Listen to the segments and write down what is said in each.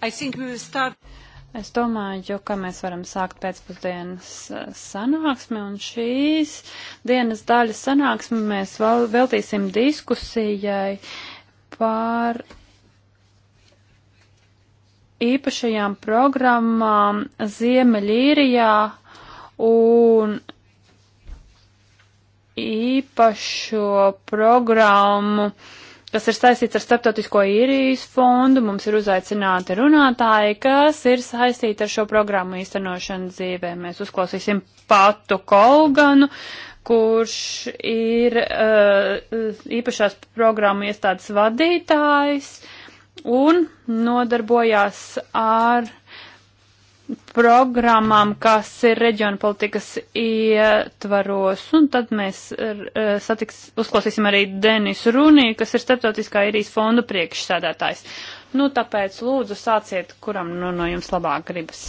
Start... Es domāju, ka mēs varam sākt pēcpusdienas eh, sanāksmi, un šīs dienas daļas sanāksmi mēs vēl, veltīsim diskusijai par īpašajām programmām Ziemeļīrijā un īpašo programmu uh, kas ir saistīts ar Startautisko īrijas fondu. Mums ir uzaicināti runātāji, kas ir saistīti ar šo programmu īstenošanu dzīvē. Mēs uzklausīsim Patu Kolganu, kurš ir uh, īpašās programmu iestādes vadītājs un nodarbojās ar uh, programmām, kas ir reģiona politikas ietvaros, un tad mēs er, e, satiks, uzklausīsim arī Denisu Runī, kas ir starptautiskā īrijas fonda priekšsēdētājs. Nu, tāpēc lūdzu sāciet, kuram nu, no jums labāk gribas.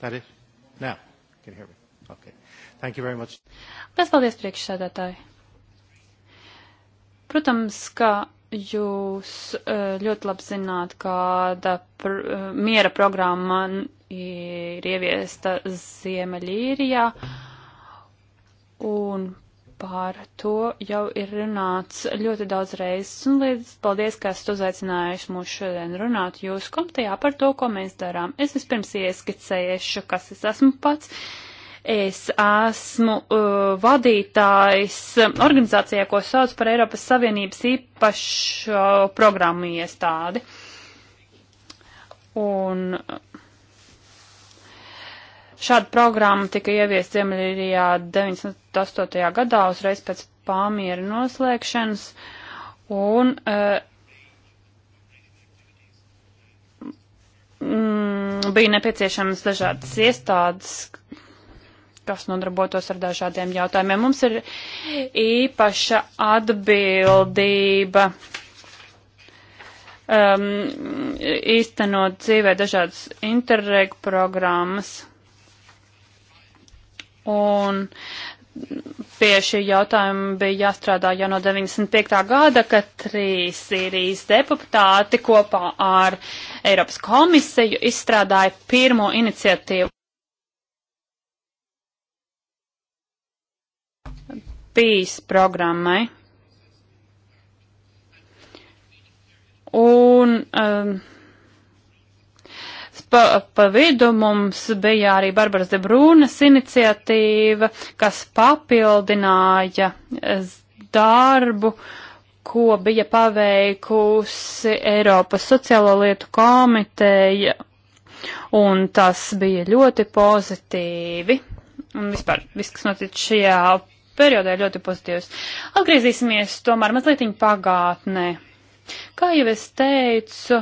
That it? Now. Can you hear me? Okay. Thank you very much. Pēc paldies priekšsēdētāji. Protams, ka jūs eh, ļoti labi zināt, kāda pr eh, miera programma ir ieviesta Ziemeļīrijā. Un Pār to jau ir runāts ļoti daudz reizes, un līdz paldies, ka esat uzaicinājuši mūs šodien runāt jūsu komitejā par to, ko mēs darām. Es vispirms ieskicēšu, kas es esmu pats. Es esmu uh, vadītājs organizācijā, ko sauc par Eiropas Savienības īpašo programmu iestādi. Un uh, Šāda programma tika ieviest Ziemeļīrijā 98. gadā, uzreiz pēc pāmiera noslēgšanas, un uh, mm, bija nepieciešams dažādas iestādes, kas nodarbotos ar dažādiem jautājumiem. Mums ir īpaša atbildība um, īstenot dzīvē dažādas interreg programmas. Un pie šī jautājuma bija jāstrādā jau no 95. gada, kad trīs Sīrijas deputāti kopā ar Eiropas komisiju izstrādāja pirmo iniciatīvu. Pīs programmai. Un um, pa, pa vidu mums bija arī Barbaras de Brūnas iniciatīva, kas papildināja eh, darbu, ko bija paveikusi Eiropas sociālo lietu komiteja, un tas bija ļoti pozitīvi. Un vispār viss, kas notic šajā periodā, ir ļoti pozitīvs. Atgriezīsimies tomēr mazliet pagātnē. Kā jau es teicu,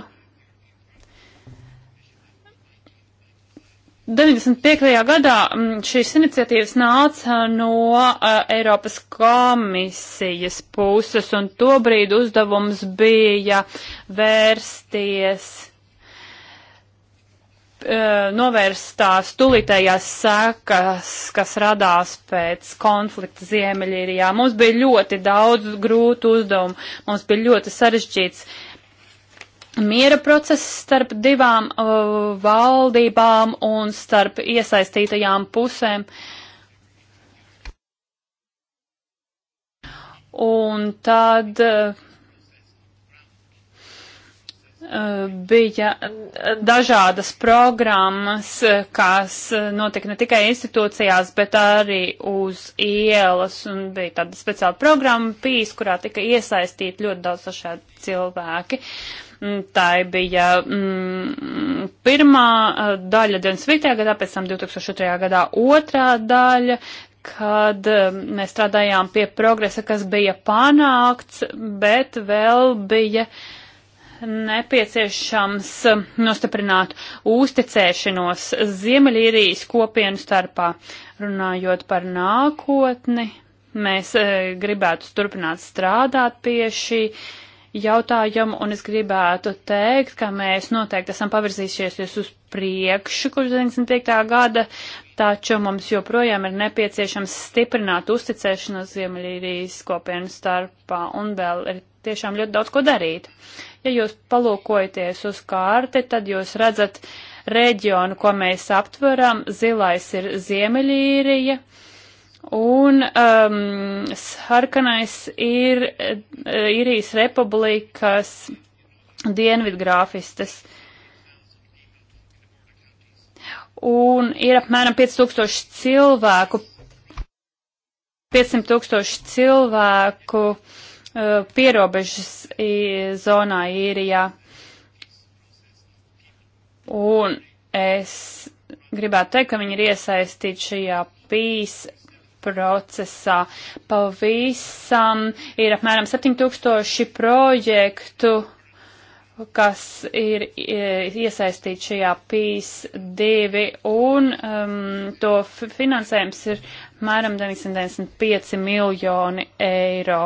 95. gadā mm, šīs iniciatīvas nāca no uh, Eiropas komisijas puses, un tobrīd uzdevums bija vērsties, uh, novērst tās tulītējās sekas, kas radās pēc konflikta Ziemeļīrijā. Mums bija ļoti daudz grūtu uzdevumu, mums bija ļoti sarežģīts uh, miera process starp divām uh, valdībām un starp iesaistītajām pusēm. Un tad uh, bija uh, dažādas programmas, kas notika ne tikai institūcijās, bet arī uz ielas. Un bija tāda speciāla programma PIS, kurā tika iesaistīti ļoti daudz dažādi cilvēki. Uh, Mm, tā bija mm, pirmā eh, daļa 95. gadā, pēc tam 2002. gadā otrā daļa, kad eh, mēs strādājām pie progresa, kas bija panākts, bet vēl bija nepieciešams nostiprināt uzticēšanos Ziemeļīrijas kopienu starpā. Runājot par nākotni, mēs e, gribētu turpināt strādāt pie šī jautājumu, un es gribētu teikt, ka mēs noteikti esam pavirzījušies uz priekšu kopš 95. gada, taču mums joprojām ir nepieciešams stiprināt uzticēšanos Ziemeļīrijas kopienu starpā, un vēl ir tiešām ļoti daudz ko darīt. Ja jūs palūkojaties uz kārti, tad jūs redzat reģionu, ko mēs aptveram. Zilais ir Ziemeļīrija. Ja Un um, sarkanais ir eh, Irijas republikas dienvidgrāfistas. Un ir apmēram 5000 cilvēku, 500 tūkstoši cilvēku uh, pierobežas zonā īrijā. Un es gribētu teikt, ka viņi ir iesaistīti šajā pīs procesā. Pavisam ir apmēram 7000 projektu, kas ir e, iesaistīti šajā PIS 2, un um, to finansējums ir apmēram 995 miljoni eiro.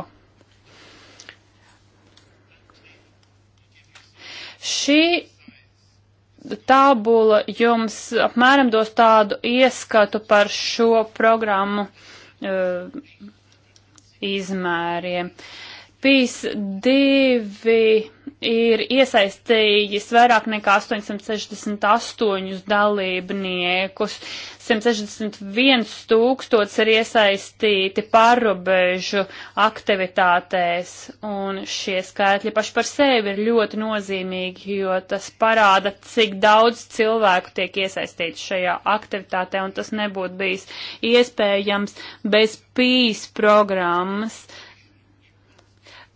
Šī tabula jums apmēram dos tādu ieskatu par šo programmu uh, izmēriem. PIS 2 ir iesaistījis vairāk nekā 868 dalībniekus. 161 tūkstots ir iesaistīti pārobežu aktivitātēs, un šie skaitļi paši par sevi ir ļoti nozīmīgi, jo tas parāda, cik daudz cilvēku tiek iesaistīti šajā aktivitātē, un tas nebūtu bijis iespējams bez PIS programmas. Uh,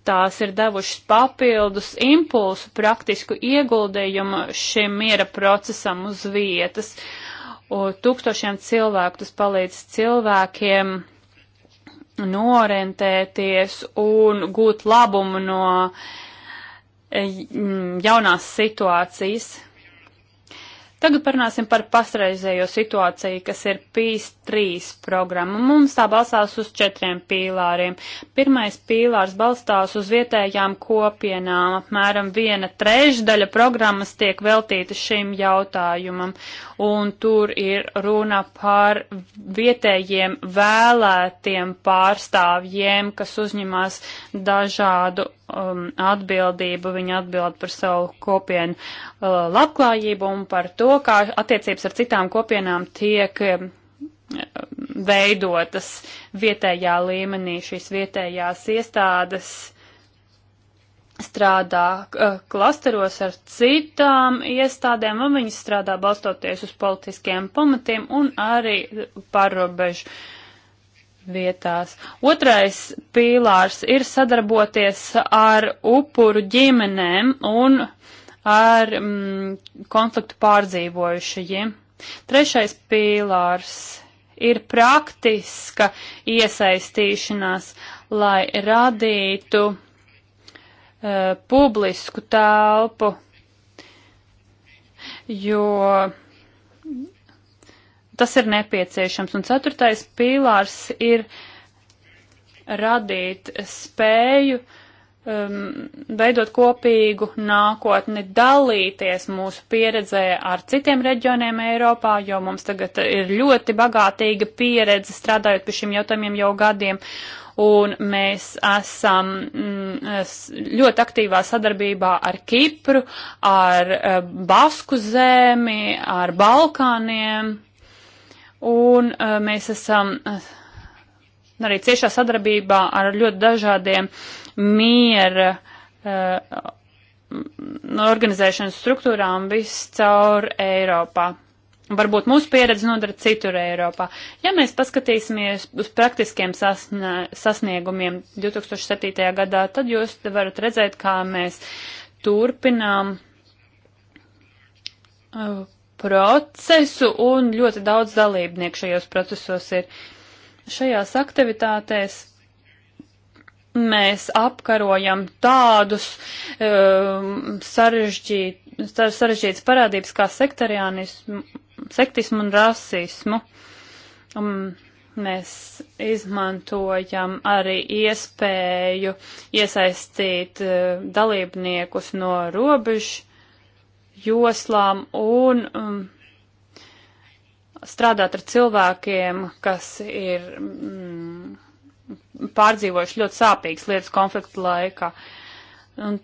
tās ir devušas papildus impulsu, praktisku ieguldījumu šim miera procesam uz vietas. Un tūkstošiem cilvēku tas palīdz cilvēkiem norentēties un gūt labumu no e, jaunās situācijas. Tagad parunāsim par pastreizējo situāciju, kas ir PIS 3 programma. Mums tā balstās uz četriem pīlāriem. Pirmais pīlārs balstās uz vietējām kopienām. Apmēram viena trešdaļa programmas tiek veltīta šim jautājumam. Un tur ir runa par vietējiem vēlētiem pārstāvjiem, kas uzņemās dažādu um, atbildību, viņa atbild par savu kopienu uh, labklājību un par to, kā attiecības ar citām kopienām tiek um, veidotas vietējā līmenī, šīs vietējās iestādes strādā uh, klasteros ar citām iestādēm, un viņas strādā balstoties uz politiskiem pamatiem un arī pārobežu uh, vietās. Otrais pīlārs ir sadarboties ar upuru ģimenēm un ar mm, konfliktu pārdzīvojušajiem. Trešais pīlārs ir praktiska iesaistīšanās, lai radītu uh, publisku telpu, jo tas ir nepieciešams. Un ceturtais pīlārs ir radīt spēju um, veidot kopīgu nākotni, dalīties mūsu pieredzē ar citiem reģioniem Eiropā, jo mums tagad ir ļoti bagātīga pieredze strādājot pie šiem jautājumiem jau gadiem. Un mēs esam mm, ļoti aktīvā sadarbībā ar Kipru, ar eh, Basku zemi, ar Balkāniem un uh, mēs esam uh, arī ciešā sadarbībā ar ļoti dažādiem miera uh, organizēšanas struktūrām viscaur Eiropā. Varbūt mūsu pieredze nodara citur Eiropā. Ja mēs paskatīsimies uz praktiskiem sasnie, sasniegumiem 2007. gadā, tad jūs varat redzēt, kā mēs turpinām uh, procesu un ļoti daudz dalībnieku šajos procesos ir. Šajās aktivitātēs mēs apkarojam tādus um, sarežģīt, sarežģītas parādības kā sektarianismu, sektismu un rasismu. Um, mēs izmantojam arī iespēju iesaistīt uh, dalībniekus no robežu joslām un um, strādāt ar cilvēkiem, kas ir mm, pārdzīvojuši ļoti sāpīgas lietas konflikta laikā. Un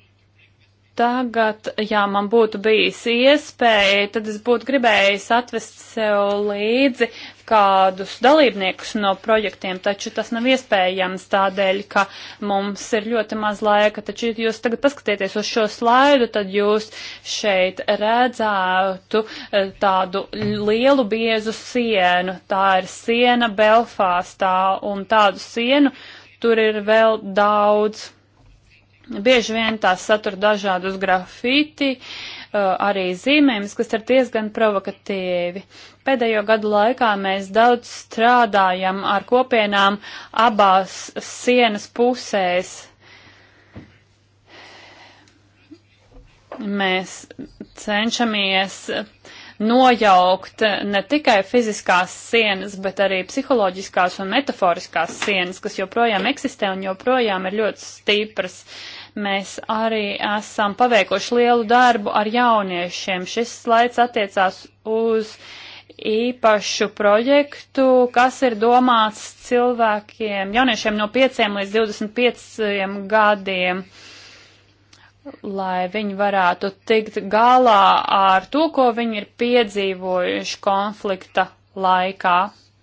tagad, ja man būtu bijis iespēja, tad es būtu gribējis atvest sev līdzi kādus dalībniekus no projektiem, taču tas nav iespējams tādēļ, ka mums ir ļoti maz laika. Taču, ja jūs tagad paskatieties uz šo slaidu, tad jūs šeit redzētu eh, tādu lielu biezu sienu. Tā ir siena Belfāstā, un tādu sienu tur ir vēl daudz. Bieži vien tās satur dažādus grafiti, uh, arī zīmējumus, kas ir diezgan provokatīvi. Pēdējo gadu laikā mēs daudz strādājam ar kopienām abās sienas pusēs. Mēs cenšamies nojaukt ne tikai fiziskās sienas, bet arī psiholoģiskās un metaforiskās sienas, kas joprojām eksistē un joprojām ir ļoti stipras. Uh, Mēs arī esam paveikuši lielu darbu ar jauniešiem. Šis slaids attiecās uz īpašu projektu, kas ir domāts cilvēkiem, jauniešiem no 5 līdz 25 gadiem, lai viņi varētu tikt galā ar to, ko viņi ir piedzīvojuši konflikta laikā,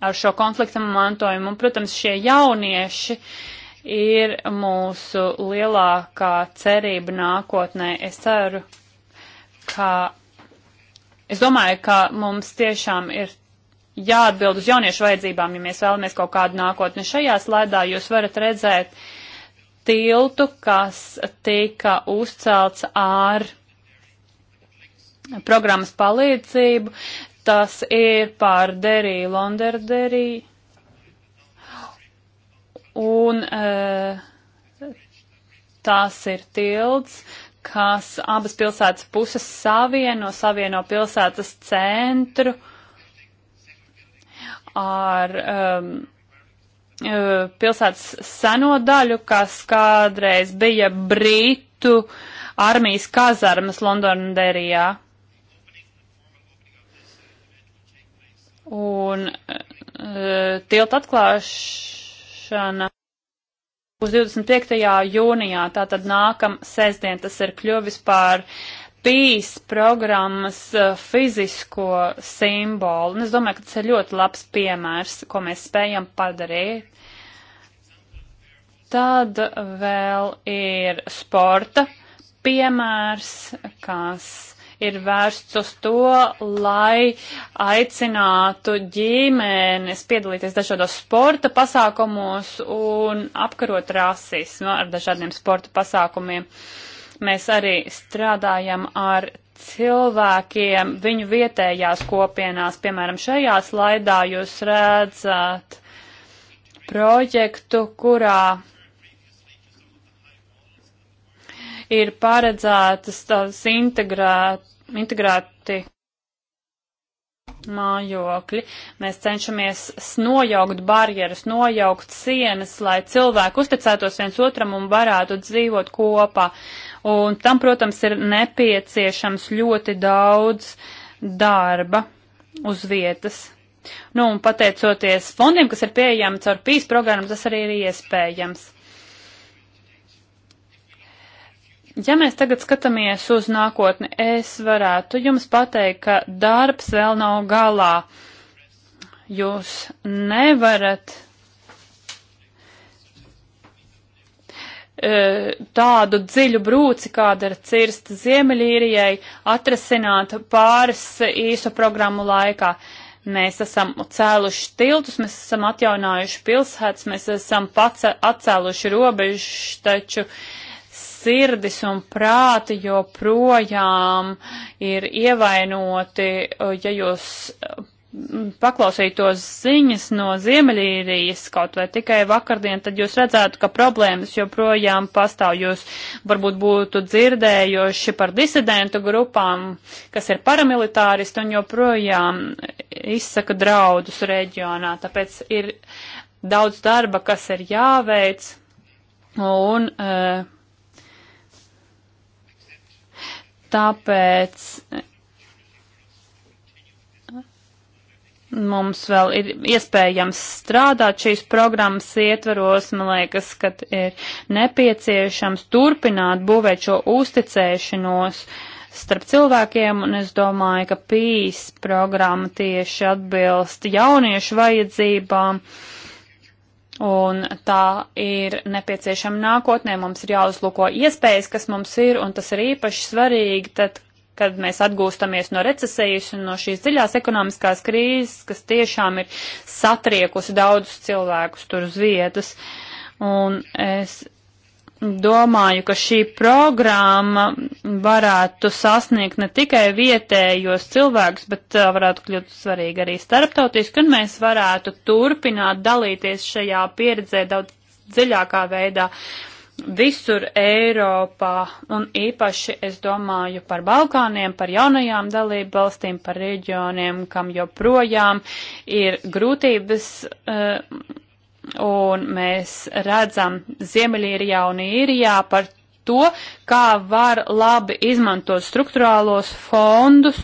ar šo konflikta mantojumu. Un, protams, šie jaunieši uh, ir mūsu lielākā cerība nākotnē. Es ceru, ka, es domāju, ka mums tiešām ir jāatbild uz jauniešu vajadzībām, ja mēs vēlamies kaut kādu nākotni. Šajā slēdā jūs varat redzēt tiltu, kas tika uzcelts ar programmas palīdzību. Tas ir pār Derī, Londerderī. Un e, tās ir tilts, kas abas pilsētas puses savieno, savieno pilsētas centru ar um, pilsētas seno daļu, kas kādreiz bija Britu armijas kazarmas Londonderijā. Un uh, e, e, tilta atklāšana ieviešana būs 25. jūnijā, tātad nākam sestdien tas ir kļuvis par PIS programmas eh, fizisko simbolu. Un es domāju, ka tas ir ļoti labs piemērs, ko mēs spējam padarīt. Tad vēl ir sporta piemērs, kas ir vērsts uz to, lai aicinātu ģimenes piedalīties dažādos sporta pasākumos un apkarot rasismu ar dažādiem sporta pasākumiem. Mēs arī strādājam ar cilvēkiem viņu vietējās kopienās. Piemēram, šajā slaidā jūs redzat projektu, kurā ir paredzētas tās integrēt, integrēti mājokļi. Mēs cenšamies nojaukt barjeras, nojaukt sienas, lai cilvēki uzticētos viens otram un varētu dzīvot kopā. Un tam, protams, ir nepieciešams ļoti daudz darba uz vietas. Nu, un pateicoties fondiem, kas ir pieejami caur PIS programmu, tas arī ir iespējams. Ja mēs tagad skatāmies uz nākotni, es varētu jums pateikt, ka darbs vēl nav galā. Jūs nevarat e, tādu dziļu brūci, kāda ir cirsta Ziemeļīrijai, atrasināt pāris īsu programmu laikā. Mēs esam cēluši tiltus, mēs esam atjaunājuši pilsētas, mēs esam pats atcēluši robežu, taču uh, sirdis un prāti joprojām ir ievainoti, ja jūs paklausītos ziņas no Ziemeļīrijas kaut vai tikai vakardien, tad jūs redzētu, ka problēmas joprojām pastāv. Jūs varbūt būtu dzirdējuši par disidentu grupām, kas ir paramilitāristi un joprojām izsaka draudus reģionā. Tāpēc ir daudz darba, kas ir jāveic. Un uh, Tāpēc mums vēl ir iespējams strādāt šīs programmas ietvaros, man liekas, ka ir nepieciešams turpināt būvēt šo uzticēšanos starp cilvēkiem, un es domāju, ka PIS programma tieši atbilst jauniešu vajadzībām. Uh, Un tā ir nepieciešama nākotnē. Mums ir jāuzlūko iespējas, kas mums ir, un tas ir īpaši svarīgi, tad, kad mēs atgūstamies no recesijas un no šīs dziļās ekonomiskās krīzes, kas tiešām ir satriekusi daudzus cilvēkus tur uz vietas. Un es domāju, ka šī programma varētu sasniegt ne tikai vietējos cilvēkus, bet uh, varētu kļūt svarīgi arī starptautiski, un mēs varētu turpināt dalīties šajā pieredzē daudz dziļākā veidā visur Eiropā, un īpaši es domāju par Balkāniem, par jaunajām dalību valstīm, par reģioniem, kam joprojām ir grūtības. Uh, Un mēs redzam Ziemeļīrijā un Īrijā par to, kā var labi izmantot struktūrālos fondus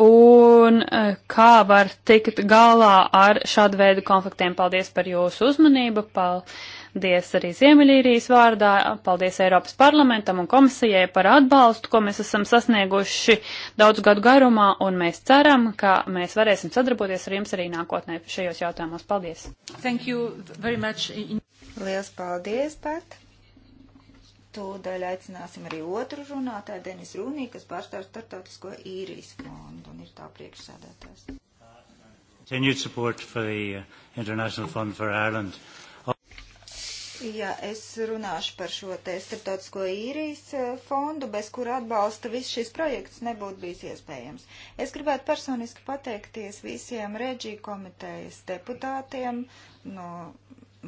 un e, kā var tikt galā ar šādu veidu konfliktiem. Paldies par jūsu uzmanību. Paldies. Paldies arī Ziemeļīrijas vārdā, paldies Eiropas parlamentam un komisijai par atbalstu, ko mēs esam sasnieguši daudz gadu garumā, un mēs ceram, ka mēs varēsim sadarboties ar jums arī nākotnē šajos jautājumos. Paldies! Thank you very much. Liels paldies, Pat! Tūdaļ aicināsim arī otru runātāju, Denis Rūnī, kas pārstāv startautisko īrijas fondu un ir tā priekšsēdētājs. Continued support for the uh, International Fund for Ireland. Ja es runāšu par šo te starptautisko īrijas e, fondu, bez kura atbalsta viss šis projekts nebūtu bijis iespējams. Es gribētu personiski pateikties visiem reģiju komitejas deputātiem no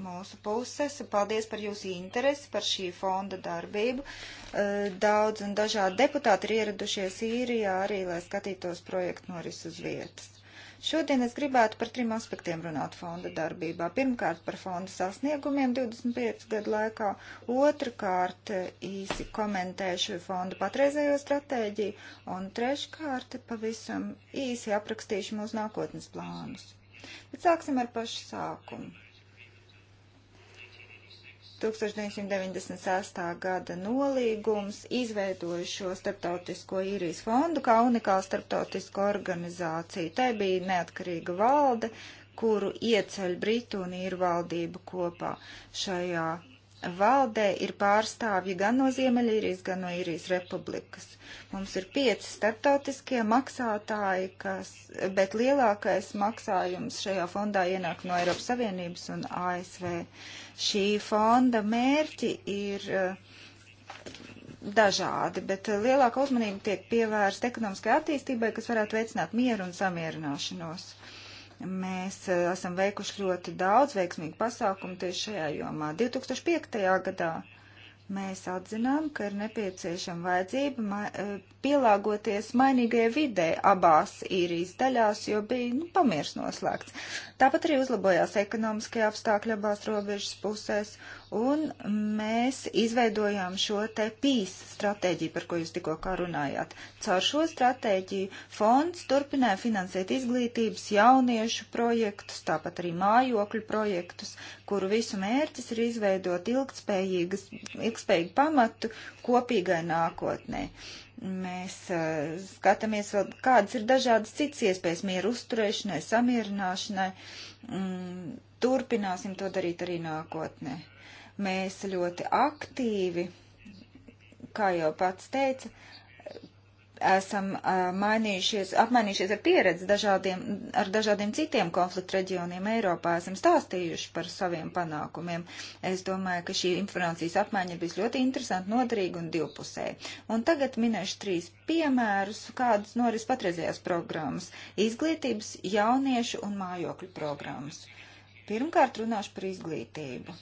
mūsu puses. Paldies par jūsu interesi par šī fonda darbību. E, daudz un dažādi deputāti ir ieradušies īrijā arī, lai skatītos projektu noris uz vietas. Šodien es gribētu par trim aspektiem runāt fonda darbībā. Pirmkārt, par fonda sasniegumiem 25 gadu laikā, otrkārt, īsi komentēšu fonda patreizējo stratēģiju, un treškārt, pavisam īsi aprakstīšu mūsu nākotnes plānus. Bet sāksim ar pašu sākumu. 1996. gada nolīgums izveidoja šo starptautisko īrijas fondu kā unikālu starptautisko organizāciju. Tai bija neatkarīga valde, kuru ieceļ Britu un īru valdību kopā šajā valdē ir pārstāvji gan no Ziemeļīrijas, gan no Īrijas republikas. Mums ir pieci startautiskie maksātāji, kas, bet lielākais maksājums šajā fondā ienāk no Eiropas Savienības un ASV. Šī fonda mērķi ir eh, dažādi, bet lielāka uzmanība tiek pievērsta ekonomiskai attīstībai, kas varētu veicināt mieru un samierināšanos. Uh, Mēs eh, esam veikuši ļoti daudz veiksmīgu pasākumu tieši šajā jomā. 2005. gadā mēs atzinām, ka ir nepieciešama vajadzība ma eh, pielāgoties mainīgajai vidē abās īrijas daļās, jo bija nu, pamirs noslēgts. Tāpat arī uzlabojās ekonomiskie apstākļi abās robežas pusēs, Un mēs izveidojām šo te pīs stratēģiju, par ko jūs tikko kā runājāt. Caur šo stratēģiju fonds turpināja finansēt izglītības jauniešu projektus, tāpat arī mājokļu projektus, kuru visu mērķis ir izveidot ilgspējīgu pamatu kopīgai nākotnē. Mēs uh, skatāmies vēl, kādas ir dažādas citas iespējas mieru uzturēšanai, samierināšanai. Mm, turpināsim to darīt arī nākotnē. Mēs ļoti aktīvi, kā jau pats teica, esam uh, mainījušies, apmainījušies ar pieredzi dažādiem, ar dažādiem citiem konfliktu reģioniem Eiropā, esam stāstījuši par saviem panākumiem. Es domāju, ka šī informācijas apmaiņa bija ļoti interesanta, noderīga un divpusē. Un tagad minēšu trīs piemērus, kādas noris patreizējās programmas - izglītības, jauniešu un mājokļu programmas. Pirmkārt runāšu par izglītību.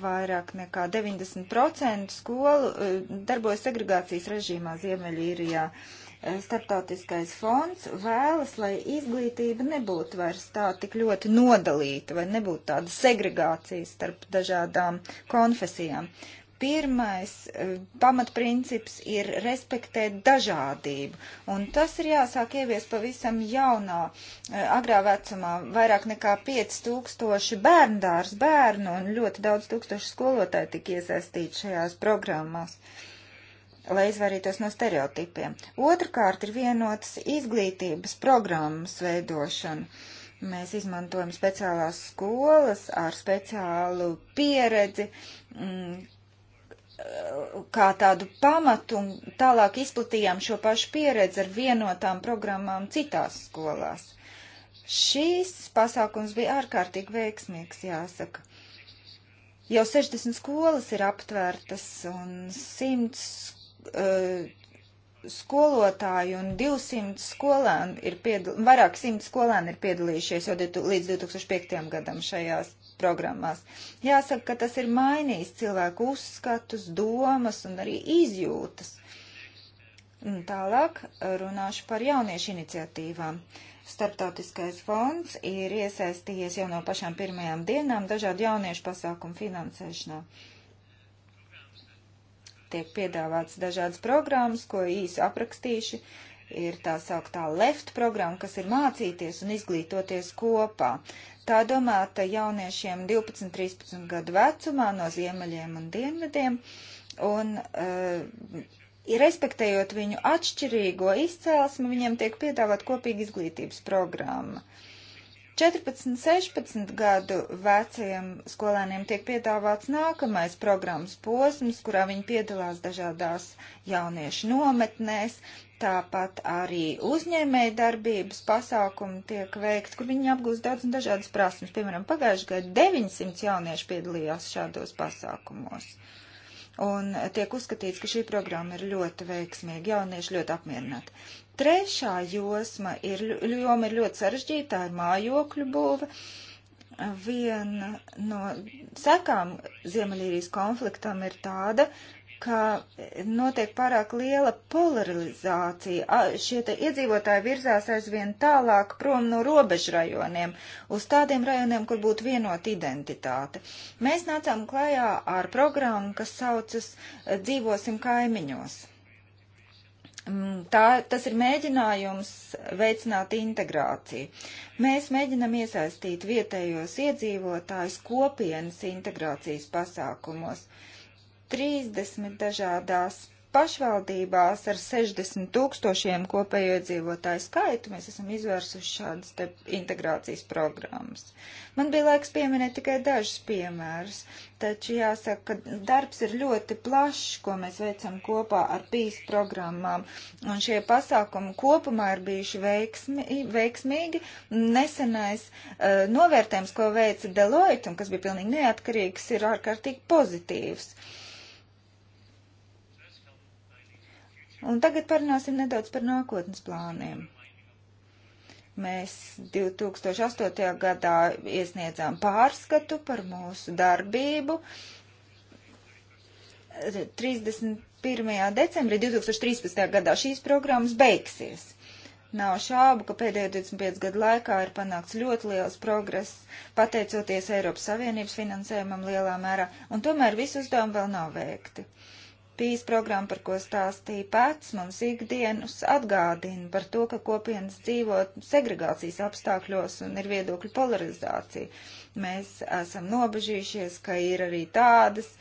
Vairāk nekā 90% skolu eh, darbojas segregācijas režīmā Ziemeļīrijā. Eh, Startautiskais fonds vēlas, lai izglītība nebūtu vairs tā tik ļoti nodalīta vai nebūtu tāda segregācija starp dažādām konfesijām. Pirmais eh, pamatprincips ir respektēt dažādību, un tas ir jāsāk ievies pavisam jaunā, eh, agrā vecumā. Vairāk nekā 5000 bērndārs bērnu un ļoti daudz tūkstoši skolotāju tika iesaistīti šajās programmās lai izvairītos no stereotipiem. Otrakārt ir vienotas izglītības programmas veidošana. Mēs izmantojam speciālās skolas ar speciālu pieredzi, mm, kā tādu pamatu un tālāk izplatījām šo pašu pieredzi ar vienotām programmām citās skolās. Šīs pasākums bija ārkārtīgi veiksmīgs, jāsaka. Jau 60 skolas ir aptvērtas un 100 uh, eh, skolotāju un 200 skolēnu ir piedal... vairāk simt skolēnu ir piedalījušies jau līdz 2005. gadam šajās programmās. Jāsaka, ka tas ir mainījis cilvēku uzskatus, domas un arī izjūtas. Un tālāk runāšu par jauniešu iniciatīvām. Startautiskais fonds ir iesaistījies jau no pašām pirmajām dienām dažādu jauniešu pasākumu finansēšanā. Tiek piedāvāts dažādas programmas, ko īsi aprakstīšu. Uh, ir tā sauktā LEFT programma, kas ir mācīties un izglītoties kopā. Tā domāta jauniešiem 12-13 gadu vecumā no ziemeļiem un dienvidiem, un uh, respektējot viņu atšķirīgo izcēlesmi, viņiem tiek piedāvāt kopīga izglītības programma. 14, 16 gadu vecajiem skolēniem tiek piedāvāts nākamais programmas posms, kurā viņi piedalās dažādās jauniešu nometnēs tāpat arī uzņēmēja darbības pasākumi tiek veikti, kur viņi apgūst daudz un dažādas prasmes. Piemēram, pagājušajā gadā 900 jaunieši piedalījās šādos pasākumos. Un tiek uzskatīts, ka šī programma ir ļoti veiksmīga, jaunieši ļoti apmierināti. Trešā josma ir, joma ir ļoti sarežģīta, tā ir mājokļu būva. Viena no sekām Ziemeļīrijas konfliktam ir tāda, ka notiek pārāk liela polarizācija. A, šie te iedzīvotāji virzās aizvien tālāk prom no robežrajoniem, uz tādiem rajoniem, kur būtu vienota identitāte. Mēs nācām klajā ar programmu, kas saucas eh, Dzīvosim kaimiņos. Mm, tā, tas ir mēģinājums veicināt integrāciju. Mēs mēģinam iesaistīt vietējos iedzīvotājus kopienas integrācijas pasākumos. Uh, 30 dažādās pašvaldībās ar 60 tūkstošiem kopējo iedzīvotāju skaitu mēs esam izvērsuši šādas te integrācijas programmas. Man bija laiks pieminēt tikai dažus piemērus, taču jāsaka, ka darbs ir ļoti plašs, ko mēs veicam kopā ar PIS programmām, un šie pasākumi kopumā ir bijuši veiksmi, veiksmīgi. Nesenais uh, novērtējums, ko veica Deloitte, un kas bija pilnīgi neatkarīgs, ir ārkārtīgi pozitīvs. Uh, Un tagad parunāsim nedaudz par nākotnes plāniem. Mēs 2008. gadā iesniedzām pārskatu par mūsu darbību. 31. decembrī 2013. gadā šīs programmas beigsies. Nav šābu, ka pēdējo 25 gadu laikā ir panākts ļoti liels progress, pateicoties Eiropas Savienības finansējumam lielā mērā, un tomēr visi uzdevumi vēl nav veikti. Uh, Pīs programma, par ko stāstīja pats, mums ikdienas atgādina par to, ka kopienas dzīvo segregācijas apstākļos un ir viedokļu polarizācija. Mēs esam nobežījušies, ka ir arī tādas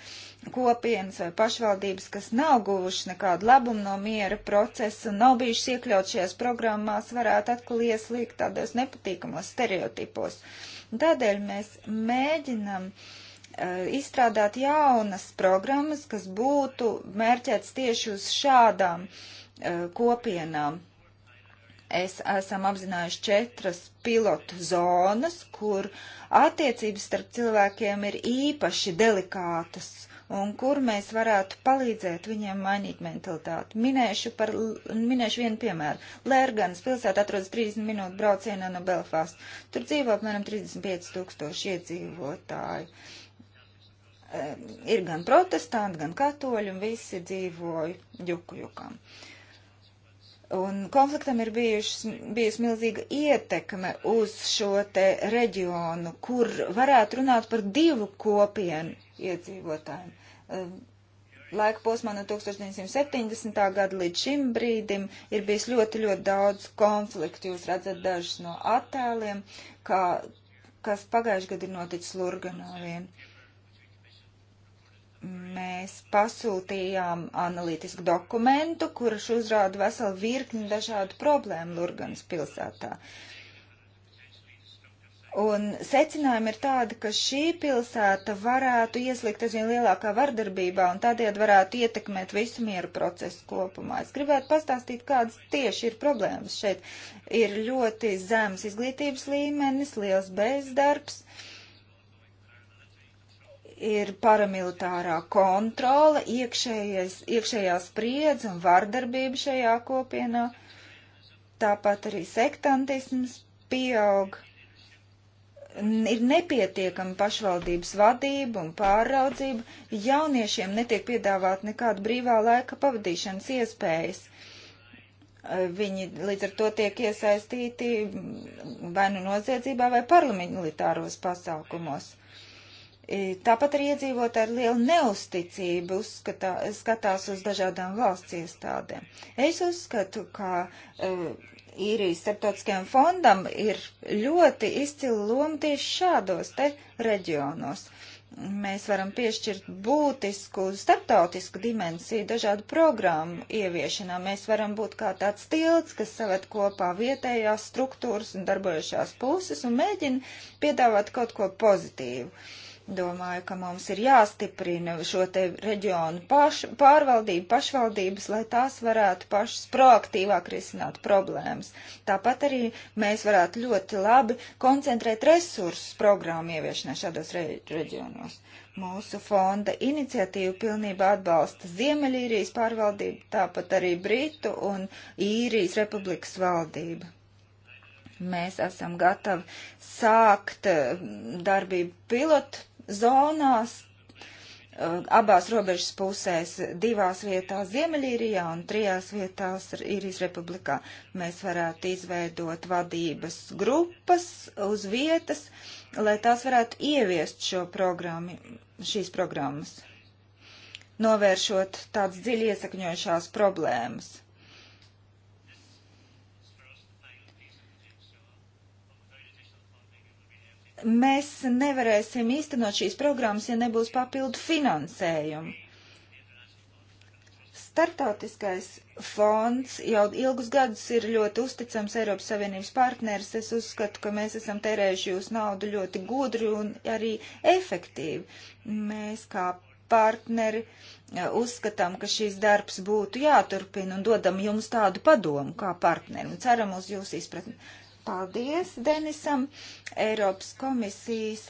kopienas vai pašvaldības, kas nav guvuši nekādu labumu no miera procesa un nav bijušas iekļaut šajās programmās, varētu atkal ieslīgt tādos nepatīkamos stereotipos. Tādēļ mēs mēģinam uh, Uh, izstrādāt jaunas programmas, kas būtu mērķēts tieši uz šādām uh, kopienām. Es esam apzinājuši četras pilotu zonas, kur attiecības starp cilvēkiem ir īpaši delikātas un kur mēs varētu palīdzēt viņiem mainīt mentalitāti. Minēšu, par, minēšu vienu piemēru. Lērganas pilsēta atrodas 30 minūtu braucienā no Belfast. Tur dzīvo apmēram 35 tūkstoši iedzīvotāji. Uh, ir gan protestanti, gan katoļi, un visi dzīvoja ģukujukam. Un konfliktam ir bijušas, bijusi milzīga ietekme uz šo te reģionu, kur varētu runāt par divu kopienu iedzīvotājiem. Laika posmā no 1970. gada līdz šim brīdim ir bijis ļoti, ļoti daudz konfliktu. Jūs redzat dažus no attēliem, kā, kas pagājuši gadu ir noticis Lurganā vien. Uh, mēs pasūtījām analītisku dokumentu, kurš uzrāda veselu virkni dažādu problēmu Lurganas pilsētā. Un secinājumi ir tādi, ka šī pilsēta varētu ieslikt aizvien lielākā vardarbībā un tādējādi varētu ietekmēt visu mieru procesu kopumā. Es gribētu pastāstīt, kādas tieši ir problēmas šeit. Ir ļoti zems izglītības līmenis, liels bezdarbs. Uh, ir paramilitārā kontrola, iekšējais, iekšējā spriedze un vardarbība šajā kopienā, tāpat arī sektantisms pieaug. Ir nepietiekama pašvaldības vadība un pāraudzība, jauniešiem netiek piedāvāt nekāda brīvā laika pavadīšanas iespējas. Viņi līdz ar to tiek iesaistīti vai nu noziedzībā, vai paramilitāros pasākumos Tāpat arī iedzīvotāji ar lielu neusticību uzskatā, skatās uz dažādām valsts iestādēm. Es uzskatu, ka uh, īrijas starptautiskajam fondam ir ļoti izcila loma tieši šādos te reģionos. Mēs varam piešķirt būtisku starptautisku dimensiju dažādu programmu ieviešanā. Mēs varam būt kā tāds tilts, kas saved kopā vietējās struktūras un darbojušās puses un mēģina piedāvāt kaut ko pozitīvu. Uh, Domāju, ka mums ir jāstiprina šo te reģionu paš, pārvaldību, pašvaldības, lai tās varētu pašas proaktīvāk risināt problēmas. Tāpat arī mēs varētu ļoti labi koncentrēt resursus programmu ieviešanai šādos re reģionos. Mūsu fonda iniciatīva pilnībā atbalsta Ziemeļīrijas pārvaldību, tāpat arī Britu un Īrijas republikas valdību. Mēs esam gatavi sākt eh, darbību pilotu zonās eh, abās robežas pusēs, divās vietās Ziemeļīrijā un trijās vietās Īrijas republikā. Mēs varētu izveidot vadības grupas uz vietas, lai tās varētu ieviest šo programmu, šīs programmas, novēršot tādas dziļi iesakņojušās problēmas. mēs nevarēsim īstenot šīs programmas, ja nebūs papildu finansējumu. Startautiskais fonds jau ilgus gadus ir ļoti uzticams Eiropas Savienības partners. Es uzskatu, ka mēs esam tērējuši jūsu naudu ļoti gudri un arī efektīvi. Mēs kā partneri uzskatām, ka šīs darbs būtu jāturpina un dodam jums tādu padomu kā partneri un ceram uz jūsu izpratni. Uh, Paldies Denisam. Eiropas komisijas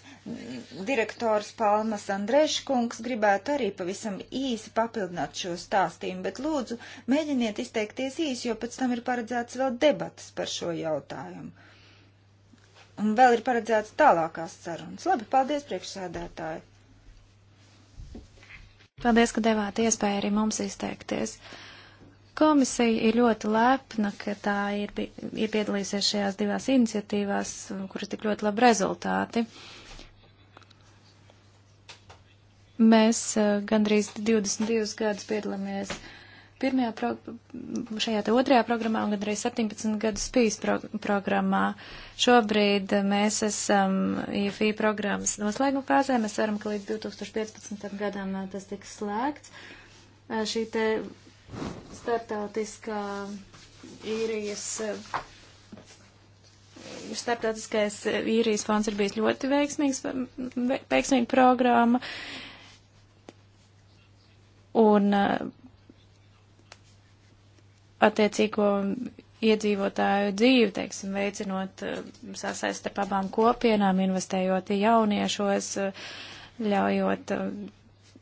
direktors Palmas Andreškungs gribētu arī pavisam īsi papildināt šo stāstījumu, bet lūdzu mēģiniet izteikties īsi, jo pēc tam ir paredzēts vēl debatas par šo jautājumu. Un vēl ir paredzēts tālākās sarunas. Labi, paldies priekšsēdētāji. Paldies, ka devāt iespēju arī mums izteikties. Uh, Komisija ir ļoti lepna, ka tā ir, ir piedalīsies šajās divās iniciatīvās, kuras tik ļoti labi rezultāti. Mēs eh, gandrīz 22 gadus piedalāmies pirmajā, pro, šajā te otrajā programmā un gandrīz 17 gadus PIS pro, programmā. Šobrīd eh, mēs esam IFI programmas noslēguma fāzē. Mēs ceram, ka līdz 2015. gadam eh, tas tiks slēgts. Šī te startautiskā īrijas. Eh, Startautiskais eh, īrijas fonds ir bijis ļoti veiksmīgs, veiksmīga programma. Un eh, attiecīgo iedzīvotāju dzīvi, teiksim, veicinot sasaist ar abām kopienām, investējot jauniešos, ļaujot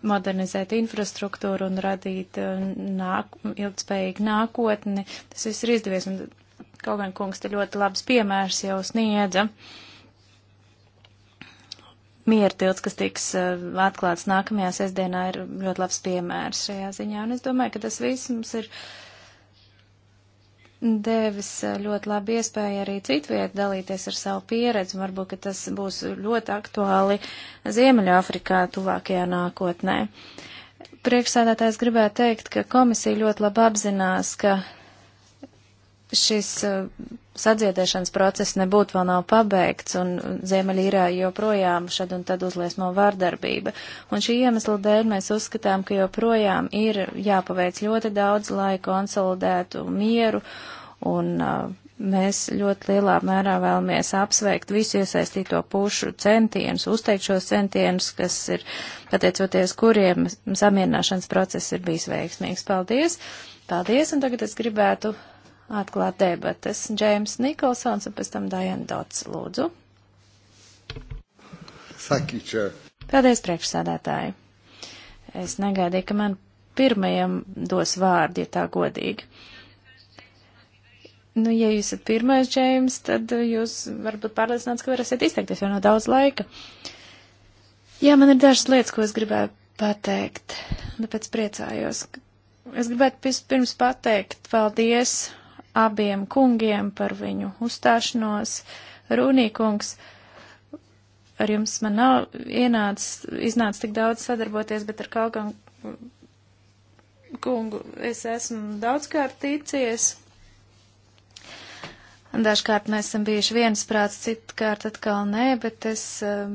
modernizēt infrastruktūru un radīt uh, nāk, ilgspējīgu nākotni. Tas viss ir izdevies, un kaut gan kungs te ļoti labs piemērs jau sniedza. Mieru tilts, kas tiks uh, atklāts nākamajā sestdienā, ir ļoti labs piemērs šajā ziņā, un es domāju, ka tas viss mums ir. Uh, devis eh, ļoti labu iespēju arī citviet dalīties ar savu pieredzi. Varbūt, ka tas būs ļoti aktuāli Ziemeļāfrikā tuvākajā nākotnē. Priekšsēdētājs gribētu teikt, ka komisija ļoti labi apzinās, ka šis uh, sadziedēšanas process nebūtu vēl nav pabeigts, un Ziemeļīrā joprojām šad un tad uzliesmo vārdarbība. Un šī iemesla dēļ mēs uzskatām, ka joprojām ir jāpaveic ļoti daudz, lai konsolidētu mieru, un uh, mēs ļoti lielā mērā vēlamies apsveikt visu iesaistīto pušu centienus, uzteikt šos centienus, kas ir, pateicoties kuriem samierināšanas process ir bijis veiksmīgs. Paldies! Paldies, un tagad es gribētu atklāt debatas. Džēms Nikolsons un pēc tam Dajana Dots, lūdzu. Sakičā. Paldies, priekšsādātāji. Es negaidīju, ka man pirmajam dos vārdi, ja tā godīgi. Nu, ja jūs esat pirmais, Džēms, tad jūs varbūt pārliecināts, ka varēsiet izteikties jau no daudz laika. Jā, man ir dažas lietas, ko es gribēju pateikt, tāpēc priecājos. Es gribētu pirms pateikt paldies abiem kungiem par viņu uzstāšanos. Rūnīkungs, ar jums man nav ienācis, iznācis tik daudz sadarboties, bet ar kaut kam kungu es esmu daudzkārt ticies. Dažkārt mēs esam bijuši viensprāts, citkārt atkal nē, bet es um,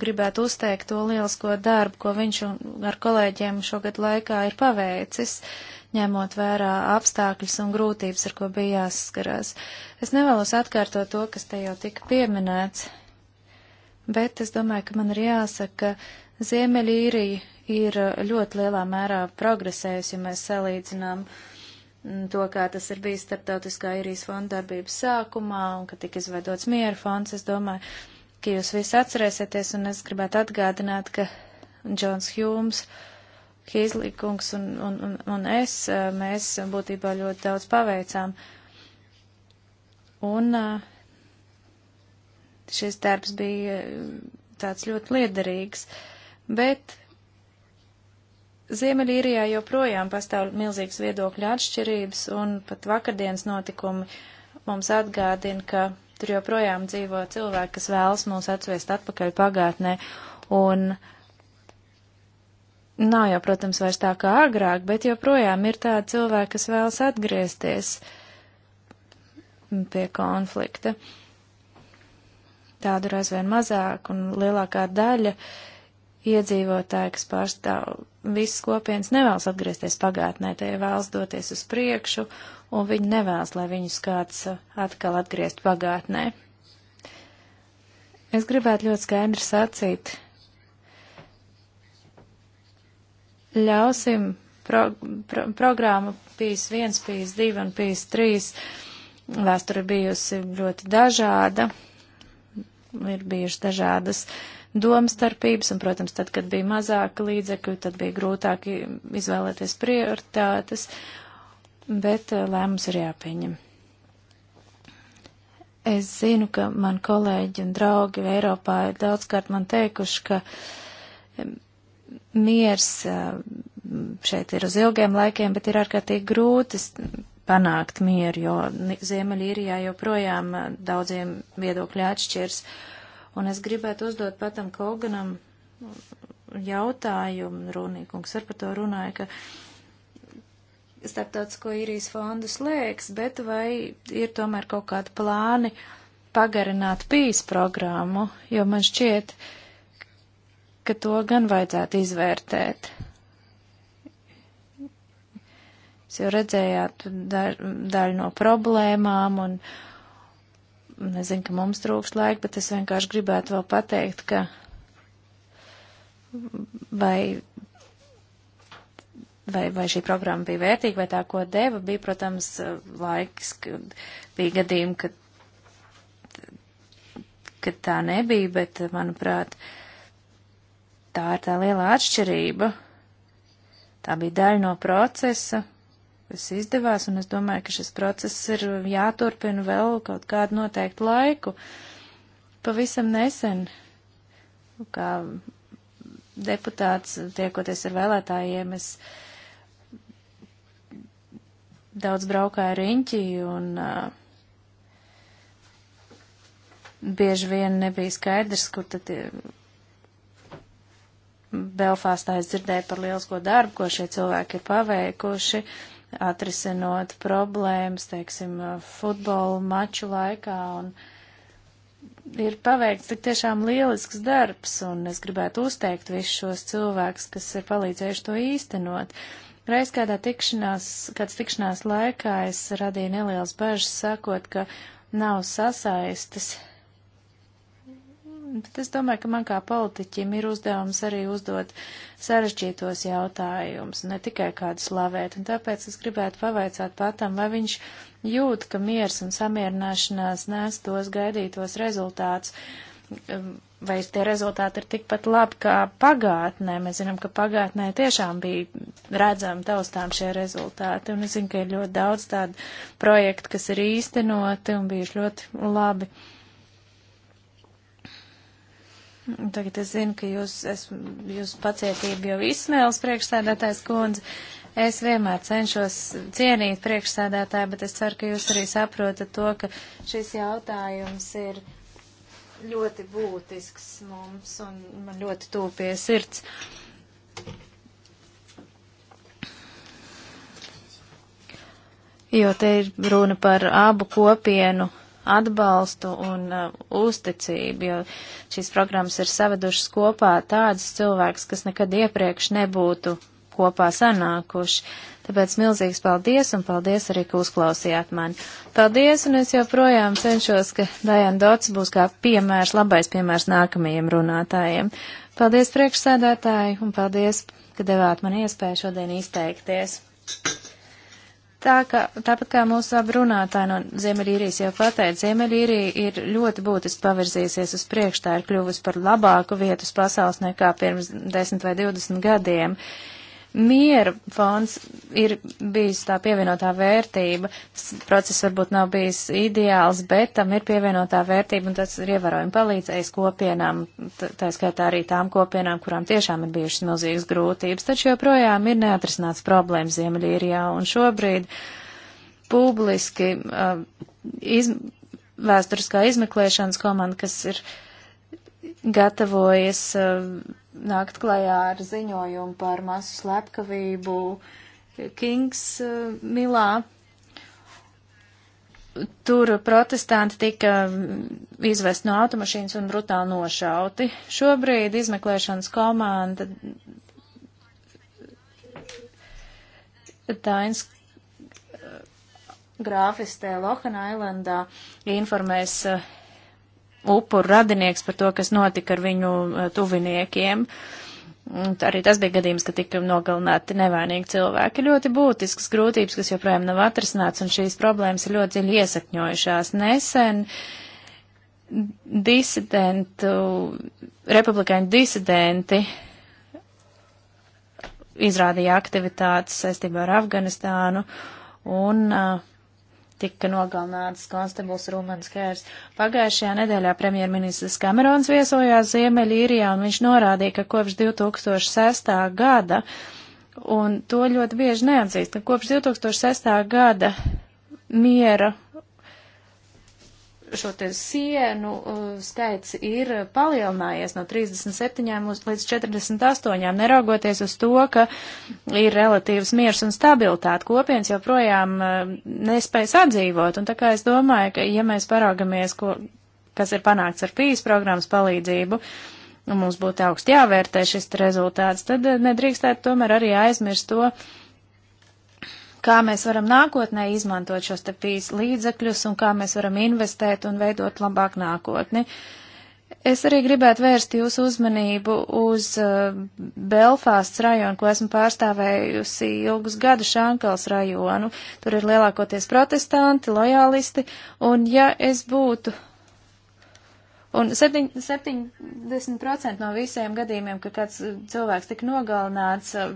gribētu uzteikt to lielisko darbu, ko viņš un ar kolēģiem šogad laikā ir paveicis ņemot vērā apstākļus un grūtības, ar ko bija jāsaskarās. Es nevēlos atkārtot to, kas te jau tika pieminēts, bet es domāju, ka man ir jāsaka, ka Ziemeļīrija ir ļoti lielā mērā progresējusi, ja mēs salīdzinām mm, to, kā tas ir bijis starptautiskā īrijas fonda darbības sākumā un ka tika izveidots miera fonds. Es domāju, ka jūs visi atcerēsieties un es gribētu atgādināt, ka Džons Hjūms. Uh, Hīzlīkungs un, un, un, un es, mēs būtībā ļoti daudz paveicām. Un šis darbs bija tāds ļoti liederīgs, bet Ziemeļīrijā joprojām pastāv milzīgas viedokļa atšķirības, un pat vakardienas notikumi mums atgādina, ka tur joprojām dzīvo cilvēki, kas vēlas mūs atsviest atpakaļ pagātnē, un uh, Nav jau, protams, vairs tā kā agrāk, bet joprojām ir tādi cilvēki, kas vēlas atgriezties pie konflikta. Tādu ir aizvien mazāk, un lielākā daļa iedzīvotāji, kas pārstāv visas kopienas, nevēlas atgriezties pagātnē, tie vēlas doties uz priekšu, un viņi nevēlas, lai viņus kāds atkal atgriezt pagātnē. Es gribētu ļoti skaidri sacīt, ļausim pro, pro, programmu PIS 1, PIS 2 un PIS 3. Vēsture bijusi ļoti dažāda, ir bijušas dažādas domstarpības, un, protams, tad, kad bija mazāka līdzekļu, tad bija grūtāk izvēlēties prioritātes, bet eh, lēmums ir jāpieņem. Es zinu, ka man kolēģi un draugi Eiropā ir daudzkārt man teikuši, ka miers šeit ir uz ilgiem laikiem, bet ir ārkārtīgi grūti panākt mieru, jo Ziemeļīrijā joprojām daudziem viedokļi atšķirs. Un es gribētu uzdot patam Koganam jautājumu, Runīkungs ar par to runāja, ka starptautisko īrijas fondu slēgs, bet vai ir tomēr kaut kādi plāni pagarināt pīs programmu, jo man šķiet, uh, ka to gan vajadzētu izvērtēt. Jūs jau redzējāt daļu no problēmām un nezinu, ka mums trūks laika, bet es vienkārši gribētu vēl pateikt, ka vai, vai, vai šī programma bija vērtīga, vai tā, ko deva, bija, protams, laiks, kad bija gadījumi, kad, kad tā nebija, bet, manuprāt, uh, Tā ir tā lielā atšķirība. Tā bija daļa no procesa, kas izdevās, un es domāju, ka šis process ir jāturpina vēl kaut kādu noteiktu laiku. Pavisam nesen, kā deputāts, tiekoties ar vēlētājiem, es daudz braukāju riņķī un uh, bieži vien nebija skaidrs, kur tad Belfāstā es dzirdēju par lielisko darbu, ko šie cilvēki ir paveikuši, atrisinot problēmas, teiksim, futbolu maču laikā. Un ir paveikts tik tiešām lielisks darbs, un es gribētu uzteikt visus šos cilvēkus, kas ir palīdzējuši to īstenot. Reiz kādā tikšanās, kāds tikšanās laikā es radīju nelielas bažas, sakot, ka nav sasaistas Bet es domāju, ka man kā politiķim ir uzdevums arī uzdot sarežģītos jautājumus, ne tikai kādu slavēt. Un tāpēc es gribētu pavaicāt patam, vai viņš jūt, ka miers un samierināšanās nes tos gaidītos rezultātus. Um, vai tie rezultāti ir tikpat labi kā pagātnē? Mēs zinām, ka pagātnē tiešām bija redzami taustām šie rezultāti, un es zinu, ka ir ļoti daudz tādu projektu, kas ir īstenoti un bijuši ļoti labi. Uh, Tagad es zinu, ka jūs, es, jūs pacietību jau izsmēlas priekšsēdētājs kundze. Es vienmēr cenšos cienīt priekšsēdētāju, bet es ceru, ka jūs arī saprotat to, ka šis jautājums ir ļoti būtisks mums un man ļoti tūpie sirds. Jo te ir runa par abu kopienu atbalstu un uh, uzticību, jo šīs programmas ir savedušas kopā tādas cilvēks, kas nekad iepriekš nebūtu kopā sanākuši. Tāpēc milzīgs paldies un paldies arī, ka uzklausījāt mani. Paldies, un es joprojām cenšos, ka Dajana Dots būs kā piemērs, labais piemērs nākamajiem runātājiem. Paldies priekšsēdētāji un paldies, ka devāt man iespēju šodien izteikties. Tā kā, tāpat kā mūsu abi runātāji no Ziemeļīrijas jau pateica, Ziemeļīrija ir ļoti būtiski pavirzījusies uz priekšu, tā ir kļuvusi par labāku vietu uz pasaules nekā pirms 10 vai 20 gadiem. Uh, miera fonds ir bijis tā pievienotā vērtība. Process varbūt nav bijis ideāls, bet tam ir pievienotā vērtība un tas ir ievērojami palīdzējis kopienām, tā skaitā arī tām kopienām, kurām tiešām ir bijušas milzīgas grūtības. Taču joprojām ir neatrisināts problēmas Ziemeļīrijā un šobrīd publiski uh, iz, vēsturiskā izmeklēšanas komanda, kas ir gatavojas. Uh, nākt klajā ar ziņojumu par masu slepkavību Kings eh, Milā. Tur protestanti tika mm, izvest no automašīnas un brutāli nošauti. Šobrīd izmeklēšanas komanda Dains grāfistē Lohana Ailandā informēs uh, upuru radinieks par to, kas notika ar viņu eh, tuviniekiem. Un arī tas bija gadījums, ka tika nogalināti nevainīgi cilvēki. Ļoti būtisks grūtības, kas joprojām nav atrasināts, un šīs problēmas ir ļoti dziļi iesakņojušās. Nesen disidentu, republikāņu disidenti izrādīja aktivitātes saistībā ar Afganistānu, un uh, tika nogalināts konstabuls Rūmans Kērs. Pagājušajā nedēļā premjerministrs Kamerons viesojās Ziemeļīrijā un viņš norādīja, ka kopš 2006. gada, un to ļoti bieži neatzīst, ka kopš 2006. gada miera šo te sienu uh, skaits ir palielinājies no 37 līdz 48, neraugoties uz to, ka ir relatīvs miers un stabilitāte. Kopienas joprojām uh, nespējas atdzīvot, un tā kā es domāju, ka ja mēs paraugamies, ko, kas ir panākts ar PIS programmas palīdzību, un mums būtu augsti jāvērtē šis rezultāts, tad uh, nedrīkstētu tomēr arī aizmirst to, kā mēs varam nākotnē izmantot šos te pīs līdzekļus un kā mēs varam investēt un veidot labāk nākotni. Es arī gribētu vērst jūsu uzmanību uz uh, Belfāsts rajonu, ko esmu pārstāvējusi ilgus gadus Šankals rajonu. Tur ir lielākoties protestanti, lojālisti, un ja es būtu Un 70% no visiem gadījumiem, kad kāds eh, cilvēks tika nogalināts, eh,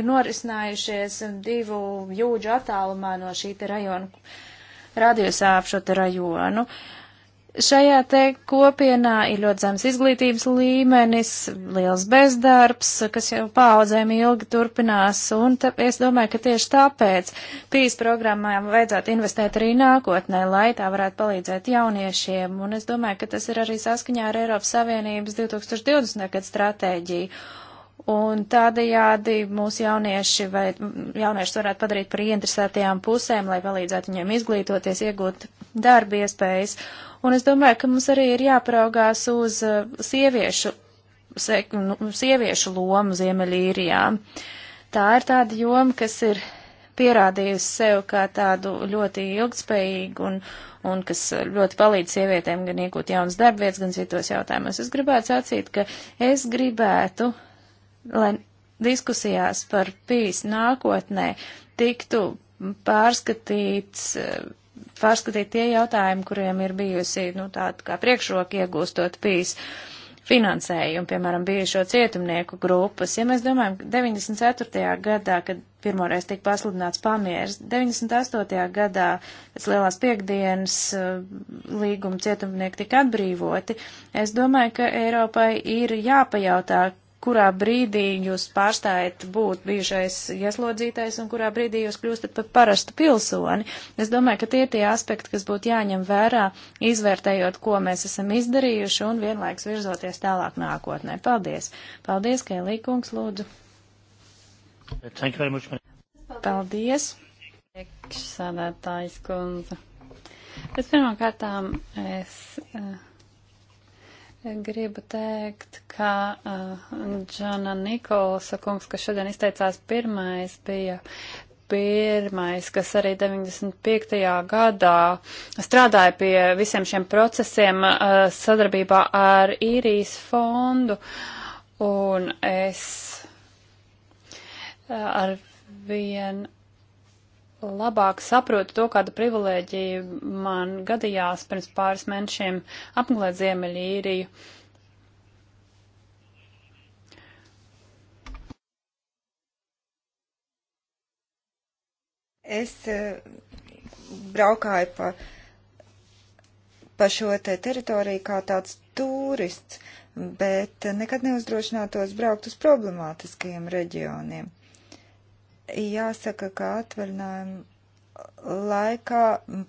ir norisinājušies divu jūdžu attālumā no šī te rajona, radiusā ap šo te rajonu. Uh, Šajā te kopienā ir ļoti zems izglītības līmenis, liels bezdarbs, kas jau paudzēm ilgi turpinās, un tā, es domāju, ka tieši tāpēc PIS programmām vajadzētu investēt arī nākotnē, lai tā varētu palīdzēt jauniešiem, un es domāju, ka tas ir arī saskaņā ar Eiropas Savienības 2020. gadu stratēģiju. Un tādējādi mūsu jaunieši vai jauniešus varētu padarīt par ieinteresētajām pusēm, lai palīdzētu viņiem izglītoties, iegūt darba iespējas. Un es domāju, ka mums arī ir jāparaugās uz uh, sieviešu, se, nu, sieviešu lomu Ziemeļīrijā. Tā ir tāda joma, kas ir pierādījusi sev kā tādu ļoti ilgspējīgu un, un kas ļoti palīdz sievietēm gan iegūt jaunas darbvietas, gan citos jautājumos. Es gribētu sacīt, ka es gribētu lai diskusijās par pīs nākotnē tiktu pārskatīts, pārskatīt tie jautājumi, kuriem ir bijusi, nu, tāda kā priekšroka iegūstot pīs finansējumu, piemēram, bijušo cietumnieku grupas. Ja mēs domājam, 94. gadā, kad pirmoreiz tika pasludināts pamieris, 98. gadā pēc lielās piekdienas uh, līguma cietumnieki tika atbrīvoti, es domāju, ka Eiropai ir jāpajautā, kurā brīdī jūs pārstājat būt bijušais ieslodzītais un kurā brīdī jūs kļūstat par parastu pilsoni. Es domāju, ka tie ir tie aspekti, kas būtu jāņem vērā, izvērtējot, ko mēs esam izdarījuši un vienlaiks virzoties tālāk nākotnē. Paldies! Paldies, Kēlī kungs, lūdzu! Paldies! Priekšsādātājs kundze. Es pirmkārtām es. Uh, Gribu teikt, ka uh, Džona uh, Nikolsa kungs, kas šodien izteicās pirmais, bija pirmais, kas arī 95. gadā strādāja pie visiem šiem procesiem uh, sadarbībā ar īrijas fondu. Un es uh, ar vienu labāk saprotu to, kāda privilēģija man gadījās pirms pāris mēnešiem apmeklēt Ziemeļīriju. Es eh, braukāju pa, pa šo te teritoriju kā tāds turists, bet nekad neuzdrošinātos braukt uz problemātiskajiem reģioniem Jāsaka, ka atvaļinājuma laikā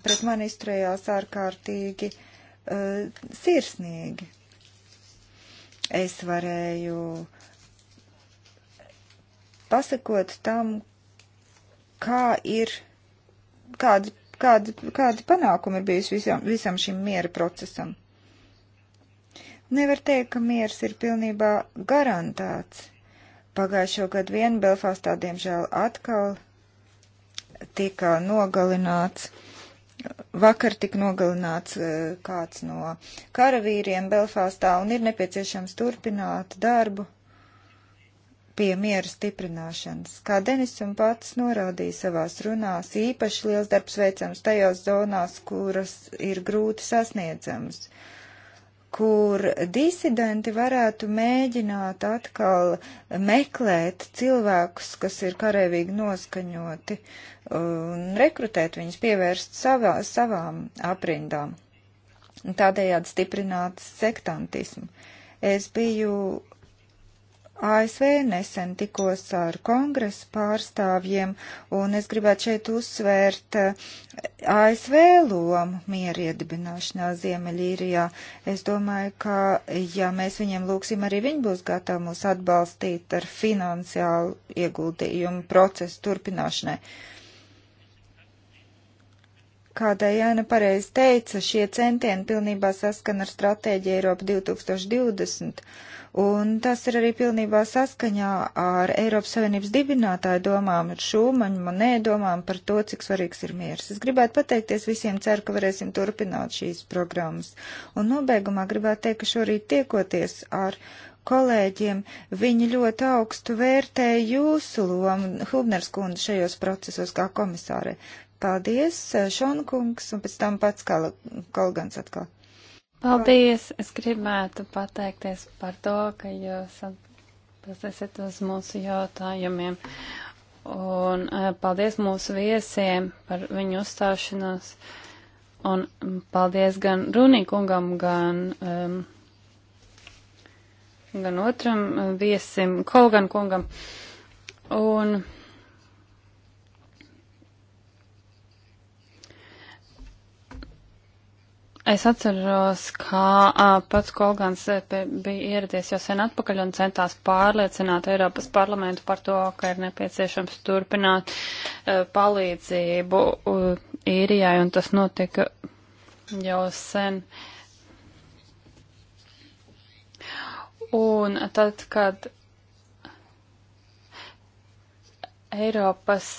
pret mani izturējās ārkārtīgi uh, sirsnīgi. Es varēju pasakot tam, kā ir, kādi, kādi, kādi panākumi ir bijusi visam, visam šim miera procesam. Nevar teikt, ka miers ir pilnībā garantēts, Pagājušo gadu vien Belfastā, diemžēl, atkal tika nogalināts. Vakar tika nogalināts e, kāds no karavīriem Belfastā un ir nepieciešams turpināt darbu pie miera stiprināšanas. Kā Denis un pats norādīja savās runās, īpaši liels darbs veicams tajās zonās, kuras ir grūti sasniedzamas. Uh, kur disidenti varētu mēģināt atkal meklēt cilvēkus, kas ir karēvīgi noskaņoti, un rekrutēt viņus, pievērst savā, savām aprindām, tādējādi stiprināt sektantismu. Es biju ASV nesen tikos ar kongresa pārstāvjiem, un es gribētu šeit uzsvērt eh, ASV lomu miera iedibināšanā Ziemeļīrijā. Es domāju, ka ja mēs viņiem lūksim, arī viņi būs gatavi mūs atbalstīt ar finansiālu ieguldījumu procesu turpināšanai. Uh, Kā Dajana pareizi teica, šie centieni pilnībā saskan ar stratēģiju Eiropa 2020, un tas ir arī pilnībā saskaņā ar Eiropas Savienības dibinātāju domām, ar Šūmaņu, manē domām par to, cik svarīgs ir miers. Es gribētu pateikties visiem, ceru, ka varēsim turpināt šīs programmas. Un nobeigumā gribētu teikt, ka šorīt tiekoties ar kolēģiem, viņi ļoti augstu vērtē jūsu lomu, Hubners kundze, šajos procesos kā komisāre. Paldies, Šonkungs, un pēc tam pats Kal Kalgans atkal. Paldies! Es gribētu pateikties par to, ka jūs atbildēsiet uz mūsu jautājumiem. Un eh, paldies mūsu viesiem par viņu uzstāšanos. Un mm, paldies gan Runīkungam, gan. Um, gan otram eh, viesim, Kolgan kungam. Un Es atceros, kā a, pats Kolgans bija ieradies jau sen atpakaļ un centās pārliecināt Eiropas parlamentu par to, ka ir nepieciešams turpināt a, palīdzību a, īrijai, un tas notika jau sen. Un tad, kad Eiropas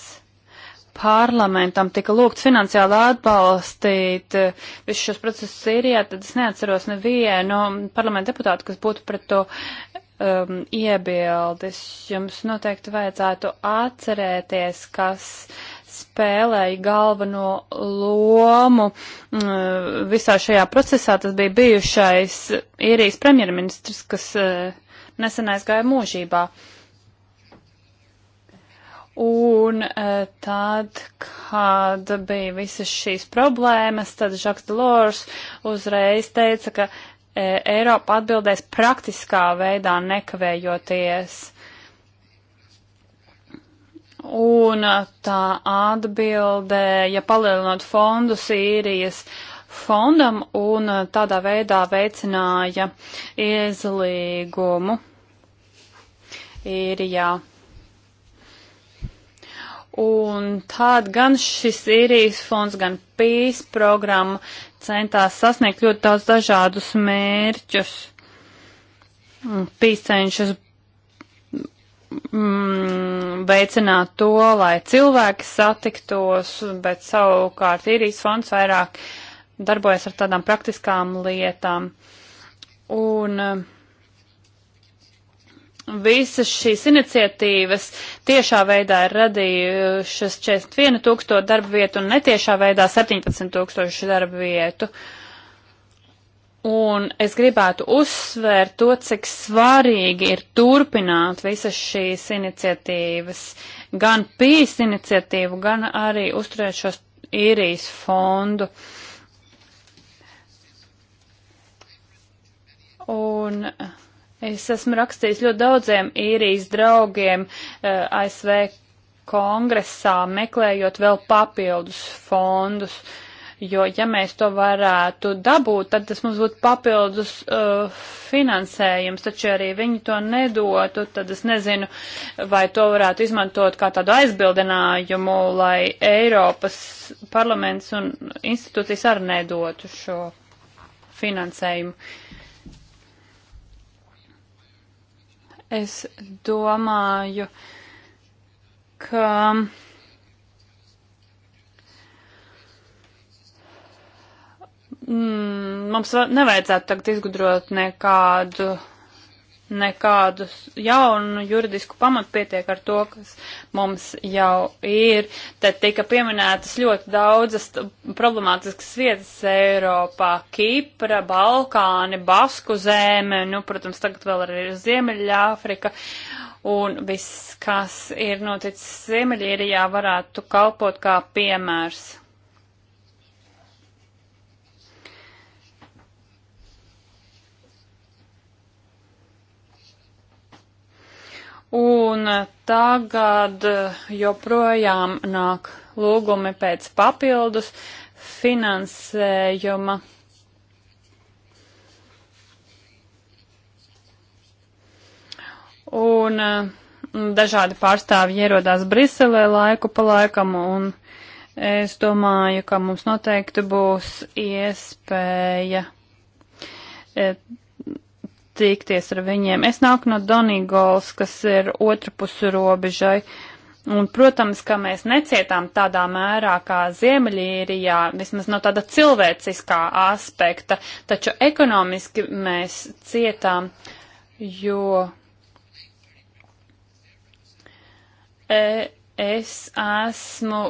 parlamentam tika lūgts finansiāli atbalstīt eh, visus šos procesus Sīrijā, tad es neatceros nevienu parlamentu deputātu, kas būtu pret to um, iebildis. Jums noteikti vajadzētu atcerēties, kas spēlēja galveno lomu um, visā šajā procesā. Tas bija bijušais īrijas premjerministrs, kas uh, nesen aizgāja mūžībā. Uh, Un eh, tad, kad bija visas šīs problēmas, tad Žaks Delors uzreiz teica, ka eh, Eiropa atbildēs praktiskā veidā nekavējoties. Un eh, tā atbilde, ja palielinot fondu Sīrijas fondam un tādā veidā veicināja iezlīgumu Īrijā. Ja Un tād gan šis īrijas fonds, gan PIS programma centās sasniegt ļoti daudz dažādus mērķus. PIS cenšas mm, veicināt to, lai cilvēki satiktos, bet savukārt īrijas fonds vairāk darbojas ar tādām praktiskām lietām. Un uh, Visas šīs iniciatīvas tiešā veidā ir radījušas 41 tūkstošu darba vietu un netiešā veidā 17 tūkstošu darba vietu. Un es gribētu uzsvērt to, cik svarīgi ir turpināt visas šīs iniciatīvas, gan pīs iniciatīvu, gan arī uzturēt šos īrijas fondu. Un uh, Es esmu rakstījis ļoti daudziem īrijas draugiem eh, ASV kongresā, meklējot vēl papildus fondus, jo ja mēs to varētu dabūt, tad tas mums būtu papildus uh, finansējums, taču arī viņi to nedotu, tad es nezinu, vai to varētu izmantot kā tādu aizbildinājumu, lai Eiropas parlaments un institūcijas arī nedotu šo finansējumu. Uh, Es domāju, ka mm, mums nevajadzētu tagad izgudrot nekādu nekādus jaunu juridisku pamatu pietiek ar to, kas mums jau ir. Te tika pieminētas ļoti daudzas problemātiskas vietas Eiropā - Kipra, Balkāni, Basku zeme, nu, protams, tagad vēl arī Ziemeļāfrika. Un viss, kas ir noticis Ziemeļīrijā, varētu kalpot kā piemērs. Un tagad joprojām nāk lūgumi pēc papildus finansējuma. Un mm, dažādi pārstāvji ierodās Briselē laiku pa laikam, un es domāju, ka mums noteikti būs iespēja eh, tikties ar viņiem. Es nāku no Donigols, kas ir otra pusu robežai. Un, protams, ka mēs necietām tādā mērā kā Ziemeļīrijā, vismaz no tāda cilvēciskā aspekta, taču ekonomiski mēs cietām, jo e, es esmu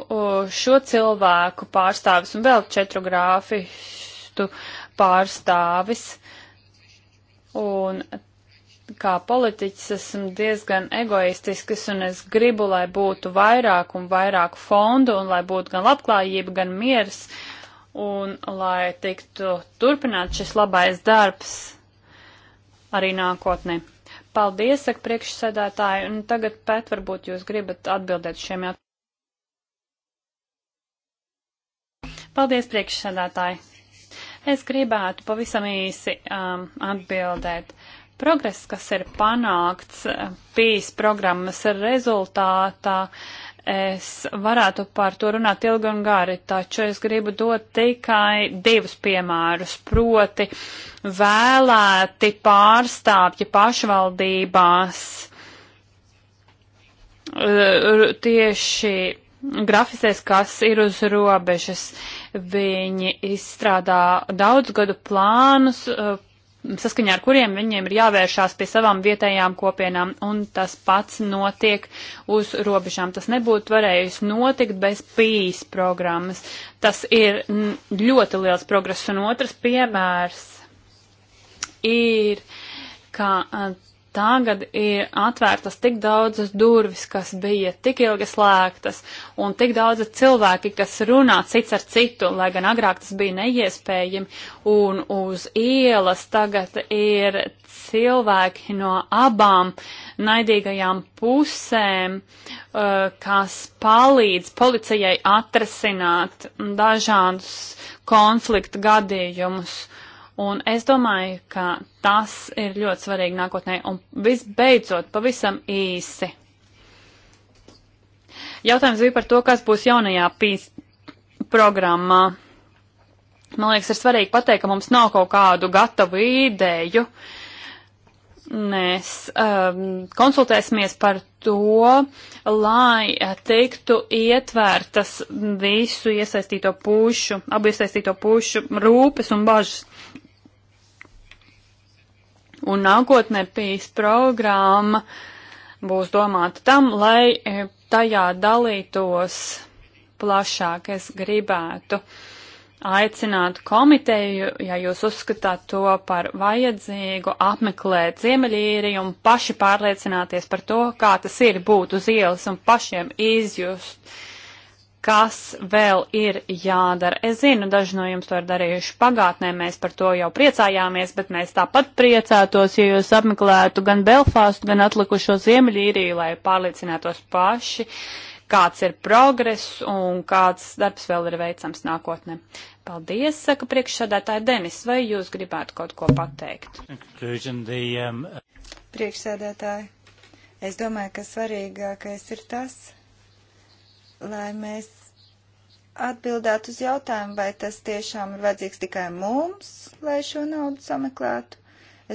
šo cilvēku pārstāvis un vēl četru grāfistu pārstāvis. Uh, Un kā politiķis esmu diezgan egoistisks un es gribu, lai būtu vairāk un vairāk fondu un lai būtu gan labklājība, gan miers un lai tiktu turpināt šis labais darbs arī nākotnē. Paldies, saka priekšsēdētāji, un tagad pēt varbūt jūs gribat atbildēt šiem jautājumiem. Paldies, priekšsēdētāji! Es gribētu pavisam īsi um, atbildēt. Progress, kas ir panākts uh, PIS programmas rezultātā, es varētu par to runāt ilgi un gari, taču es gribu dot tikai divus piemērus, proti vēlēti pārstāvji pašvaldībās uh, tieši grafisēs, kas ir uz robežas. Uh, Viņi izstrādā daudzgadu plānus, uh, saskaņā ar kuriem viņiem ir jāvēršās pie savām vietējām kopienām, un tas pats notiek uz robežām. Tas nebūtu varējis notikt bez PIS programmas. Tas ir ļoti liels progress, un otrs piemērs ir, ka uh, tagad ir atvērtas tik daudzas durvis, kas bija tik ilgi slēgtas, un tik daudz cilvēki, kas runā cits ar citu, lai gan agrāk tas bija neiespējami, un uz ielas tagad ir cilvēki no abām naidīgajām pusēm, uh, kas palīdz policijai atrasināt dažādus konfliktu gadījumus Un es domāju, ka tas ir ļoti svarīgi nākotnē. Un visbeidzot, pavisam īsi. Jautājums bija par to, kas būs jaunajā PIS programmā. Man liekas, ir svarīgi pateikt, ka mums nav kaut kādu gatavu ideju. Mēs um, konsultēsimies par to, lai eh, tiktu ietvērtas visu iesaistīto pušu, abu iesaistīto pušu rūpes un bažas. Un nākotnē PIS programma būs domāta tam, lai e, tajā dalītos plašāk. Es gribētu aicināt komiteju, ja jūs uzskatāt to par vajadzīgu, apmeklēt Ziemeļīriju un paši pārliecināties par to, kā tas ir būt uz ielas un pašiem izjust kas vēl ir jādara. Es zinu, daži no jums to ir darījuši pagātnē, mēs par to jau priecājāmies, bet mēs tāpat priecātos, ja jūs apmeklētu gan Belfāstu, gan atlikušo Ziemeļīriju, lai pārliecinātos paši, kāds ir progress un kāds darbs vēl ir veicams nākotnē. Paldies, saka priekšsēdētāji Denis, vai jūs gribētu kaut ko pateikt? Um, priekšsēdētāji, es domāju, ka svarīgākais ir tas, lai mēs atbildētu uz jautājumu, vai tas tiešām ir vajadzīgs tikai mums, lai šo naudu sameklētu.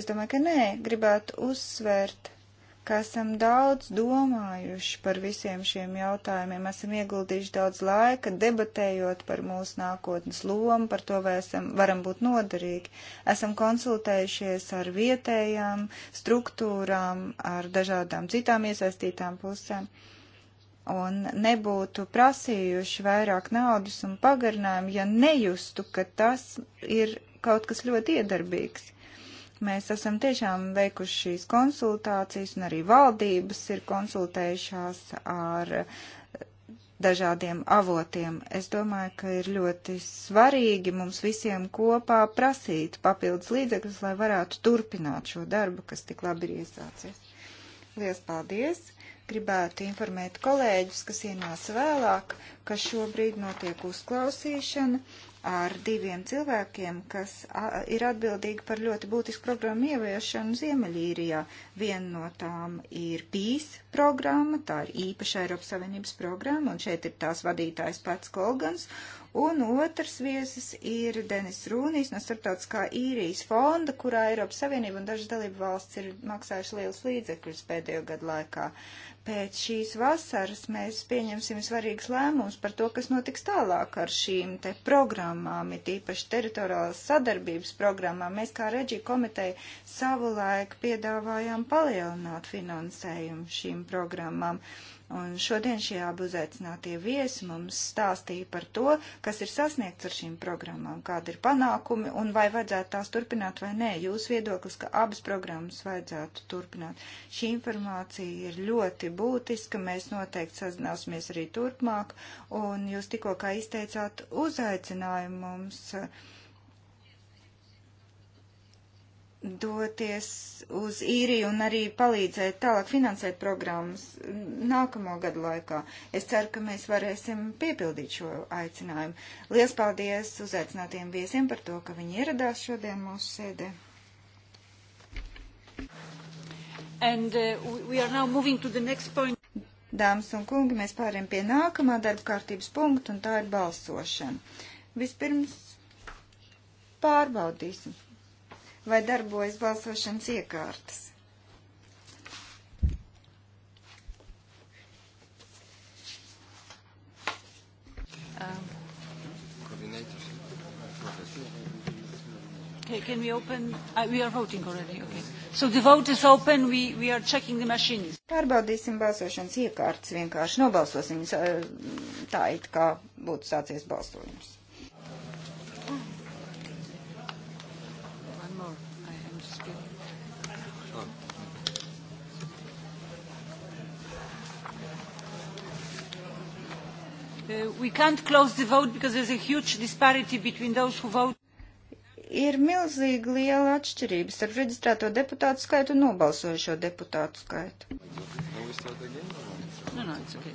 Es domāju, ka nē, gribētu uzsvērt, ka esam daudz domājuši par visiem šiem jautājumiem, esam ieguldījuši daudz laika, debatējot par mūsu nākotnes lomu, par to, vai esam, varam būt noderīgi. Esam konsultējušies ar vietējām struktūrām, ar dažādām citām iesaistītām pusēm. Uh, un nebūtu prasījuši vairāk naudas un pagarinājumu, ja nejustu, ka tas ir kaut kas ļoti iedarbīgs. Mēs esam tiešām veikuši šīs konsultācijas, un arī valdības ir konsultējušās ar dažādiem avotiem. Es domāju, ka ir ļoti svarīgi mums visiem kopā prasīt papildus līdzekļus, lai varētu turpināt šo darbu, kas tik labi ir iesācies. Lielas paldies! Gribētu informēt kolēģus, kas ienāca vēlāk, ka šobrīd notiek uzklausīšana ar diviem cilvēkiem, kas ir atbildīgi par ļoti būtisku programmu ieviešanu Ziemeļīrijā. Viena no tām ir PIS programma, tā ir īpaša Eiropas Savienības programma, un šeit ir tās vadītājs pats Kolgans, un otrs viesis ir Denis Rūnīs no Startautiskā īrijas fonda, kurā Eiropas Savienība un dažas dalību valsts ir maksājuši liels līdzekļus pēdējo gadu laikā. Pēc šīs vasaras mēs pieņemsim svarīgus lēmumus par to, kas notiks tālāk ar šīm te programmām, it īpaši teritoriālās sadarbības programmām. Mēs kā reģija komiteja savulaik piedāvājām palielināt finansējumu šīm programmām. Un šodien šie abi uzaicinātie viesi mums stāstīja par to, kas ir sasniegts ar šīm programmām, kāda ir panākumi un vai vajadzētu tās turpināt vai nē. Jūs viedoklis, ka abas programmas vajadzētu turpināt. Šī informācija ir ļoti būtiska, mēs noteikti sazināsimies arī turpmāk, un jūs tikko kā izteicāt uzaicinājumu mums. Uh, doties uz īriju un arī palīdzēt tālāk finansēt programmas nākamo gadu laikā. Es ceru, ka mēs varēsim piepildīt šo aicinājumu. Lielas paldies uzaicinātiem viesiem par to, ka viņi ieradās šodien mūsu sēdē. And, uh, Dāmas un kungi, mēs pāriem pie nākamā darba kārtības punkta, un tā ir balsošana. Vispirms pārbaudīsim vai darbojas balsošanas iekārtas. Um. Okay, can we open? Uh, we are voting already. Okay. So the vote is open. We, we are checking the machines. Pārbaudīsim balsošanas iekārtas vienkārši. Nobalsosim uh, tā, it kā būtu sācies balsojums. Uh, we can't close the vote because there's a huge disparity between those who vote. Ir milzīgi liela atšķirība starp reģistrēto deputātu skaitu un nobalsojušo deputātu skaitu. No, no, it's okay.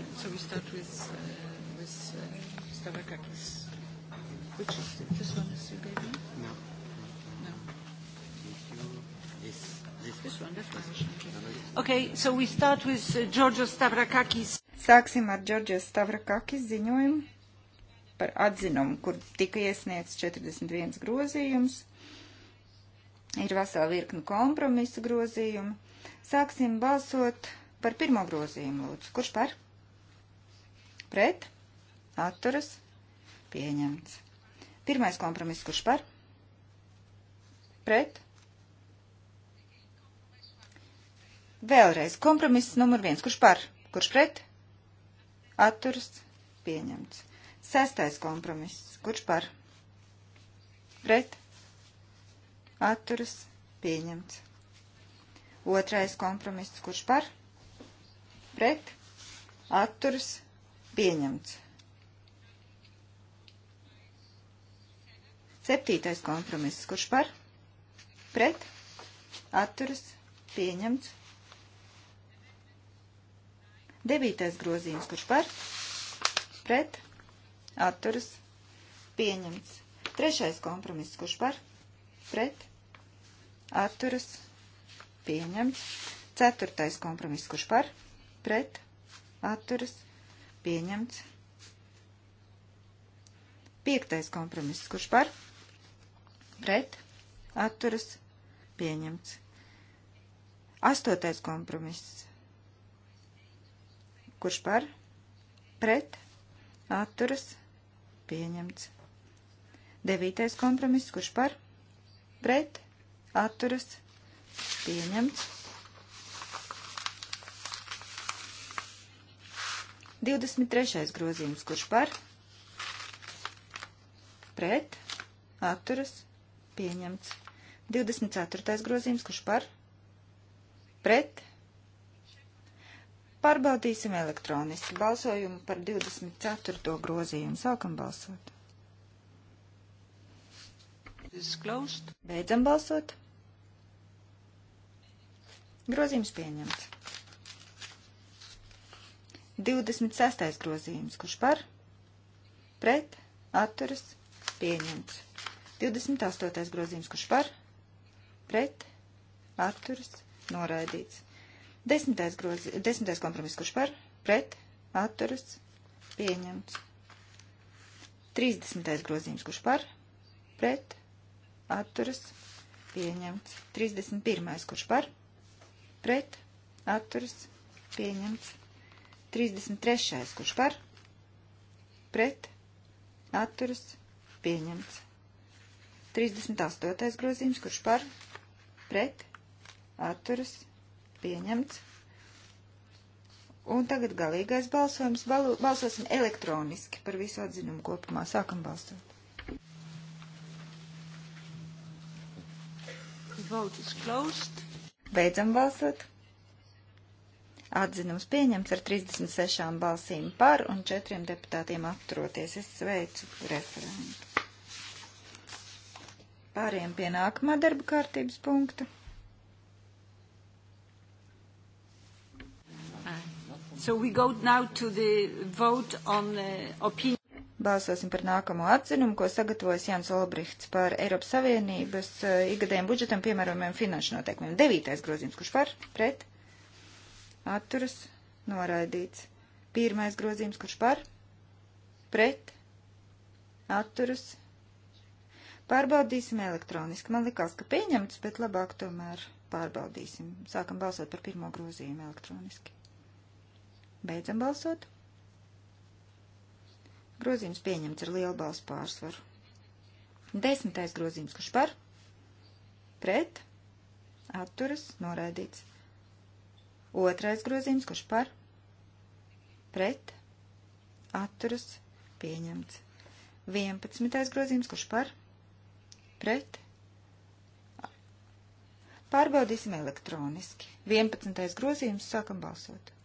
It's okay. So we start with, uh, with uh, Stavakakis. Which is this one is you gave me? No. No. This, this one, that one. Okay, so we start with uh, Georgios Stavrakakis. Sāksim ar Džordžijas Stavrakakis ziņojumu par atzinumu, kur tika iesniegts 41 grozījums. Ir vesela virkna kompromisu grozījumu. Sāksim balsot par pirmo grozījumu, lūdzu. Kurš par? Pret? Atturas? Pieņemts. Pirmais kompromiss, kurš par? Pret? Vēlreiz kompromiss numur viens, kurš par? Kurš pret? atturs pieņemts. Sestais kompromiss. Kurš par? Pret. Atturas pieņemts. Otrais kompromiss. Kurš par? Pret. Atturas pieņemts. Septītais kompromiss. Kurš par? Pret. Atturas pieņemts. Devītais grozījums, kurš par pret atturas pieņemts. Trešais kompromiss, kurš par pret atturas pieņemts. Ceturtais kompromiss, kurš par pret atturas pieņemts. Piektais kompromiss, kurš par pret atturas pieņemts. Astotais kompromiss Kurš par? Pret. Atturas. Pieņemts. Devītais kompromiss, kurš par pret atturas pieņemts. 23. grozījums, kurš par pret atturas pieņemts. 24. grozījums, kurš par pret Pārbaudīsim elektroniski balsojumu par 24. grozījumu. Sākam balsot. Beidzam balsot. Grozījums pieņemts. 26. grozījums. Kurš par? Pret? Atturas? Pieņemts. 28. grozījums. Kurš par? Pret? Atturas? Noraidīts. Desmitais, grozi, desmitais kompromiss, kurš par, pret, atturas, pieņemts. 30. grozījums, kurš par, pret, atturas, pieņemts. 31. kurš par, pret, atturas, pieņemts. 33. kurš par, pret, atturas, pieņemts. 38. grozījums, kurš par, pret, atturas, pieņemts pieņemts. Un tagad galīgais balsojums. Balu, balsosim elektroniski par visu atzinumu kopumā. Sākam balsot. Vote is closed. Beidzam balsot. Atzinums pieņemts ar 36 balsīm par un 4 deputātiem atturoties. Es sveicu referentu. Pāriem pie nākamā darba kārtības punkta. So we go now to the vote on uh, opinion. Balsosim par nākamo atzinumu, ko sagatavojas Jānis Olbrihts par Eiropas Savienības uh, ikgadējiem budžetam piemērojumiem finanšu noteikumiem. Devītais grozījums, kurš par, pret, atturas, noraidīts. Pirmais grozījums, kurš par, pret, atturas. Pārbaudīsim elektroniski. Man likās, ka pieņemts, bet labāk tomēr pārbaudīsim. Sākam balsot par pirmo grozījumu elektroniski. Beidzam balsot. Grozījums pieņemts ar lielu balsu pārsvaru. Desmitais grozījums, kurš par, pret, atturas, noraidīts. Otrais grozījums, kurš par, pret, atturas, pieņemts. Vienpadsmitais grozījums, kurš par, pret. Pārbaudīsim elektroniski. Vienpadsmitais grozījums, sākam balsot.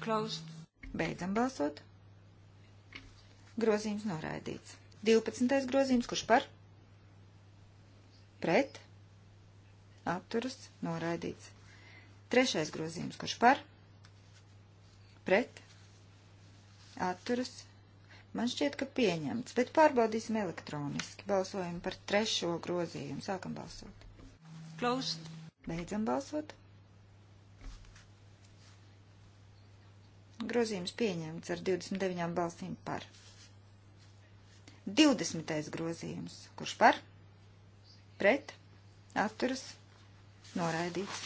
Closed. Beidzam balsot. Grozījums noraidīts. 12. grozījums, kurš par? Pret. Apturas noraidīts. Trešais grozījums, kurš par? Pret. Atturas. Man šķiet, ka pieņemts, bet pārbaudīsim elektroniski. Balsojam par trešo grozījumu. Sākam balsot. Closed. Beidzam balsot. Grozījums pieņemts ar 29 balsīm par. 20. grozījums. Kurš par? Pret? Atturas? Noraidīts.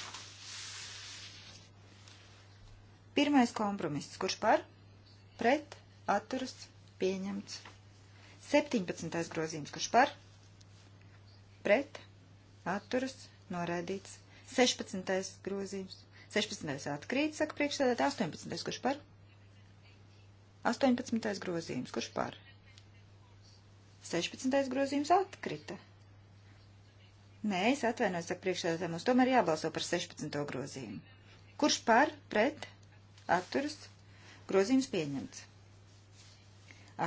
Pirmais kompromiss. Kurš par? Pret? Atturas? Pieņemts. 17. grozījums. Kurš par? Pret? Atturas? Noraidīts. 16. grozījums. 16. atkrīt, saka priekšsēdētāj, 18. kurš par? 18. grozījums, kurš par? 16. grozījums atkrita. Nē, es atvainojos, saka priekšsēdētāj, mums tomēr jābalso par 16. grozījumu. Kurš par, pret, atturas, grozījums pieņemts.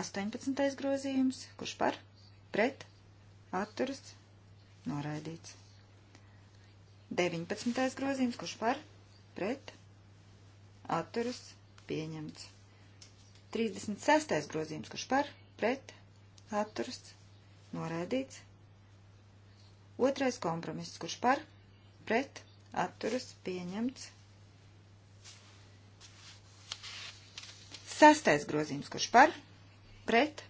18. grozījums, kurš par, pret, atturas, noraidīts. 19. grozījums, kurš par, pret, atturas, pieņemts. 36. grozījums, kurš par, pret, atturas, noraidīts. Otrais kompromiss, kurš par, pret, atturas, pieņemts. Sestais grozījums, kurš par, pret,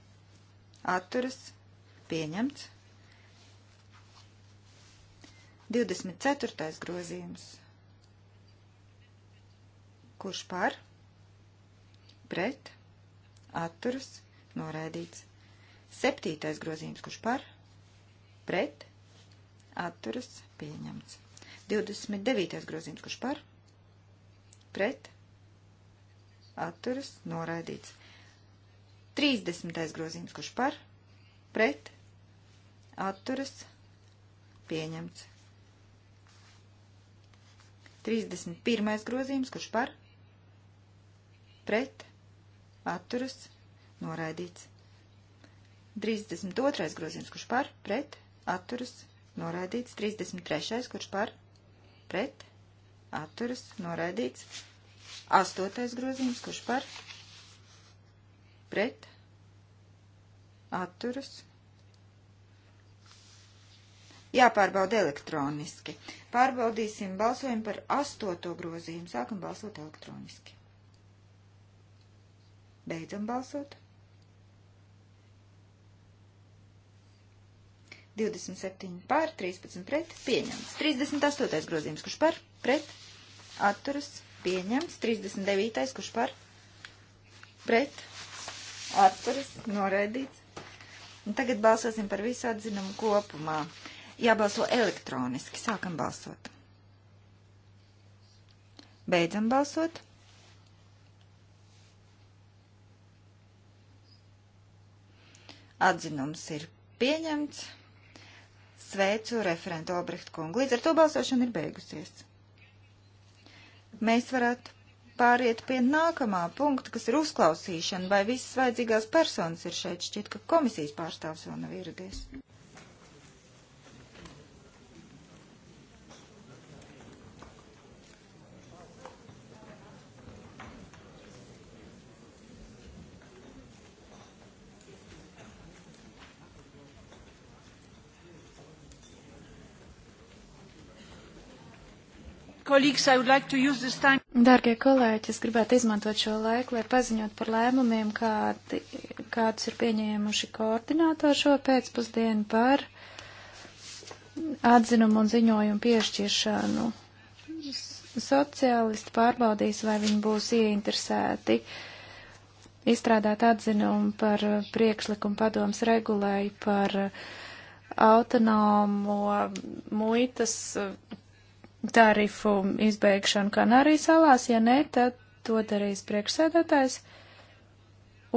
atturas, pieņemts. 24. grozījums. Kurš par? Pret. Atturas. Noraidīts. Septītais grozījums. Kurš par? Pret. Atturas. Pieņemts. 29. grozījums. Kurš par? Pret. Atturas. Noraidīts. 30. grozījums. Kurš par? Pret. Atturas. Pieņemts. 31. grozījums. Kurš par? Pret pret, atturas, noraidīts. 32. grozījums, kurš par, pret, atturas, noraidīts. 33. kurš par, pret, atturas, noraidīts. 8. grozījums, kurš par, pret, atturas, jāpārbauda elektroniski. Pārbaudīsim balsojumu par astoto grozījumu. Sākam balsot elektroniski. Beidzam balsot. 27 pār, 13 pret, pieņemts. 38. grozījums, kurš par, pret, atturas, pieņemts. 39. kurš par, pret, atturas, noraidīts. Un tagad balsosim par visu atzinumu kopumā. Jābalso elektroniski. Sākam balsot. Beidzam balsot. Atzinums ir pieņemts. Sveicu referentu Obrecht kungu. Līdz ar to balsošana ir beigusies. Mēs varētu pāriet pie nākamā punkta, kas ir uzklausīšana, vai visas vajadzīgās personas ir šeit. Šķiet, ka komisijas pārstāvs vēl nav ieradies. Like Dargie kolēģi, es gribētu izmantot šo laiku, lai paziņot par lēmumiem, kādi, kādus ir pieņēmuši koordinātori šo pēcpusdienu par atzinumu un ziņojumu piešķiršanu. Sociālisti pārbaudīs, vai viņi būs ieinteresēti izstrādāt atzinumu par priekšlikumu padoms regulēju par autonomo muitas tarifu izbeigšanu Kanārijas salās, ja nē, tad to darīs priekšsēdētājs.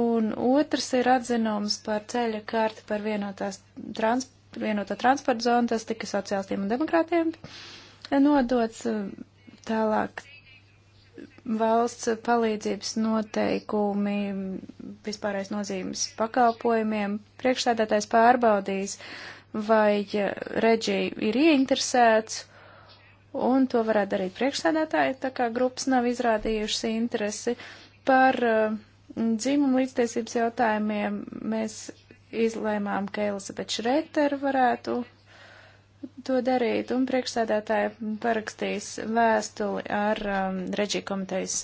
Un otrs ir atzinums par ceļa karti par vienotās trans, vienotā transporta zonu, tas tika sociālistiem un demokrātiem nodots tālāk valsts palīdzības noteikumi vispārreiz nozīmes pakalpojumiem. Priekšstādātais pārbaudīs, vai reģija ir ieinteresēts un to varētu darīt priekšsēdētāji, tā kā grupas nav izrādījušas interesi par uh, dzimumu līdztiesības jautājumiem. Mēs izlēmām, ka Elizabete Šreiter varētu to darīt, un priekšsēdētāja parakstīs vēstuli ar um, reģiju komitejas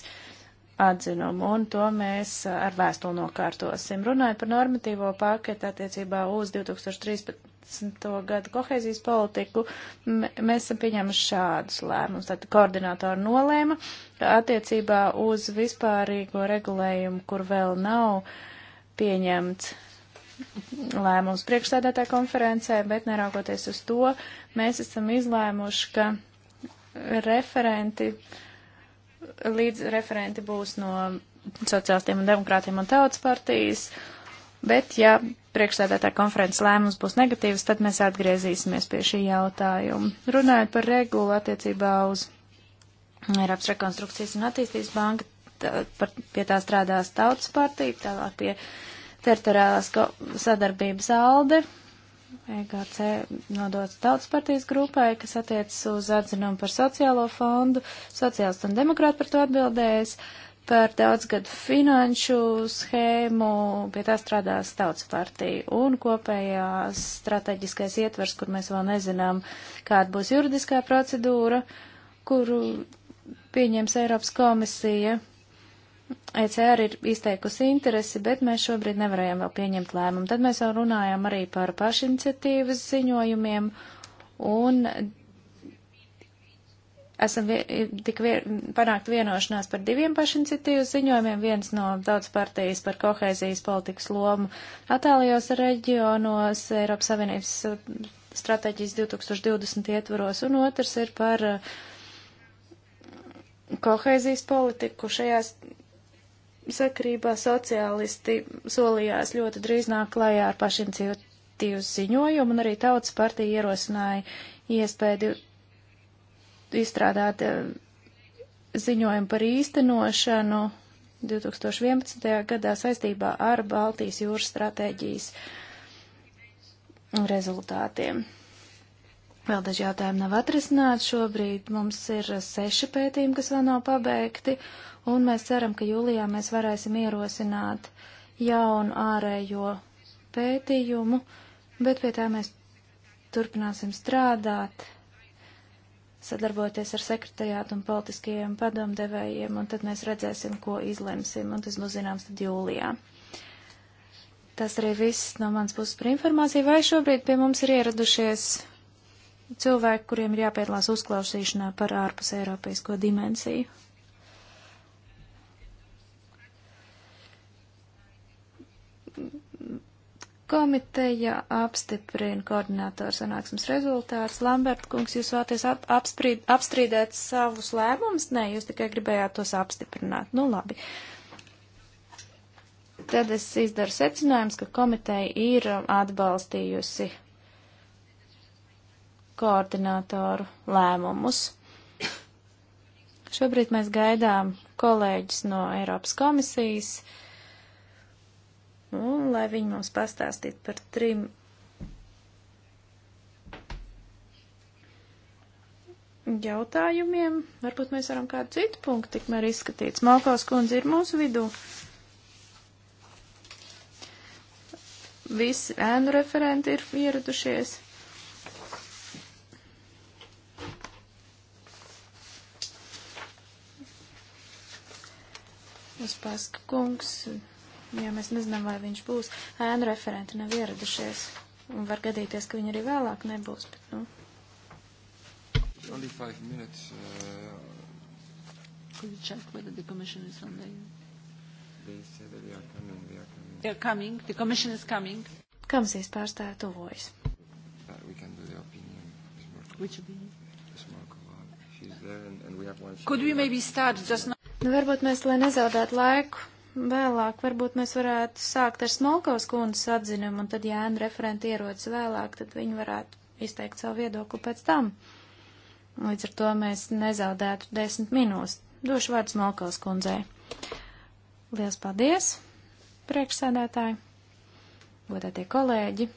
atzinumu, un to mēs uh, ar vēstuli nokārtosim. Runājot par normatīvo paketu attiecībā uz 2013. 13. gadu kohēzijas politiku, mēs esam pieņēmuši šādus lēmumus. Tātad koordinātori nolēma attiecībā uz vispārīgo regulējumu, kur vēl nav pieņemts lēmums priekšstādātā konferencē, bet neraugoties uz to, mēs esam izlēmuši, ka referenti, līdz referenti būs no sociālistiem un demokrātiem un tautas partijas. Uh, Bet, ja priekšsēdētā konferences lēmums būs negatīvs, tad mēs atgriezīsimies pie šī jautājuma. Runājot par regulu attiecībā uz Eiropas rekonstrukcijas un attīstības banku, tā, par, pie tā strādās tautas partija, tālāk pie teritoriālās sadarbības ALDE, EGC nodots tautas partijas grupai, kas attiecas uz atzinumu par sociālo fondu, sociālistu un demokrātu par to atbildējis. Uh, par daudzgadu finanšu schēmu, pie tā strādās tautas partija un kopējās strateģiskais ietvers, kur mēs vēl nezinām, kāda būs juridiskā procedūra, kuru pieņems Eiropas komisija. ECR ir izteikusi interesi, bet mēs šobrīd nevarējām vēl pieņemt lēmumu. Tad mēs jau runājām arī par pašiniciatīvas ziņojumiem un esam tik vien, panākt vienošanās par diviem pašiniciatīvu ziņojumiem, viens no daudz partijas par kohēzijas politikas lomu attālajos reģionos Eiropas Savienības stratēģijas 2020 ietvaros, un otrs ir par uh, kohēzijas politiku. Šajās sakrībā sociālisti solījās ļoti drīz nāk klajā ar pašiniciatīvu ziņojumu, un arī tautas partija ierosināja iespēju izstrādāt eh, ziņojumu par īstenošanu 2011. gadā saistībā ar Baltijas jūras stratēģijas rezultātiem. Vēl daži jautājumi nav atrisināti. Šobrīd mums ir seši pētījumi, kas vēl nav pabeigti, un mēs ceram, ka jūlijā mēs varēsim ierosināt jaunu ārējo pētījumu, bet pie tā mēs turpināsim strādāt sadarboties ar sekretariātu un politiskajiem padomdevējiem, un tad mēs redzēsim, ko izlemsim, un tas būs zināms tad jūlijā. Tas arī viss no mans puses par informāciju, vai šobrīd pie mums ir ieradušies cilvēki, kuriem ir jāpiedalās uzklausīšanā par ārpus Eiropaisko dimensiju. Komiteja apstiprina koordinātoru sanāksmes rezultātus. Lambert kungs, jūs vēlaties ap, apsprīd, apstrīdēt savus lēmumus? Nē, jūs tikai gribējāt tos apstiprināt. Nu, labi. Tad es izdaru secinājums, ka komiteja ir atbalstījusi koordinātoru lēmumus. Šobrīd mēs gaidām kolēģis no Eiropas komisijas. Uh, un lai viņi mums pastāstītu par trim jautājumiem. Varbūt mēs varam kādu citu punktu tikmēr izskatīt. Smalkās kundze ir mūsu vidū. Visi ēnu referenti ir ieradušies. Uz paska kungs. Un ja mēs nezinām, vai viņš būs. Ēnu referenti nav ieradušies, un var gadīties, ka viņi arī vēlāk nebūs, bet, nu. Only five minutes. Uh... Could you check whether the commission is on there? They said that they are coming. They are coming. They are coming. The commission is coming. Komisijas pārstāja tuvojas. But we can do the opinion. Which opinion? She's there and, and we have one. Could we maybe start just now? Nu, varbūt mēs, lai nezaudētu laiku, Vēlāk varbūt mēs varētu sākt ar Smolkovas kundas atzinumu, un tad, ja ēnu referenti ierodas vēlāk, tad viņi varētu izteikt savu viedokli pēc tam. Līdz ar to mēs nezaudētu desmit minūtes. Došu vārdu Smolkovas kundzei. Lielas paldies, priekšsēdētāji, godētie kolēģi!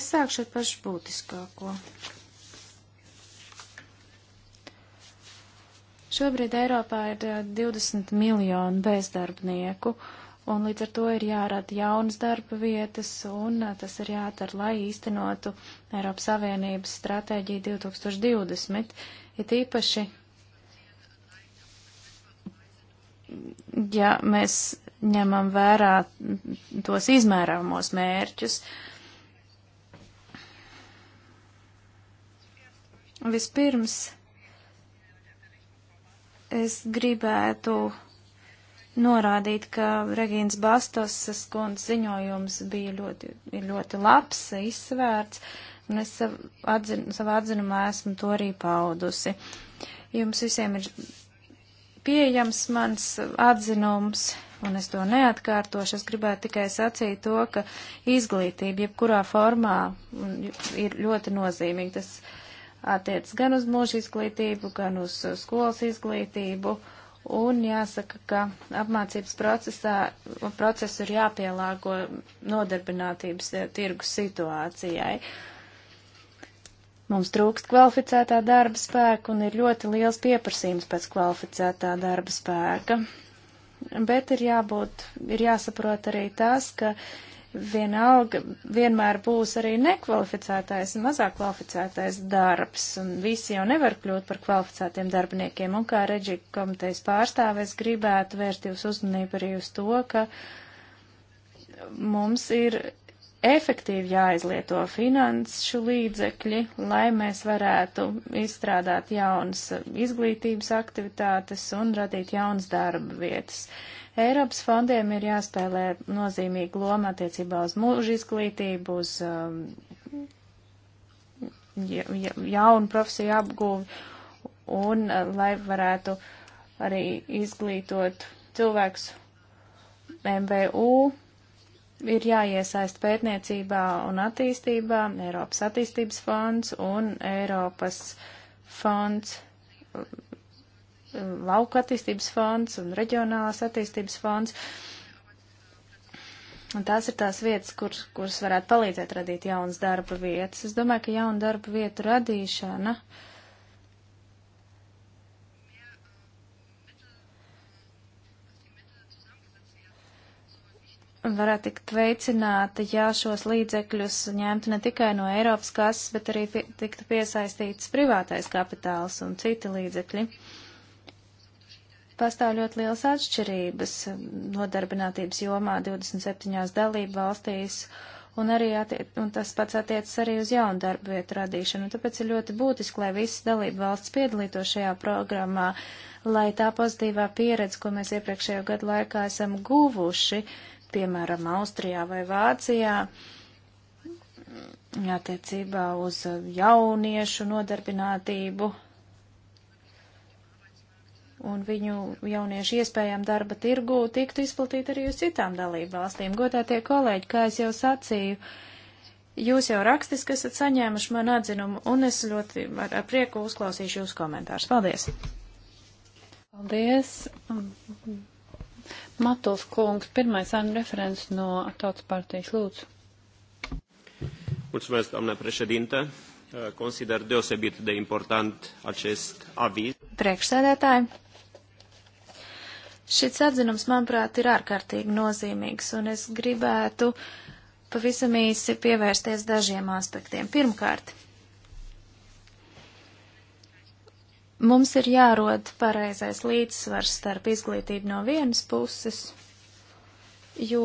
Es sākšu ar pašu būtiskāko. Šobrīd Eiropā ir 20 miljoni bezdarbnieku, un līdz ar to ir jārada jaunas darba vietas, un tas ir jādara, lai īstenotu Eiropas Savienības stratēģiju 2020. Ir īpaši, ja mēs ņemam vērā tos izmērāmos mērķus. Vispirms Es gribētu norādīt, ka Regīnas Bastosas kundzes ziņojums bija ļoti, ļoti labs, izsvērts, un es sav, atzin, savā atzinumā esmu to arī paudusi. Jums visiem ir pieejams mans atzinums, un es to neatkārtošu. Es gribētu tikai sacīt to, ka izglītība jebkurā formā ir ļoti nozīmīga. Tas attiec gan uz mūža izglītību, gan uz uh, skolas izglītību. Un jāsaka, ka apmācības procesā, procesu ir jāpielāgo nodarbinātības uh, tirgus situācijai. Mums trūkst kvalificētā darba spēka un ir ļoti liels pieprasījums pēc kvalificētā darba spēka. Bet ir jābūt, ir jāsaprot arī tas, ka vienalga vienmēr būs arī nekvalificētais un mazāk kvalificētais darbs, un visi jau nevar kļūt par kvalificētiem darbiniekiem. Un kā reģi komitejas pārstāvēs gribētu vērst jūs uzmanību arī uz to, ka mums ir efektīvi jāizlieto finanšu līdzekļi, lai mēs varētu izstrādāt jaunas izglītības aktivitātes un radīt jaunas darba vietas. Eiropas fondiem ir jāspēlē nozīmīga loma attiecībā uz mūža izglītību, uz um, ja, ja, jaunu profesiju apgūvi un uh, lai varētu arī izglītot cilvēkus MVU ir jāiesaist pētniecībā un attīstībā Eiropas attīstības fonds un Eiropas fonds, lauka attīstības fonds un reģionālās attīstības fonds. Un tās ir tās vietas, kur, kuras varētu palīdzēt radīt jaunas darba vietas. Es domāju, ka jauna darba vietu radīšana. Uh, varētu tikt veicināta, ja šos līdzekļus ņemtu ne tikai no Eiropas kases, bet arī pie, tiktu piesaistīts privātais kapitāls un citi līdzekļi. Pastāv ļoti liels atšķirības nodarbinātības jomā 27 dalību valstīs, un, arī attiec, un tas pats attiecas arī uz jaunu darbu vietu radīšanu. Tāpēc ir ļoti būtiski, lai visas dalību valsts piedalītos šajā programmā, lai tā pozitīvā pieredze, ko mēs iepriekšējo gadu laikā esam guvuši, uh, piemēram, Austrijā vai Vācijā attiecībā uz jauniešu nodarbinātību un viņu jauniešu iespējām darba tirgū tiktu izplatīt arī uz citām dalību valstīm. Godātie kolēģi, kā es jau sacīju, jūs jau rakstiski esat saņēmuši man atzinumu, un es ļoti ar, ar prieku uzklausīšu jūsu komentārus. Paldies! Paldies! Matos kungs, pirmais ēnu referents no Tautas partijas lūdzu. Mulțumesc, doamnă președintă. Consider deosebit de important acest aviz. Priekšsēdētāji, šis atzinums, manuprāt, ir ārkārtīgi nozīmīgs, un es gribētu pavisam īsi pievērsties dažiem aspektiem. Pirmkārt, Mums ir jārod pareizais līdzsvars starp izglītību no vienas puses, jo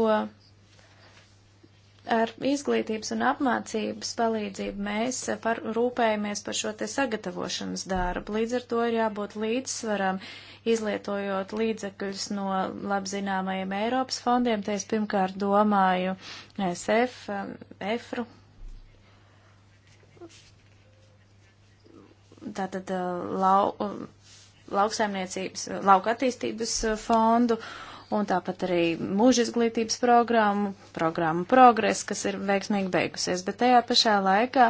ar izglītības un apmācības palīdzību mēs par, rūpējamies par šo te sagatavošanas darbu. Līdz ar to ir jābūt līdzsvaram, izlietojot līdzekļus no labzināmajiem Eiropas fondiem. Te es pirmkārt domāju SF, um, EFRU tātad lau, lauksaimniecības, lauka attīstības fondu un tāpat arī mūža izglītības programmu, programmu progres, kas ir veiksmīgi beigusies. Bet tajā pašā laikā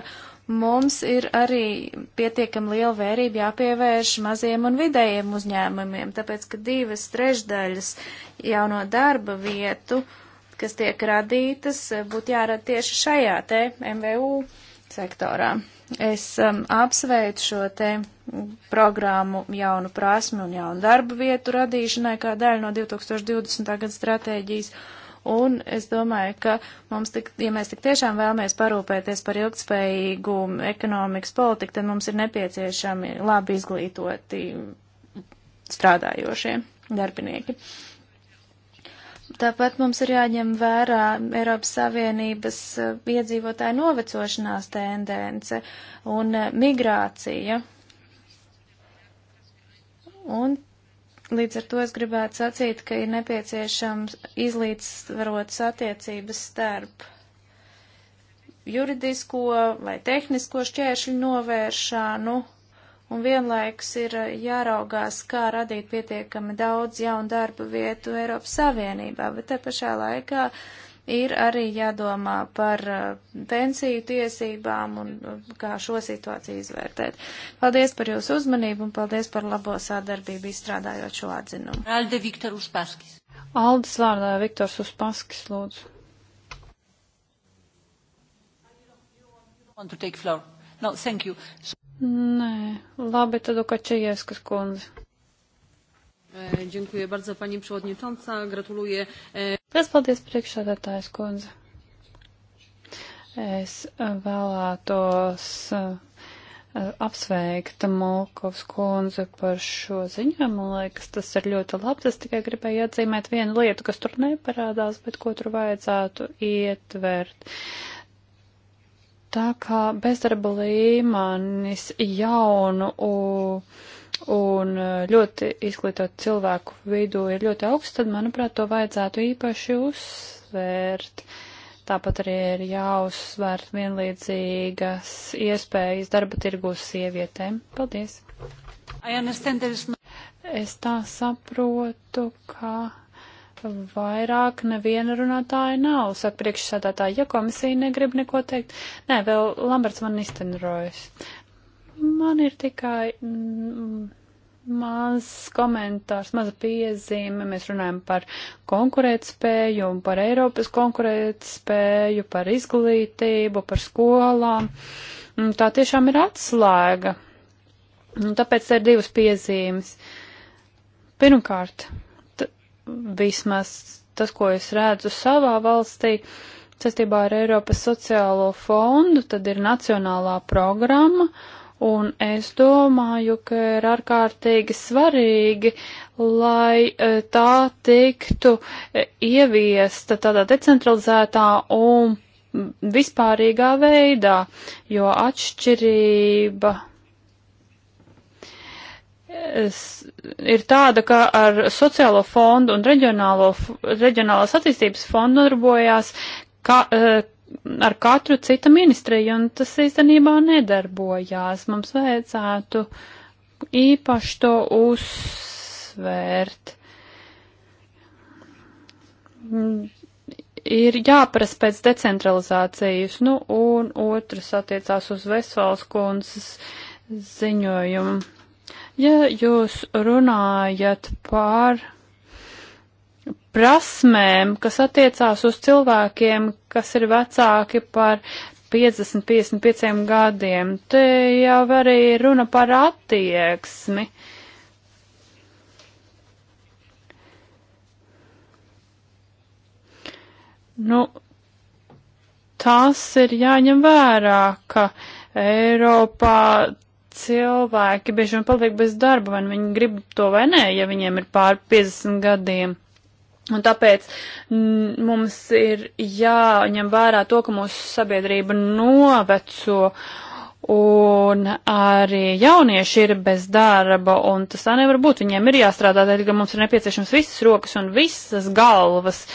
mums ir arī pietiekami liela vērība jāpievērš maziem un vidējiem uzņēmumiem, tāpēc ka divas trešdaļas jauno darba vietu, kas tiek radītas, būtu jārada tieši šajā te MVU sektorā. Es um, apsveicu šo te programmu jaunu prasmi un jaunu darba vietu radīšanai kā daļu no 2020. gada stratēģijas. Un es domāju, ka mums, tik, ja mēs tik tiešām vēlamies parūpēties par ilgspējīgu ekonomikas politiku, tad mums ir nepieciešami labi izglītoti strādājošie darbinieki. Uh, Tāpat mums ir jāņem vērā Eiropas Savienības eh, iedzīvotāju novecošanās tendence un eh, migrācija. Un līdz ar to es gribētu sacīt, ka ir nepieciešams izlīdzsvarotas attiecības starp juridisko vai tehnisko šķēršļu novēršanu un vienlaiks ir eh, jāraugās, kā radīt pietiekami daudz jaunu darba vietu Eiropas Savienībā, bet te pašā laikā ir arī jādomā par eh, pensiju tiesībām un eh, kā šo situāciju izvērtēt. Paldies par jūsu uzmanību un paldies par labo sadarbību izstrādājot šo atzinumu. Alde Viktor Uspaskis. Aldes vārdā Viktors Uspaskis, lūdzu. Want to take floor. No, thank you. So Nē, labi, tad Ukačejieskas kundze. E, dziękuję bardzo Pani Przewodnicząca, gratuluję. Tas e, paldies priekšsādātājs kundze. Es vēlētos e, apsveikt Molkovs kundze par šo ziņojumu. Man liekas, tas ir ļoti labs. Es tikai gribēju atzīmēt vienu lietu, kas tur neparādās, bet ko tur vajadzētu ietvert. Uh, tā kā bezdarba līmenis jaunu un ļoti izglītotu cilvēku vidū ir ļoti augsts, tad, manuprāt, to vajadzētu īpaši uzsvērt. Tāpat arī ir jāuzsver vienlīdzīgas iespējas darba tirgūs sievietēm. Paldies! Es tā saprotu, ka Vairāk neviena runātāja nav, saka priekšsādātāja, ja komisija negrib neko teikt. Nē, vēl Lamberts man iztenrojas. Man ir tikai mm, mazs komentārs, maza piezīme. Mēs runājam par konkurētspēju un par Eiropas konkurētspēju, par izglītību, par skolām. Mm, tā tiešām ir atslēga. Un tāpēc ir divas piezīmes. Pirmkārt, vismaz tas, ko es redzu savā valstī, saistībā ar Eiropas sociālo fondu, tad ir nacionālā programma, un es domāju, ka ir ārkārtīgi svarīgi, lai e, tā tiktu e, ieviesta tādā decentralizētā un vispārīgā veidā, jo atšķirība ir tāda, ka ar sociālo fondu un reģionālo, reģionālās attīstības fondu nodarbojās ka, eh, ar katru cita ministriju, un tas īstenībā nedarbojās. Mums vajadzētu īpaši to uzsvērt. Ir jāprasa pēc decentralizācijas, nu, un otrs attiecās uz Vesvals kundzes ziņojumu Ja jūs runājat par prasmēm, kas attiecās uz cilvēkiem, kas ir vecāki par 50-55 gadiem, te jau arī runa par attieksmi. Nu, tas ir jāņem vērā, ka Eiropā cilvēki bieži vien paliek bez darba, vai nu viņi grib to vai nē, ja viņiem ir pār 50 gadiem. Un tāpēc mums ir jāņem vērā to, ka mūsu sabiedrība noveco un arī jaunieši ir bez darba, un tas tā nevar būt. Viņiem ir jāstrādā, tad, ka mums ir nepieciešams visas rokas un visas galvas,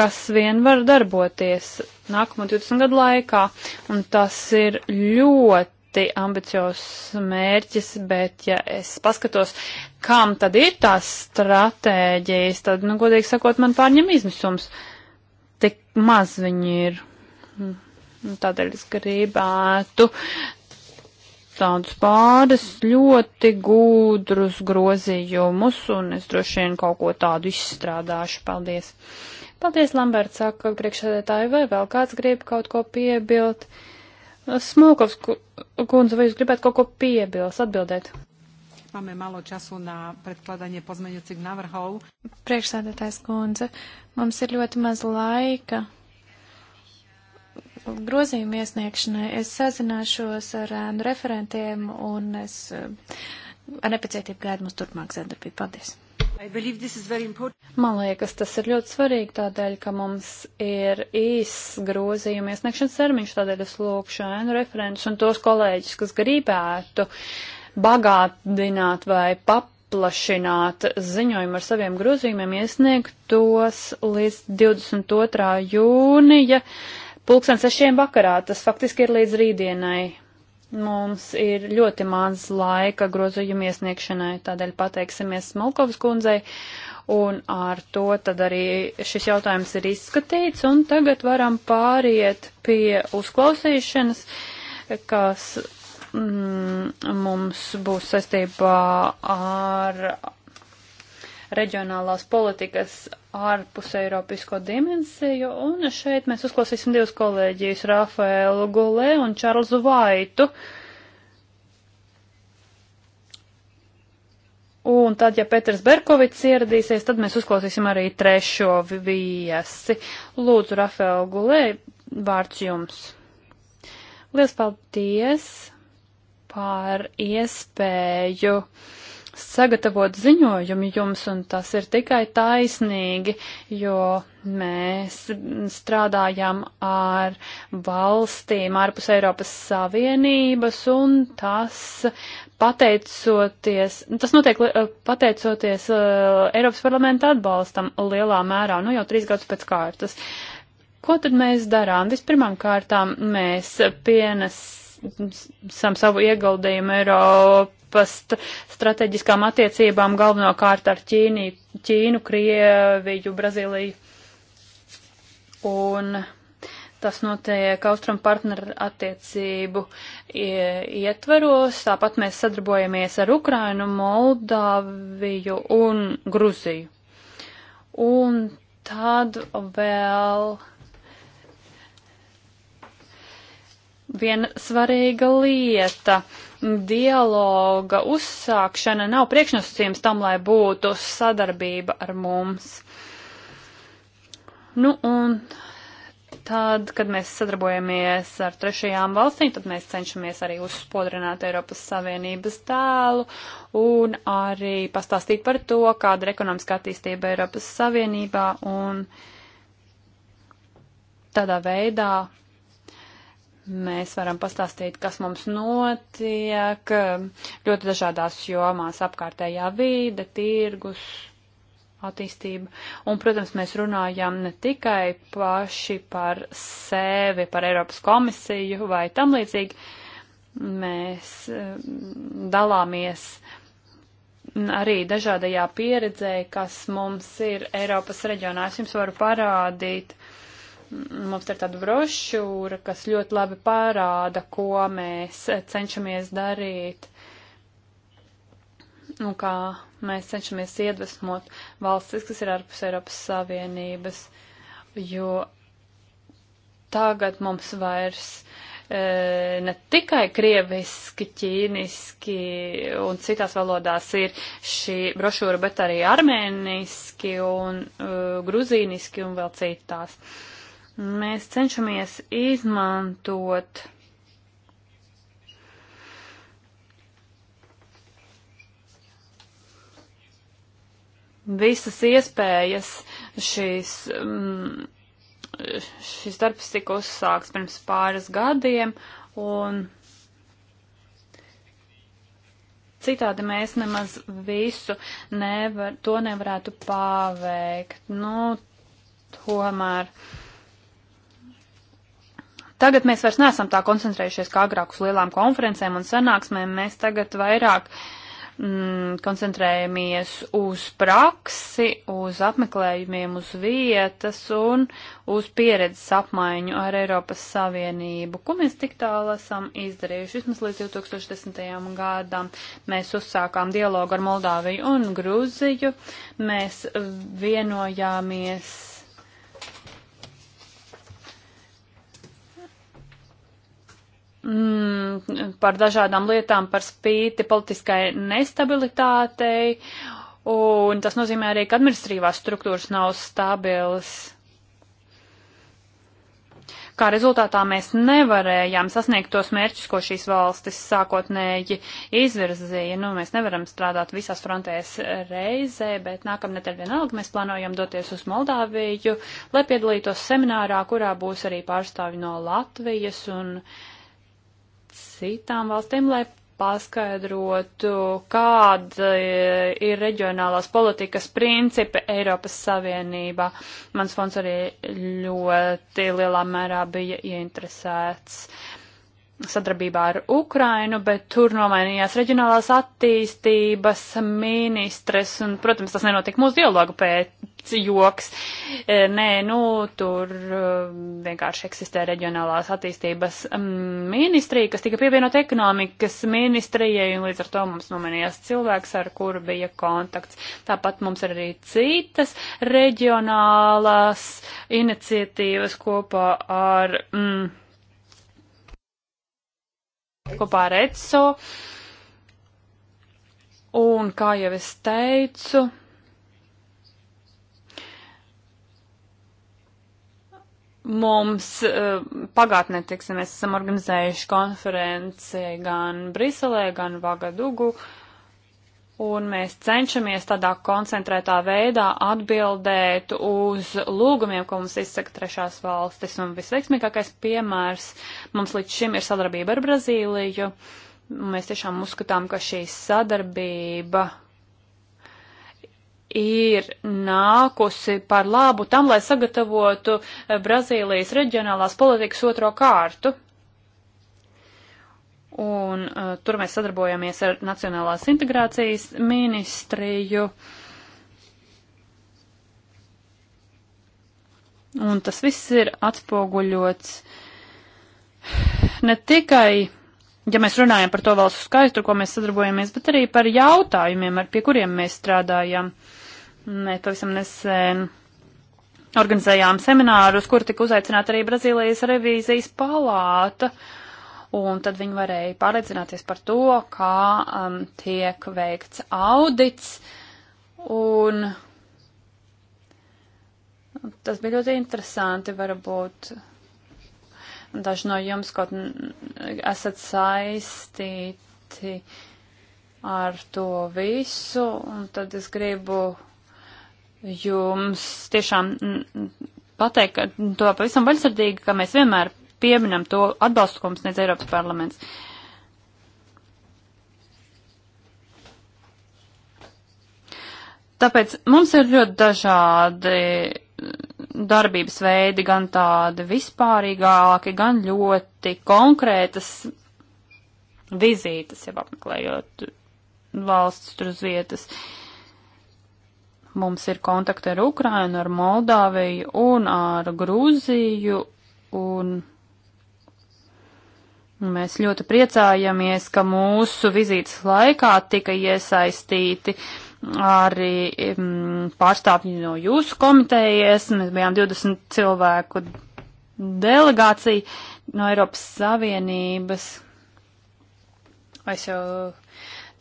kas vien var darboties nākamo 20 gadu laikā, un tas ir ļoti ļoti ambiciozs mērķis, bet ja es paskatos, kam tad ir tās stratēģijas, tad, nu, godīgi sakot, man pārņem izmisums. Tik maz viņi ir. Nu, tādēļ es gribētu tādus pāris ļoti gudrus grozījumus, un es droši vien kaut ko tādu izstrādāšu. Paldies! Paldies, Lamberts, saka priekšsēdētāji, vai vēl kāds grib kaut ko piebilst? Uh, Smolkovs kundze, vai jūs gribētu kaut ko piebilst, atbildēt? Máme malo času na predkladanie pozmeňujúcich návrhov. Priekšsēdētājs kundze, mums ir ļoti maz laika grozījumu iesniegšanai. Es sazināšos ar ēnu referentiem un es eh, ar nepacietību gaidu mums turpmāk sadarbību. Paldies! Man liekas, tas ir ļoti svarīgi tādēļ, ka mums ir īss grozījuma iesniegšanas termiņš, tādēļ es lūkšu ēnu referents un tos kolēģis, kas gribētu bagātināt vai paplašināt ziņojumu ar saviem grozījumiem, iesniegt tos līdz 22. jūnija pulksten sešiem vakarā. Tas faktiski ir līdz rītdienai. Mums ir ļoti maz laika grozījuma iesniegšanai, tādēļ pateiksimies Smolkovs kundzei, un ar to tad arī šis jautājums ir izskatīts, un tagad varam pāriet pie uzklausīšanas, kas mm, mums būs saistībā ar reģionālās politikas ārpus Eiropisko dimensiju, un šeit mēs uzklausīsim divus kolēģijus, Rafaelu Gulē un Čārlzu Vaitu. Un tad, ja Peters Berkovits ieradīsies, tad mēs uzklausīsim arī trešo viesi. Lūdzu, Rafael Gulē, vārds jums. Lielas paldies par iespēju sagatavot ziņojumi jums, un tas ir tikai taisnīgi, jo mēs strādājam ar valstīm ārpus Eiropas Savienības, un tas pateicoties, tas notiek eh, pateicoties eh, Eiropas parlamenta atbalstam lielā mērā, nu jau trīs gadus pēc kārtas. Ko tad mēs darām? Vispirmām kārtām mēs pienes esam savu ieguldījumu Eiropas strateģiskām attiecībām galvenokārt ar Ķīni, Ķīnu, Krieviju, Brazīliju. Un tas notiek Austrum partneru attiecību ietveros. Tāpat mēs sadarbojamies ar Ukrainu, Moldāviju un Gruziju. Un tad vēl viena svarīga lieta. Dialoga uzsākšana nav priekšnosacījums tam, lai būtu sadarbība ar mums. Nu, un tad, kad mēs sadarbojamies ar trešajām valstīm, tad mēs cenšamies arī uzspodrināt Eiropas Savienības tēlu un arī pastāstīt par to, kāda ir ekonomiskā attīstība Eiropas Savienībā un tādā veidā Mēs varam pastāstīt, kas mums notiek ļoti dažādās jomās - apkārtējā vīde, tirgus, attīstība. Un, protams, mēs runājam ne tikai paši par sevi, par Eiropas komisiju vai tam līdzīgi. Mēs mm, dalāmies arī dažādajā pieredzē, kas mums ir Eiropas reģionā. Es jums varu parādīt Mums ir tāda brošūra, kas ļoti labi parāda, ko mēs cenšamies darīt un kā mēs cenšamies iedvesmot valstis, kas ir ārpus Eiropas Savienības, jo tagad mums vairs e, ne tikai krieviski, ķīniski un citās valodās ir šī brošūra, bet arī armēniski un uh, e, gruzīniski un vēl citās. Uh, Mēs cenšamies izmantot visas iespējas šīs. Mm, šis darbs tika uzsākts pirms pāris gadiem, un citādi mēs nemaz visu nevar, to nevarētu paveikt. Nu, tomēr Tagad mēs vairs neesam tā koncentrējušies kā agrāk uz lielām konferencēm un sanāksmēm. Mēs tagad vairāk mm, koncentrējamies uz praksi, uz apmeklējumiem uz vietas un uz pieredzes apmaiņu ar Eiropas Savienību, ko mēs tik tālu esam izdarījuši. Vismaz līdz 2010. gadam mēs uzsākām dialogu ar Moldāviju un Grūziju. Mēs vienojāmies mm, par dažādām lietām par spīti politiskai nestabilitātei, un tas nozīmē arī, ka administrīvās struktūras nav stabilas. Kā rezultātā mēs nevarējām sasniegt tos mērķus, ko šīs valstis sākotnēji izvirzīja. Nu, mēs nevaram strādāt visās frontēs reizē, bet nākamnedēļ vienalga mēs plānojam doties uz Moldāviju, lai piedalītos seminārā, kurā būs arī pārstāvi no Latvijas un uh, citām valstīm, lai paskaidrotu, kāda ir reģionālās politikas principi Eiropas Savienībā. Mans fonds arī ļoti lielā mērā bija ieinteresēts. Uh, sadarbībā ar Ukrainu, bet tur nomainījās reģionālās attīstības ministres, un, protams, tas nenotika mūsu dialogu pēc joks. E, nē, nu, tur e, vienkārši eksistē reģionālās attīstības mm, ministrija, kas tika pievienot ekonomikas ministrijai, un līdz ar to mums nomainījās cilvēks, ar kuru bija kontakts. Tāpat mums ir arī citas reģionālās iniciatīvas kopā ar. Mm, kopā ar ECO. Un, kā jau es teicu, mums eh, pagātnē, teiksim, mēs esam organizējuši konferenci gan Briselē, gan Vagadugu. Uh, un mēs cenšamies tādā koncentrētā veidā atbildēt uz lūgumiem, ko mums izsaka trešās valstis. Un visveiksmīgākais piemērs mums līdz šim ir sadarbība ar Brazīliju. Mēs tiešām uzskatām, ka šī sadarbība ir nākusi par labu tam, lai sagatavotu Brazīlijas reģionālās politikas otro kārtu un uh, tur mēs sadarbojamies ar Nacionālās integrācijas ministriju. Un tas viss ir atspoguļots ne tikai, ja mēs runājam par to valstu skaistu, ko mēs sadarbojamies, bet arī par jautājumiem, ar pie kuriem mēs strādājam. Mēs pavisam nesen organizējām seminārus, kur tika uzaicināta arī Brazīlijas revīzijas palāta. Uh, un tad viņi varēja pārliecināties par to, kā um, tiek veikts audits, un tas bija ļoti interesanti, varbūt daži no jums kaut esat saistīti ar to visu, un tad es gribu jums tiešām pateikt, ka to pavisam vaļsirdīgi, ka mēs vienmēr pieminam to atbalstu, ko mums nedz Eiropas parlaments. Tāpēc mums ir ļoti dažādi darbības veidi, gan tādi vispārīgāki, gan ļoti konkrētas vizītes, jau apmeklējot valsts tur uz vietas. Mums ir kontakti ar Ukrainu, ar Moldāviju un ar Grūziju, un Mēs ļoti priecājamies, ka mūsu vizītes laikā tika iesaistīti arī mm, pārstāvji no jūsu komitejas. Mēs bijām 20 cilvēku delegācija no Eiropas Savienības. Es jau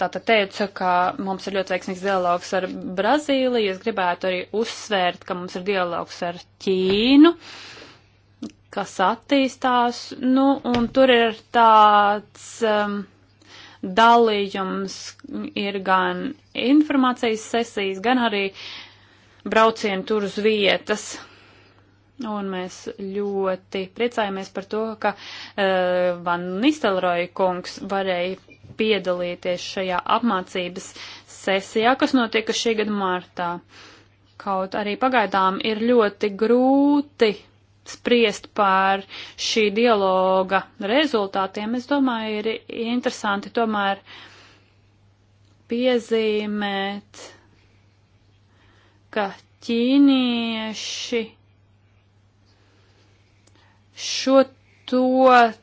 tātad teicu, ka mums ir ļoti veiksmīgs dialogs ar Brazīliju. Es gribētu arī uzsvērt, ka mums ir dialogs ar Ķīnu. Uh, kas attīstās, nu, un tur ir tāds um, dalījums, ir gan informācijas sesijas, gan arī braucieni tur uz vietas. Un mēs ļoti priecājamies par to, ka uh, Van Nistelroja kungs varēja piedalīties šajā apmācības sesijā, kas notika šī gada martā. Kaut arī pagaidām ir ļoti grūti spriest par šī dialoga rezultātiem, es domāju, ir interesanti tomēr piezīmēt, ka ķīnieši šo to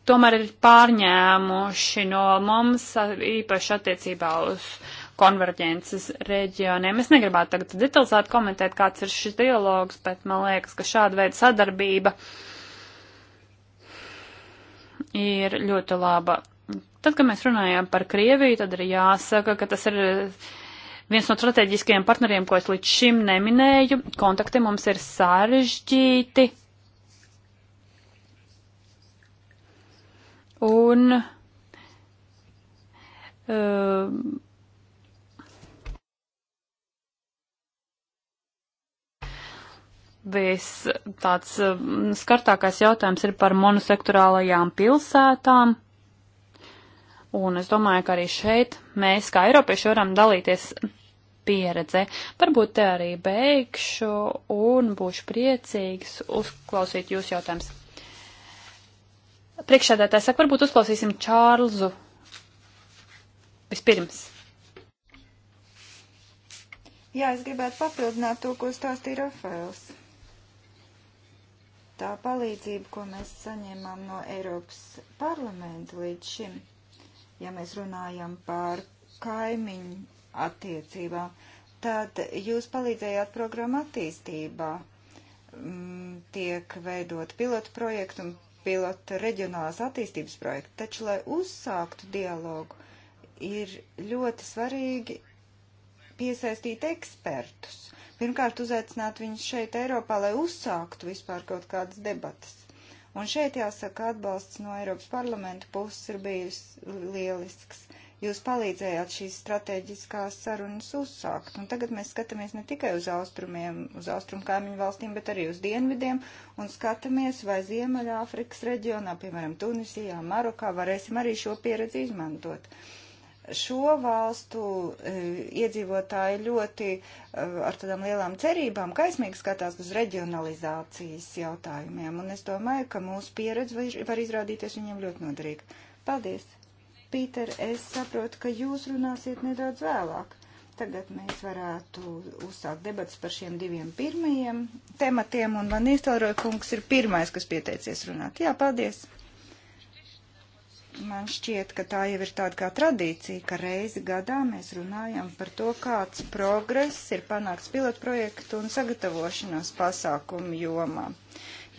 tomēr ir pārņēmuši no mums, īpaši attiecībā uz uh, konverģences reģioniem. Es negribētu tagad detalizēt komentēt, kāds ir šis dialogs, bet man liekas, ka šāda veida sadarbība ir ļoti laba. Tad, kad mēs runājām par Krieviju, tad arī jāsaka, ka tas ir viens no strateģiskajiem partneriem, ko es līdz šim neminēju. Kontakti mums ir sarežģīti. Un uh, bijis tāds um, skartākais jautājums ir par monosektorālajām pilsētām. Un es domāju, ka arī šeit mēs, kā Eiropieši, varam dalīties pieredze. Varbūt te arī beigšu un būšu priecīgs uzklausīt jūs jautājums. Priekšādātājs saka, varbūt uzklausīsim Čārlzu vispirms. Jā, es gribētu papildināt to, ko stāstīja Rafaels tā palīdzība, ko mēs saņēmām no Eiropas parlamenta līdz šim, ja mēs runājam par kaimiņu attiecībām, tad jūs palīdzējāt programmu attīstībā. Mm, tiek veidot pilotu projektu un pilotu reģionālās attīstības projektu, taču, lai uzsāktu dialogu, ir ļoti svarīgi piesaistīt ekspertus Pirmkārt, uzaicināt viņus šeit Eiropā, lai uzsāktu vispār kaut kādas debatas. Un šeit jāsaka, atbalsts no Eiropas parlamenta puses ir bijis lielisks jūs palīdzējāt šīs strateģiskās sarunas uzsākt. Un tagad mēs skatāmies ne tikai uz austrumiem, uz austrumu kaimiņu valstīm, bet arī uz dienvidiem un skatāmies, vai Ziemeļāfrikas reģionā, piemēram, Tunisijā, Marokā, varēsim arī šo pieredzi izmantot. Uh, šo valstu e, iedzīvotāji ļoti e, ar tādām lielām cerībām gaismīgi skatās uz reģionalizācijas jautājumiem, un es domāju, ka mūsu pieredze var izrādīties viņiem ļoti noderīga. Paldies! Pīter, es saprotu, ka jūs runāsiet nedaudz vēlāk. Tagad mēs varētu uzsākt debats par šiem diviem pirmajiem tematiem, un man īstelroja kungs ir pirmais, kas pieteicies runāt. Jā, paldies! man šķiet, ka tā jau ir tāda kā tradīcija, ka reizi gadā mēs runājam par to, kāds progress ir panākts pilotprojektu un sagatavošanās pasākumu jomā.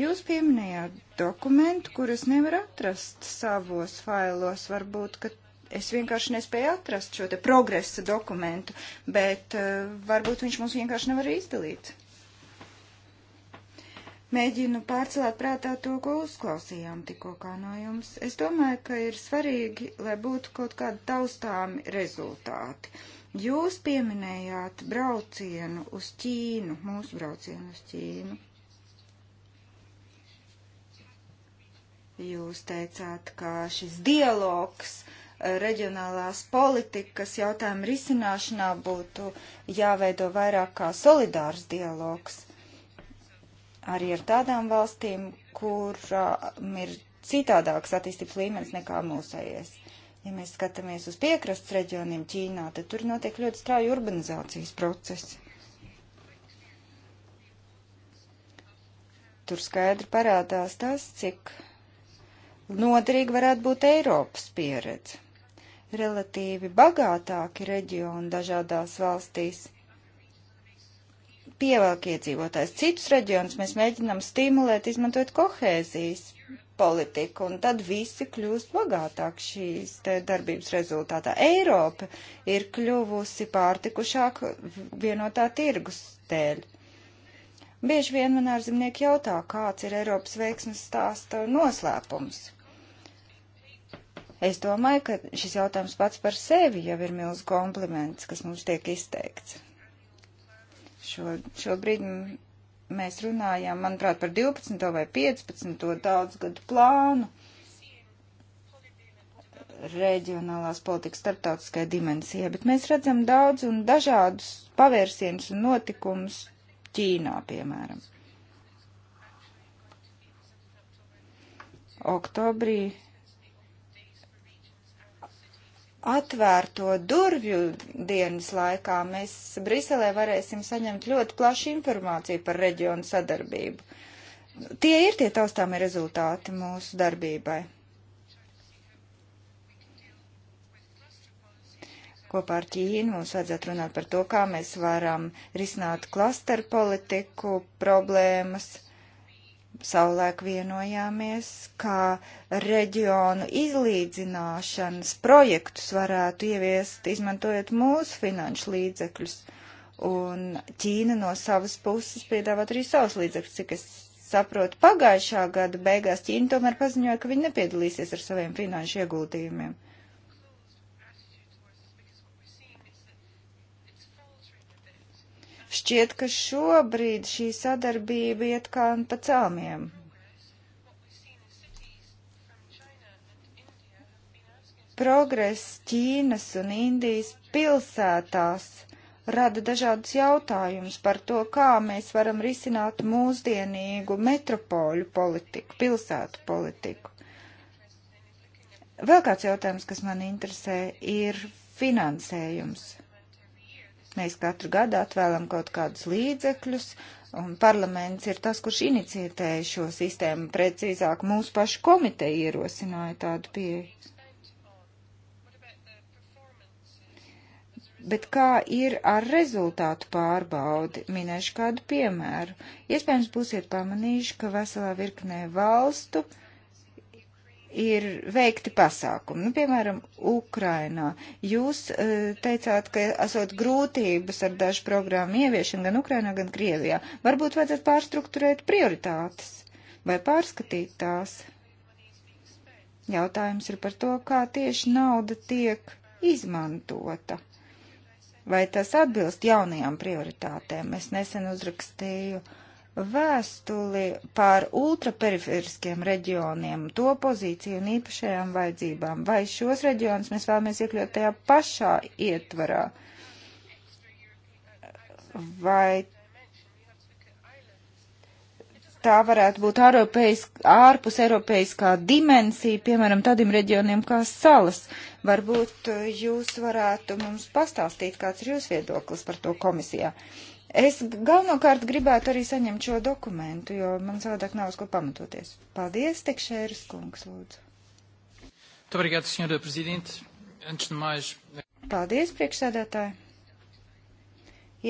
Jūs pieminējāt dokumentu, kurus nevar atrast savos failos, varbūt, ka es vienkārši nespēju atrast šo te progresa dokumentu, bet uh, varbūt viņš mums vienkārši nevar izdalīt. Mēģinu pārcelēt prātā to, ko uzklausījām tikko kā no jums. Es domāju, ka ir svarīgi, lai būtu kaut kādi taustāmi rezultāti. Jūs pieminējāt braucienu uz Ķīnu, mūsu braucienu uz Ķīnu. Jūs teicāt, ka šis dialogs eh, reģionālās politikas jautājumu risināšanā būtu jāveido vairāk kā solidārs dialogs arī ar tādām valstīm, kurām um, uh, ir citādāks attīstības līmenis nekā mūsējies. Ja mēs skatāmies uz piekrastes reģioniem Ķīnā, tad tur notiek ļoti strauji urbanizācijas procesi. Tur skaidri parādās tas, cik noderīgi varētu būt Eiropas pieredze. Relatīvi bagātāki reģioni dažādās valstīs pievelk iedzīvotājs. Citus reģionus mēs mēģinām stimulēt, izmantojot kohēzijas politiku, un tad visi kļūst bagātāk šīs darbības rezultātā. Eiropa ir kļuvusi pārtikušāk vienotā tirgus dēļ. Bieži vien man ārzemnieki jautā, kāds ir Eiropas veiksmes stāsta noslēpums. Es domāju, ka šis jautājums pats par sevi jau ir milzu kompliments, kas mums tiek izteikts. Šo, šobrīd mēs runājām, manuprāt, par 12. vai 15. daudzgadu plānu reģionālās politikas starptautiskai dimensijai, bet mēs redzam daudz un dažādus pavērsienus un notikumus Ķīnā, piemēram. Oktobrī atvērto durvju dienas laikā mēs Briselē varēsim saņemt ļoti plašu informāciju par reģionu sadarbību. Tie ir tie taustāmi rezultāti mūsu darbībai. kopā ar Ķīnu mums vajadzētu runāt par to, kā mēs varam risināt klasteru politiku problēmas, savulaik vienojāmies, ka reģionu izlīdzināšanas projektus varētu ieviest, izmantojot mūsu finanšu līdzekļus. Un Ķīna no savas puses piedāvā arī savus līdzekļus, cik es saprotu. Pagājušā gada beigās Ķīna tomēr paziņoja, ka viņi nepiedalīsies ar saviem finanšu ieguldījumiem. Uh, Šķiet, ka šobrīd šī sadarbība iet kā pa celmiem. Progress Ķīnas un Indijas pilsētās rada dažādus jautājumus par to, kā mēs varam risināt mūsdienīgu metropoļu politiku, pilsētu politiku. Vēl kāds jautājums, kas man interesē, ir finansējums. Mēs katru gadu atvēlam kaut kādus līdzekļus, un parlaments ir tas, kurš inicietēja šo sistēmu. Precīzāk, mūsu pašu komiteja ierosināja tādu pieeju. bet kā ir ar rezultātu pārbaudi? Minēšu kādu piemēru. Iespējams, būsiet pamanījuši, ka veselā virknē valstu uh, ir veikti pasākumi. Nu, piemēram, Ukrainā. Jūs uh, teicāt, ka esot grūtības ar dažu programmu ieviešanu gan Ukrainā, gan Krievijā. Varbūt vajadzētu pārstruktūrēt prioritātes vai pārskatīt tās. Jautājums ir par to, kā tieši nauda tiek izmantota. Vai tas atbilst jaunajām prioritātēm? Es nesen uzrakstīju uh, vēstuli pār ultraperifēriskiem reģioniem, to pozīciju un īpašajām vajadzībām, vai šos reģionus mēs vēlamies iekļaut tajā pašā ietvarā, vai tā varētu būt ārpeisk, ārpus eiropeiskā dimensija, piemēram, tādiem reģioniem kā salas. Varbūt jūs varētu mums pastāstīt, kāds ir jūsu viedoklis par to komisijā. Uh, Es galvenokārt gribētu arī saņemt šo dokumentu, jo man savādāk nav uz ko pamatoties. Paldies, Tekšēras kungs, lūdzu. Obrigado, senhora Presidente. Antes de mais... Paldies, priekšsēdētāji.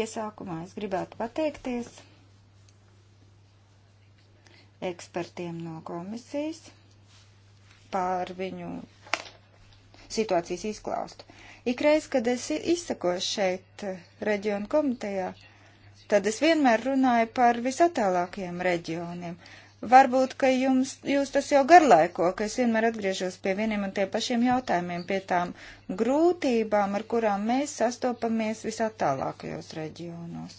Iesākumā es gribētu pateikties ekspertiem no komisijas pār viņu situācijas izklāstu. Ikreiz, kad es izsakos šeit reģionu komitejā, tad es vienmēr runāju par visatālākajiem reģioniem. Varbūt, ka jums, jūs tas jau garlaiko, ka es vienmēr atgriežos pie vieniem un tie pašiem jautājumiem, pie tām grūtībām, ar kurām mēs sastopamies visatālākajos reģionos.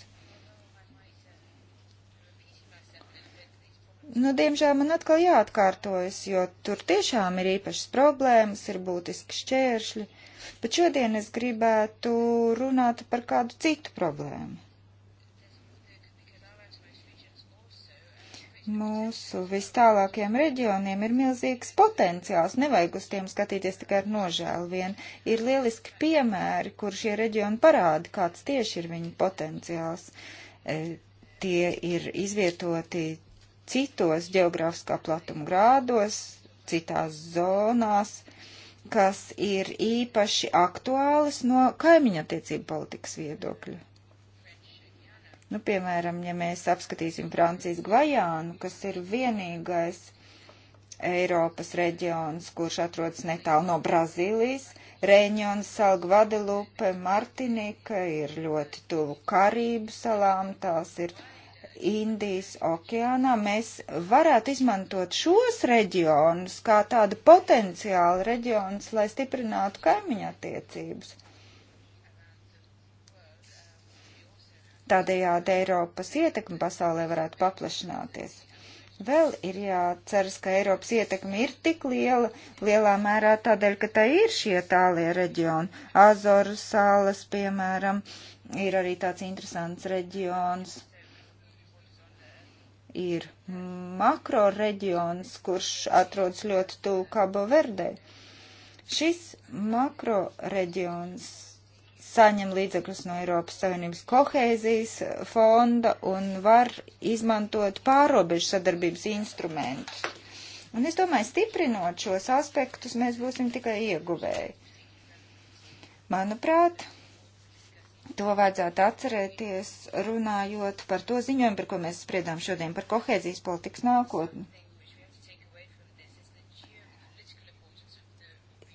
Nu, diemžēl man atkal jāatkārtojas, jo tur tiešām ir īpašas problēmas, ir būtiski šķēršļi, bet šodien es gribētu runāt par kādu citu problēmu. mūsu vistālākajiem reģioniem ir milzīgs potenciāls. Nevajag uz tiem skatīties tikai ar nožēlu vien. Ir lieliski piemēri, kur šie reģioni parāda, kāds tieši ir viņu potenciāls. E, tie ir izvietoti citos geogrāfiskā platuma grādos, citās zonās, kas ir īpaši aktuālas no kaimiņattiecību politikas viedokļa. Nu, piemēram, ja mēs apskatīsim Francijas Gvajānu, kas ir vienīgais Eiropas reģions, kurš atrodas netālu no Brazīlijas, reģions Salgvadelupe, Martinika ir ļoti tuvu Karību salām, tās ir Indijas okeānā. Mēs varētu izmantot šos reģionus kā tādu potenciālu reģionus, lai stiprinātu kaimiņu attiecības. Tādējādi Eiropas ietekme pasaulē varētu paplašināties. Vēl ir jāceras, ka Eiropas ietekme ir tik liela, lielā mērā tādēļ, ka tā ir šie tālie reģioni. Azoru salas, piemēram, ir arī tāds interesants reģions. Ir makro reģions, kurš atrodas ļoti tuvu Kabo Verdei. Šis makro reģions saņem līdzekļus no Eiropas Savienības kohēzijas fonda un var izmantot pārobežu sadarbības instrumentus. Un es domāju, stiprinot šos aspektus, mēs būsim tikai ieguvēji. Manuprāt, to vajadzētu atcerēties, runājot par to ziņojumu, par ko mēs spriedām šodien, par kohēzijas politikas nākotni.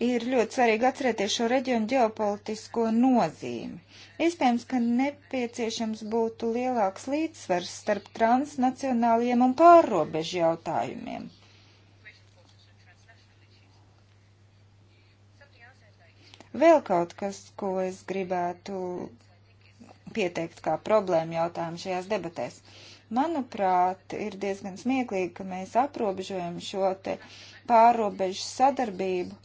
ir ļoti svarīgi atcerēties šo reģionu ģeopolitisko nozīmi. Iespējams, ka nepieciešams būtu lielāks līdzsvars starp transnacionāliem un pārrobežu jautājumiem. Vēl kaut kas, ko es gribētu pieteikt kā problēmu jautājumu šajās debatēs. Manuprāt, ir diezgan smieklīgi, ka mēs aprobežojam šo te pārobežu sadarbību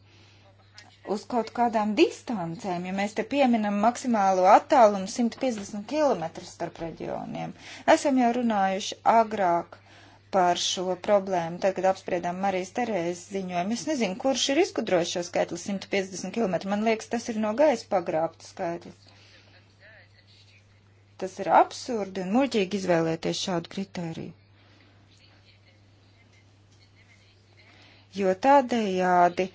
uz kaut kādām distancēm, ja mēs te pieminam maksimālo attālumu 150 km starp reģioniem. Esam jau runājuši agrāk par šo problēmu, tad, kad apspriedām Marijas Terēzes ziņojumu. Es nezinu, kurš ir izgudrojis šo skaitli 150 km. Man liekas, tas ir no gaisa pagrābta skaitlis. Tas ir absurdi un muļķīgi izvēlēties šādu kritēriju. Jo tādējādi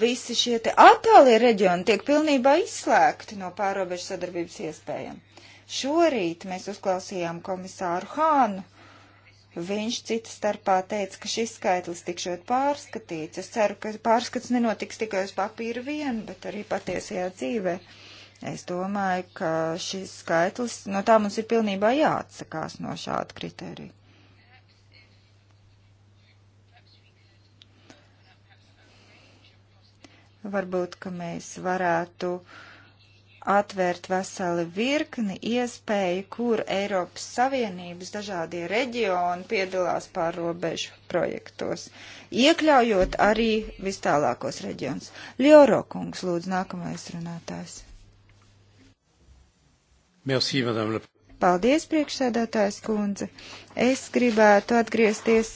visi šie te attālie reģioni tiek pilnībā izslēgti no pārobežu sadarbības iespējām. Šorīt mēs uzklausījām komisāru Hānu. Viņš cita starpā teica, ka šis skaitlis tikšot pārskatīts. Es ceru, ka pārskats nenotiks tikai uz papīra vien, bet arī patiesajā dzīvē. Es domāju, ka šis skaitlis, no tā mums ir pilnībā jāatsakās no šāda kritērija. Varbūt, ka mēs varētu atvērt veseli virkni iespēju, kur Eiropas Savienības dažādie reģioni piedalās pārrobežu projektos, iekļaujot arī vistālākos reģionus. Lioro kungs, lūdzu, nākamais runātājs. Merci, Paldies, priekšsēdētājs kundze. Es gribētu atgriezties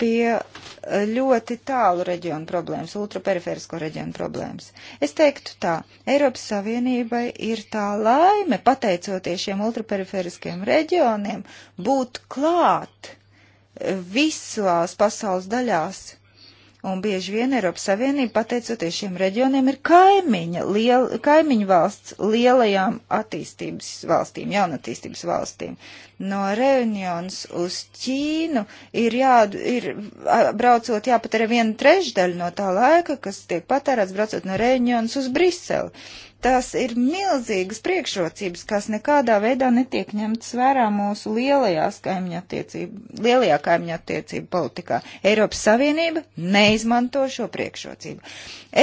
pie eh, ļoti tālu reģionu problēmas, ultraperiferisko reģionu problēmas. Es teiktu tā, Eiropas Savienībai ir tā laime, pateicoties šiem ultraperiferiskajiem reģioniem, būt klāt eh, visās pasaules daļās. Un bieži vien Eiropas Savienība, pateicoties šiem reģioniem, ir kaimiņa, liel, kaimiņu valsts lielajām attīstības valstīm, jaunatīstības valstīm no Reunions uz Ķīnu ir, jā, ir braucot jāpatara viena trešdaļa no tā laika, kas tiek patērēts braucot no Reunions uz Briseli. Tas ir milzīgas priekšrocības, kas nekādā veidā netiek ņemtas vērā mūsu lielajā kaimiņattiecību, lielajā kaimiņattiecību politikā. Eiropas Savienība neizmanto šo priekšrocību.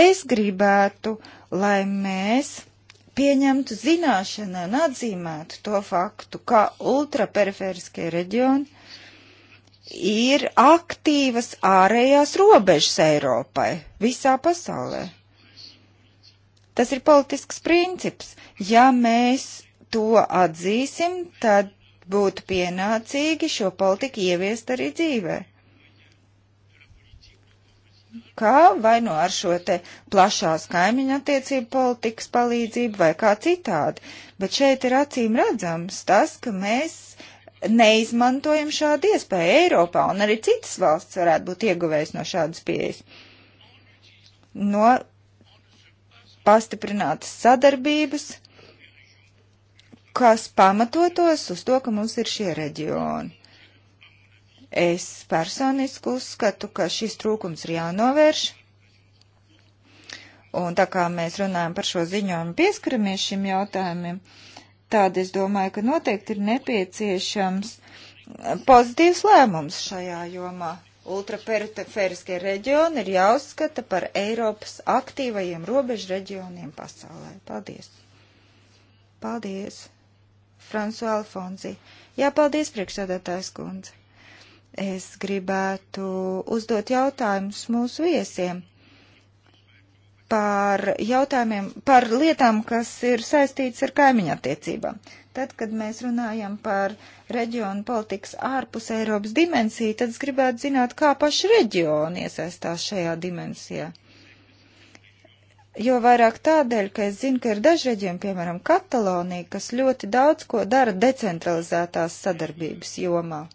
Es gribētu, lai mēs pieņemtu zināšanu un atzīmētu to faktu, ka ultraperifēriskie reģioni ir aktīvas ārējās robežas Eiropai visā pasaulē. Tas ir politisks princips. Ja mēs to atzīsim, tad būtu pienācīgi šo politiku ieviest arī dzīvē kā vai nu ar šo te plašās kaimiņa attiecību politikas palīdzību vai kā citādi. Bet šeit ir acīm redzams tas, ka mēs neizmantojam šādu iespēju Eiropā, un arī citas valsts varētu būt ieguvējis no šādas pieejas. No pastiprinātas sadarbības, kas pamatotos uz to, ka mums ir šie reģioni. Es personiski uzskatu, ka šis trūkums ir jānovērš. Un tā kā mēs runājam par šo ziņojumu, pieskaramies šim jautājumam, tad es domāju, ka noteikti ir nepieciešams eh, pozitīvs lēmums šajā jomā. Ultraperifēriskie reģioni ir jāuzskata par Eiropas aktīvajiem robežu reģioniem pasaulē. Paldies! Paldies, Fransu Alfonzi! Jā, paldies, priekšsēdētājs kundze! Es gribētu uzdot jautājumus mūsu viesiem par jautājumiem, par lietām, kas ir saistītas ar kaimiņu attiecībām. Tad, kad mēs runājam par reģionu politikas ārpus Eiropas dimensiju, tad es gribētu zināt, kā paši reģioni iesaistās šajā dimensijā. Jo vairāk tādēļ, ka es zinu, ka ir daži reģioni, piemēram, Katalonija, kas ļoti daudz ko dara decentralizētās sadarbības jomā.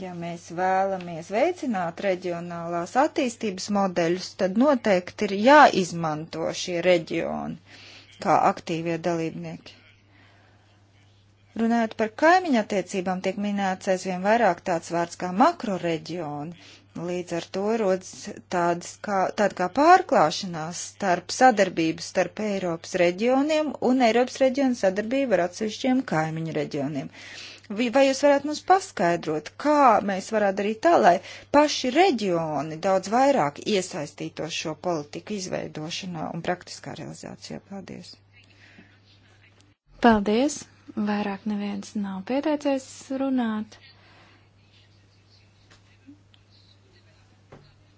Ja mēs vēlamies veicināt reģionālās attīstības modeļus, tad noteikti ir jāizmanto šie reģioni kā aktīvie dalībnieki. Runājot par kaimiņa attiecībām, tiek minēts aizvien vairāk tāds vārds kā makroreģioni. Līdz ar to rodas tādas kā, tāda kā pārklāšanās starp sadarbību starp Eiropas reģioniem un Eiropas reģionu sadarbību ar atsevišķiem kaimiņu reģioniem. Vai jūs varētu mums paskaidrot, kā mēs varētu darīt tā, lai paši reģioni daudz vairāk iesaistītos šo politiku izveidošanā un praktiskā realizācijā? Paldies! Paldies! Vairāk neviens nav pieteicies runāt.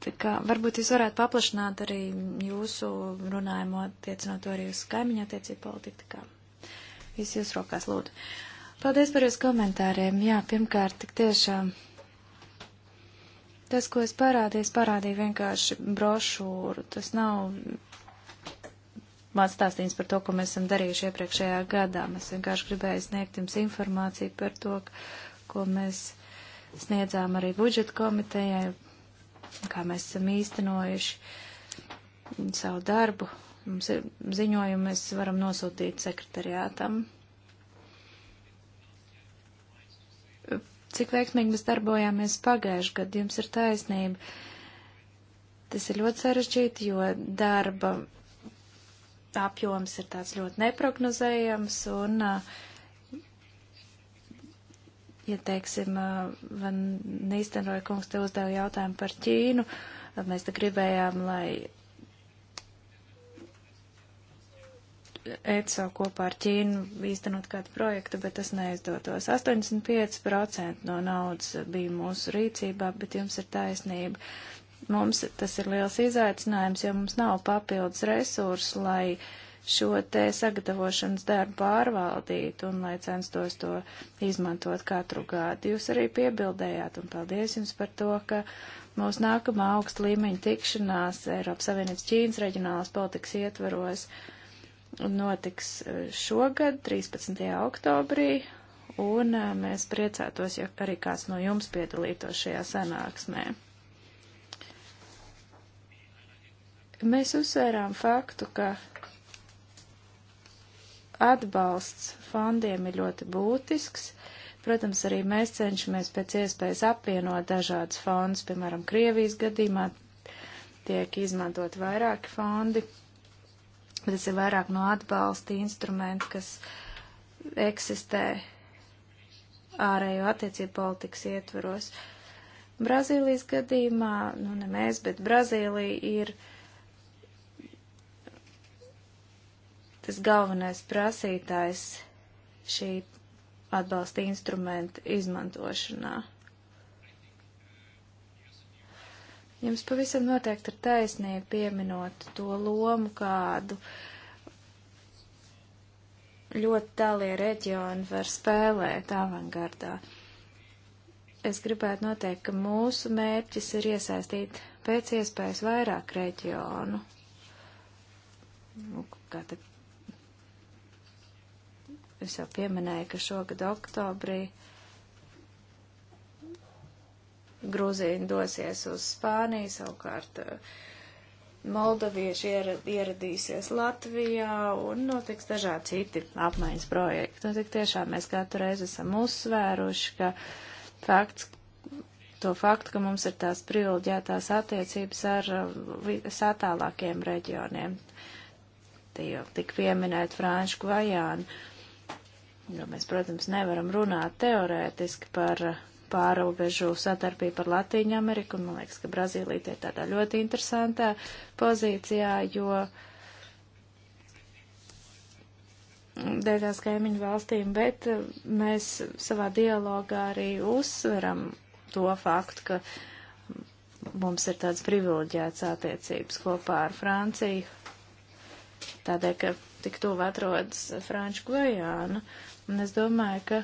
Tā kā varbūt jūs varētu paplašināt arī jūsu runājumu attiecinot to arī uz kaimiņu attiecību politiku. Tā kā viss jūs rokās lūdzu. Uh, Paldies par jūsu komentāriem. Jā, pirmkārt, tik tiešām tas, ko es parādīju, es parādīju vienkārši brošūru. Tas nav mans stāstījums par to, ko mēs esam darījuši iepriekšējā gadā. Mēs vienkārši gribēju sniegt jums informāciju par to, ko mēs sniedzām arī budžeta komitejai, kā mēs esam īstenojuši savu darbu. Mums ir ziņojumi, mēs varam nosūtīt sekretariātam. cik veiksmīgi mēs darbojāmies pagājušajā gadā. Jums ir taisnība. Tas ir ļoti sarežģīti, jo darba apjoms ir tāds ļoti neprognozējams un, uh, ja teiksim, uh, Van Nīstenroja kungs te uzdeva jautājumu par Ķīnu, mēs te gribējām, lai ECO kopā ar Ķīnu īstenot kādu projektu, bet tas neizdotos. 85% no naudas bija mūsu rīcībā, bet jums ir taisnība. Mums tas ir liels izaicinājums, jo mums nav papildus resursu, lai šo te sagatavošanas darbu pārvaldītu un lai censtos to izmantot katru gadu. Jūs arī piebildējāt, un paldies jums par to, ka mūsu nākamā augsta līmeņa tikšanās Eiropas Savienības Ķīnas reģionālās politikas ietveros uh, notiks e, šogad, 13. oktobrī, un e, mēs priecētos, ja arī kāds no jums piedalītos šajā sanāksmē. Mēs uzsvērām faktu, ka atbalsts fondiem ir ļoti būtisks. Protams, arī mēs cenšamies pēc iespējas apvienot dažādas fondus, piemēram, Krievijas gadījumā tiek izmantot vairāki fondi, bet tas ir vairāk no atbalsta instrumenta, kas eksistē ārējo attiecību politikas ietveros. Brazīlijas gadījumā, nu ne mēs, bet Brazīlija ir tas galvenais prasītājs šī atbalsta instrumenta izmantošanā. Jums pavisam noteikti ir taisnība pieminot to lomu, kādu ļoti tālie reģioni var spēlēt avangardā. Es gribētu noteikt, ka mūsu mērķis ir iesaistīt pēc iespējas vairāk reģionu. Nu, kā tad es jau pieminēju, ka šogad oktobrī uh, Grūzīni dosies uz Spāniju, savukārt eh, Moldovieši ieradīsies Latvijā un notiks dažādi citi apmaiņas projekti. Un tik tiešām mēs katru reizi esam uzsvēruši, ka fakts, to faktu, ka mums ir tās privileģētās attiecības ar eh, satālākiem reģioniem. Tie jau tik pieminēt Franču Gvajānu. Jo mēs, protams, nevaram runāt teorētiski par pārobežu sadarbību ar Latīņu Ameriku, un man liekas, ka Brazīlija tie tādā ļoti interesantā pozīcijā, jo dažās kaimiņu valstīm, bet mēs savā dialogā arī uzsveram to faktu, ka mums ir tāds privileģēts attiecības kopā ar Franciju, tādēļ, ka tik tuvu atrodas Franču Gvajāna, un es domāju, ka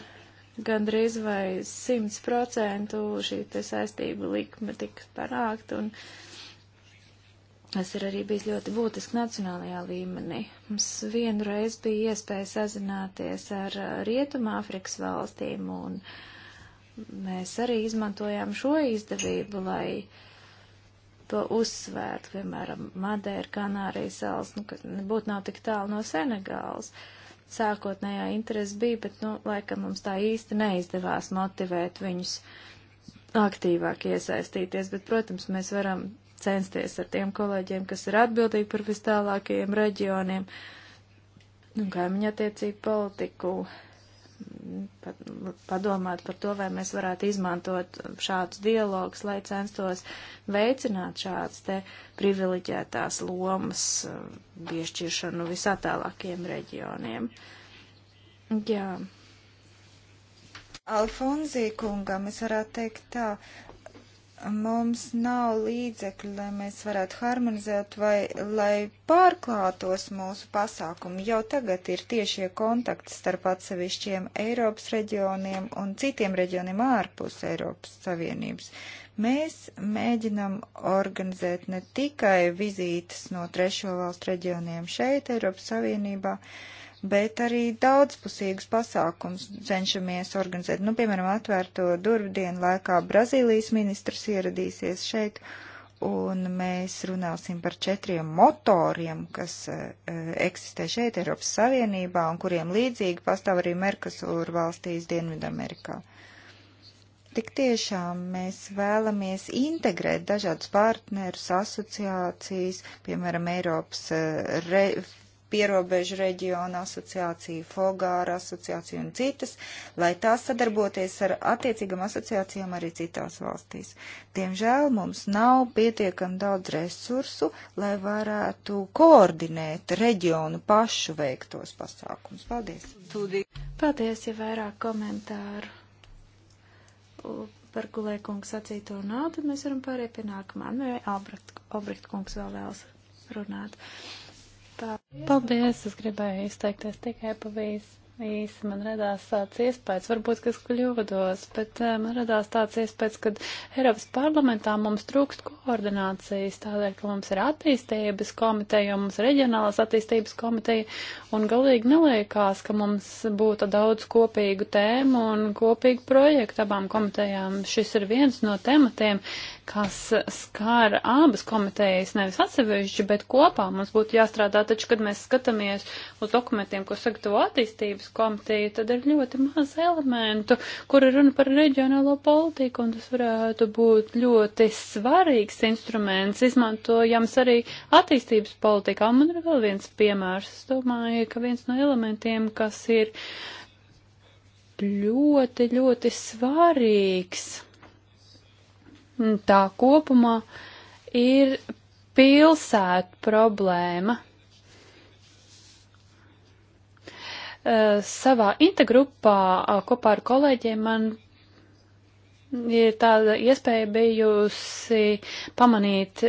gandrīz vai 100% šī saistība likme tika parākta, un tas ir arī bijis ļoti būtiski nacionālajā līmenī. Mums vienreiz bija iespēja sazināties ar Rietumāfrikas valstīm, un mēs arī izmantojām šo izdevību, lai to uzsvērtu, piemēram, Madeira, Kanārijas salas, nu, ka nebūtu nav tik tālu no Senegāls. Uh, sākotnējā interese bija, bet, nu, laikam mums tā īsti neizdevās motivēt viņus aktīvāk iesaistīties, bet, protams, mēs varam censties ar tiem kolēģiem, kas ir atbildīgi par vistālākajiem reģioniem, un nu, kaimiņa attiecību politiku padomāt par to, vai mēs varētu izmantot šādus dialogus, lai censtos veicināt šādas te privileģētās lomas uh, piešķiršanu visatālākiem reģioniem. Jā. Alfonzī kungam es varētu teikt tā, mums nav līdzekļu, lai mēs varētu harmonizēt vai lai pārklātos mūsu pasākumi. Jau tagad ir tiešie kontakti starp atsevišķiem Eiropas reģioniem un citiem reģioniem ārpus Eiropas Savienības. Mēs mēģinam organizēt ne tikai vizītes no trešo valstu reģioniem šeit, Eiropas Savienībā, uh, bet arī daudzpusīgus pasākums cenšamies organizēt. Nu, piemēram, atvērto durvju dienu laikā Brazīlijas ministrs ieradīsies šeit, un mēs runāsim par četriem motoriem, kas uh, eksistē šeit Eiropas Savienībā, un kuriem līdzīgi pastāv arī Merkasūra valstīs Dienvidamerikā. Tik tiešām mēs vēlamies integrēt dažādus partnerus, asociācijas, piemēram, Eiropas eh, re, pierobežu reģionu asociāciju, Folgāra asociāciju un citas, lai tās sadarboties ar attiecīgam asociācijām arī citās valstīs. Diemžēl mums nav pietiekam daudz resursu, lai varētu koordinēt reģionu pašu veiktos pasākums. Paldies! Paldies, ja vairāk komentāru par gulēju kungu sacīto nav, tad mēs varam pārēt pie nākamā. Nē, Albrecht, Albrecht kungs vēl vēlas runāt. Paldies, es gribēju izteikties tikai pavīs. Īsi man radās tāds iespējas, varbūt, ka es kļūdos, bet uh, man radās tāds iespējas, ka Eiropas parlamentā mums trūkst koordinācijas, tādēļ, ka mums ir attīstības komiteja, mums ir reģionālās attīstības komiteja, un galīgi neliekās, ka mums būtu daudz kopīgu tēmu un kopīgu projektu abām komitejām. Šis ir viens no tematiem, uh, kas skar abas komitejas, nevis atsevišķi, bet kopā mums būtu jāstrādā. Taču, kad mēs skatāmies uz dokumentiem, ko sagatavo attīstības komiteja, tad ir ļoti maz elementu, kur ir runa par reģionālo politiku, un tas varētu būt ļoti svarīgs instruments, izmantojams arī attīstības politikā. Un man ir vēl viens piemērs. Es domāju, ka viens no elementiem, kas ir ļoti, ļoti svarīgs tā kopumā ir pilsētu problēma. Eh, savā intergrupā kopā ar kolēģiem man ir tāda iespēja bijusi pamanīt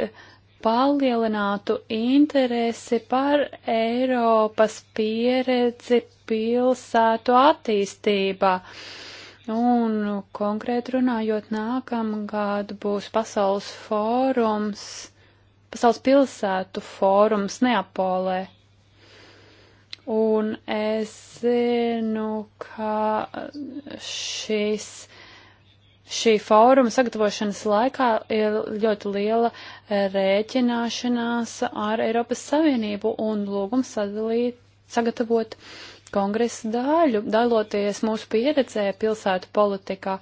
palielinātu interesi par Eiropas pieredzi pilsētu attīstībā. Uh, Un nu, konkrēti runājot, nākamgad būs pasaules fórums, pasaules pilsētu fórums Neapolē. Un es zinu, ka šis šī fóruma sagatavošanas laikā ir ļoti liela rēķināšanās ar Eiropas Savienību un lūgums sadalīt, sagatavot kongresa daļu, daloties mūsu pieredzē pilsētu politikā,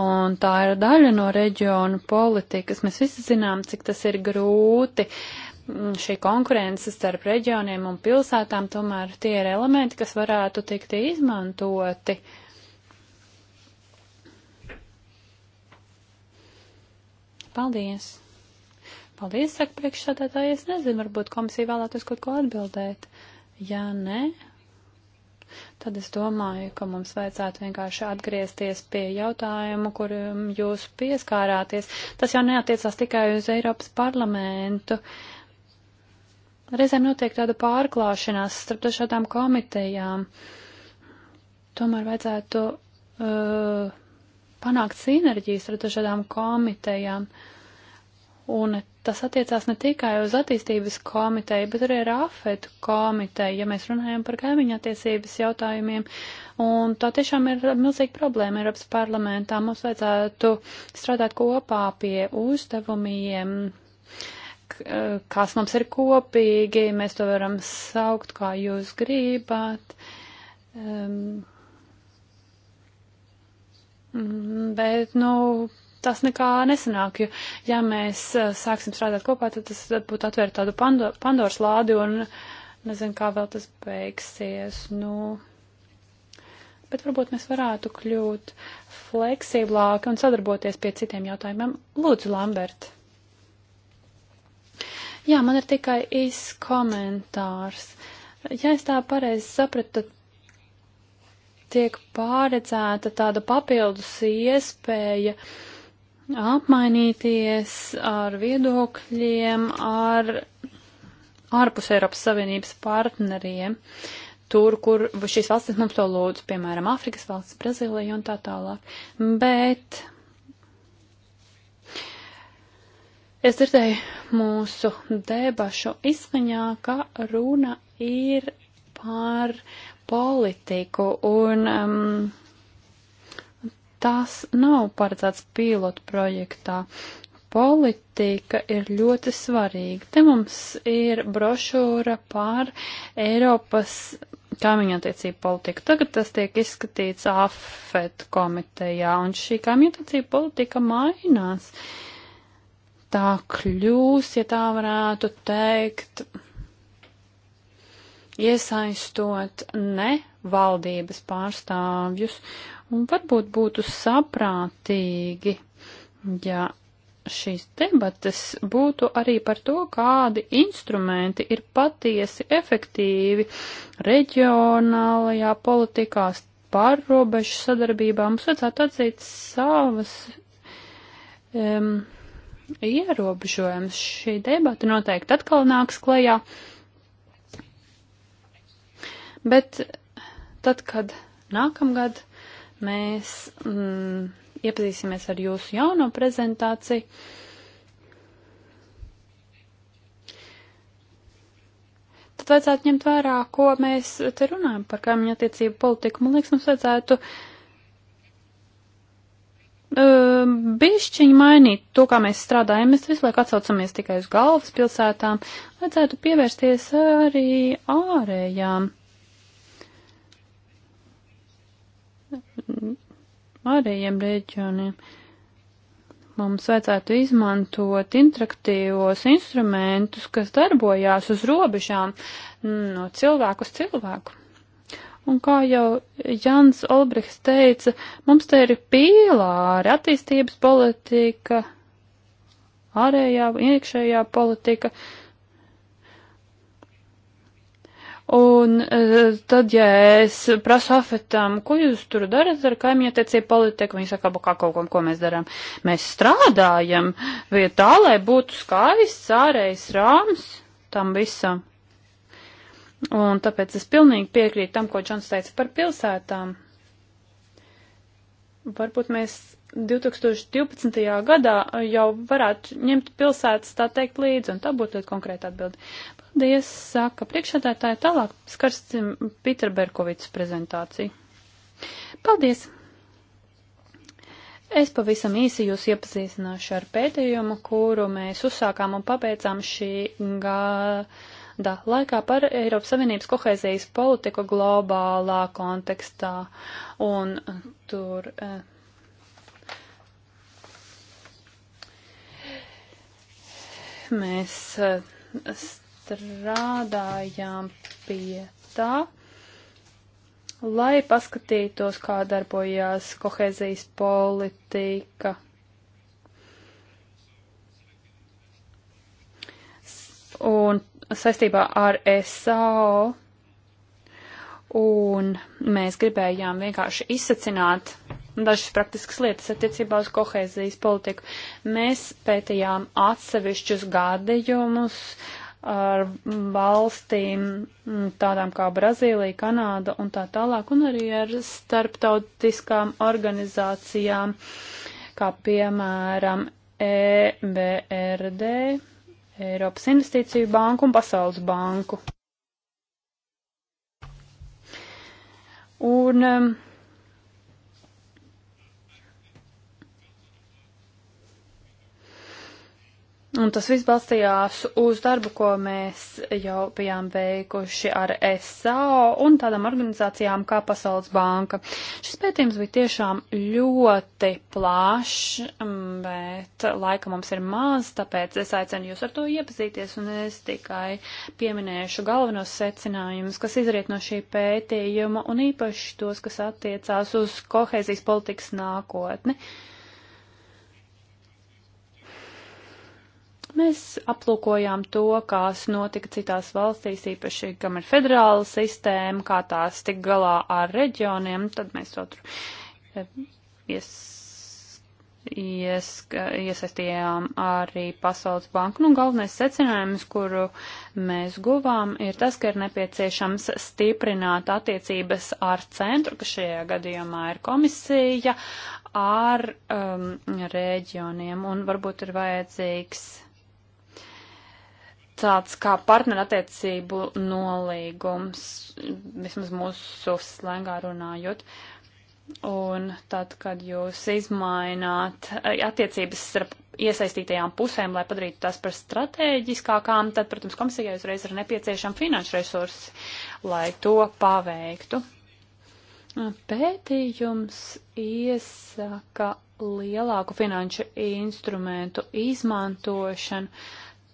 un tā ir daļa no reģionu politikas. Mēs visi zinām, cik tas ir grūti. Mm, šī konkurence starp reģioniem un pilsētām tomēr tie ir elementi, kas varētu tikt izmantoti. Paldies! Paldies, saka priekšsādātāji, es nezinu, varbūt komisija vēlētos kaut ko atbildēt. Ja nē, tad es domāju, ka mums vajadzētu vienkārši atgriezties pie jautājumu, kuram jūs pieskārāties. Tas jau neatiecās tikai uz Eiropas parlamentu. Reizēm notiek tāda pārklāšanās starp dažādām komitejām. Tomēr vajadzētu uh, panākt sinerģijas ar dažādām komitejām. Un tas attiecās ne tikai uz attīstības komiteju, bet arī ar afetu komiteju, ja mēs runājam par kaimiņa attiecības jautājumiem. Un tā tiešām ir milzīga problēma Eiropas parlamentā. Mums vajadzētu strādāt kopā pie uzdevumiem, e, kas mums ir kopīgi, mēs to varam saukt, kā jūs gribat. Um, bet, nu, tas nekā nesanāk, jo, ja mēs eh, sāksim strādāt kopā, tad tas tad būtu atvērt tādu Pando, Pandoras lādi un nezinu, kā vēl tas beigsies. Nu, bet varbūt mēs varētu kļūt fleksiblāki un sadarboties pie citiem jautājumiem. Lūdzu, Lambert. Jā, man ir tikai īs komentārs. Ja es tā pareizi sapratu, tad tiek pārredzēta tāda papildus iespēja uh, apmainīties ar viedokļiem ar ārpus Eiropas Savienības partneriem, tur, kur šīs valstis mums to lūdz, piemēram, Āfrikas valsts, Brazīlija un tā tālāk. Bet es dzirdēju mūsu debašu izskaņā, ka runa ir par politiku un um, tas nav paredzēts pilotu projektā. Politika ir ļoti svarīga. Te mums ir brošūra par Eiropas kaimiņattiecību politiku. Tagad tas tiek izskatīts AFET komitejā, un šī kaimiņattiecība politika mainās. Tā kļūs, ja tā varētu teikt, iesaistot ne valdības pārstāvjus Un varbūt būtu saprātīgi, ja šīs debates būtu arī par to, kādi instrumenti ir patiesi efektīvi reģionālajā politikā, pārrobežu sadarbībā. Mums vajadzētu atzīt savas um, ierobežojumus. Šī debata noteikti atkal nāks klajā. Bet tad, kad nākamgad Mēs mm, iepazīsimies ar jūsu jauno prezentāciju. Tad vajadzētu ņemt vērā, ko mēs te runājam par kaimiņu attiecību politiku. Man liekas, mums vajadzētu uh, e, bišķiņi mainīt to, kā mēs strādājam. Mēs visu laiku atsaucamies tikai uz galvaspilsētām. Vajadzētu pievērsties arī ārējām pārējiem reģioniem. Mums vajadzētu izmantot interaktīvos instrumentus, kas darbojās uz robežām mm, no cilvēku uz cilvēku. Un kā jau Jans Olbrichs teica, mums te ir pīlāri attīstības politika, ārējā, iekšējā politika. Uh, Un eh, tad, ja es prasu afetam, ko jūs tur darat ar kaimietiecību politiku, viņi saka, kā kaut ko, ko mēs darām. Mēs strādājam vietā, lai būtu skaists ārējs rāms tam visam. Un tāpēc es pilnīgi piekrītu tam, ko Džons teica par pilsētām. Varbūt mēs 2012. gadā jau varētu ņemt pilsētas, tā teikt, līdzi, un tā būtu ļoti konkrēta atbilde. Paldies, saka priekšādātāja, tālāk skarsim Pīter Berkovits prezentāciju. Paldies! Es pavisam īsi jūs iepazīstināšu ar pētījumu, kuru mēs uzsākām un pabeidzām šī gada laikā par Eiropas Savienības kohēzijas politiku globālā kontekstā. Un tur. Eh, mēs eh, strādājām pie tā, lai paskatītos, kā darbojās kohēzijas politika. Un saistībā ar SAO, un mēs gribējām vienkārši izsacināt dažas praktiskas lietas attiecībā uz kohēzijas politiku. Mēs pētījām atsevišķus gadījumus ar valstīm tādām kā Brazīlija, Kanāda un tā tālāk, un arī ar starptautiskām organizācijām, kā piemēram EBRD, Eiropas Investīciju banku un Pasaules banku. Un um, Un tas viss balstījās uz darbu, ko mēs jau bijām veikuši ar SAO un tādām organizācijām kā Pasaules banka. Šis pētījums bija tiešām ļoti plašs, mm, bet laika mums ir maz, tāpēc es aicinu jūs ar to iepazīties un es tikai pieminēšu galvenos secinājumus, kas izriet no šī pētījuma un īpaši tos, kas attiecās uz kohēzijas politikas nākotni. Ne? Mēs aplūkojām to, kas notika citās valstīs, īpaši, kam ir federāla sistēma, kā tās tik galā ar reģioniem, tad mēs to tur e, ies, ies, iesaistījām arī Pasaules banku. Nu, galvenais secinājums, kuru mēs guvām, ir tas, ka ir nepieciešams stiprināt attiecības ar centru, kas šajā gadījumā ir komisija, ar um, reģioniem, un varbūt ir vajadzīgs tāds kā partnerattiecību nolīgums, vismaz mūsu slēgā runājot. Un tad, kad jūs izmaināt eh, attiecības starp iesaistītajām pusēm, lai padarītu tās par strateģiskākām, tad, protams, komisijai uzreiz ir nepieciešama finanšu resursi, lai to paveiktu. Pētījums iesaka lielāku finanšu instrumentu izmantošanu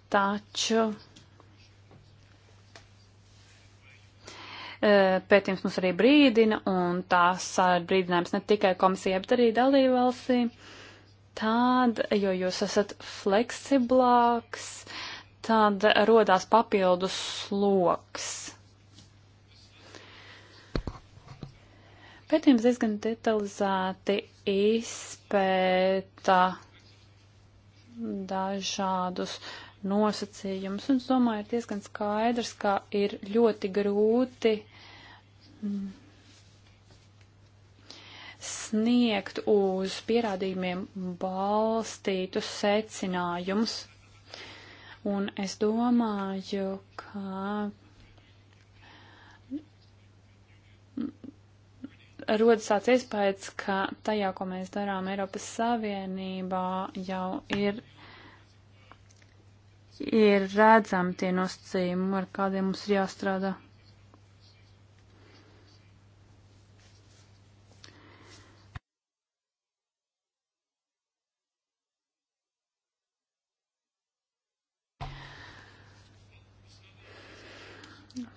Taču e, pētījums mums arī brīdina, un tās brīdinājums ne tikai komisijai, bet arī dalībvalstī. Tad, jo jūs esat fleksiblāks, tad rodās papildus sloks. Pētījums diezgan detalizēti izpēta dažādus uh, nosacījumus. Un es domāju, ir diezgan skaidrs, ka ir ļoti grūti mm, sniegt uz pierādījumiem balstītu secinājumus. Un es domāju, ka rodas tāds iespējas, ka tajā, ko mēs darām Eiropas Savienībā, jau ir ir redzami tie nosacījumi, ar kādiem mums ir jāstrādā.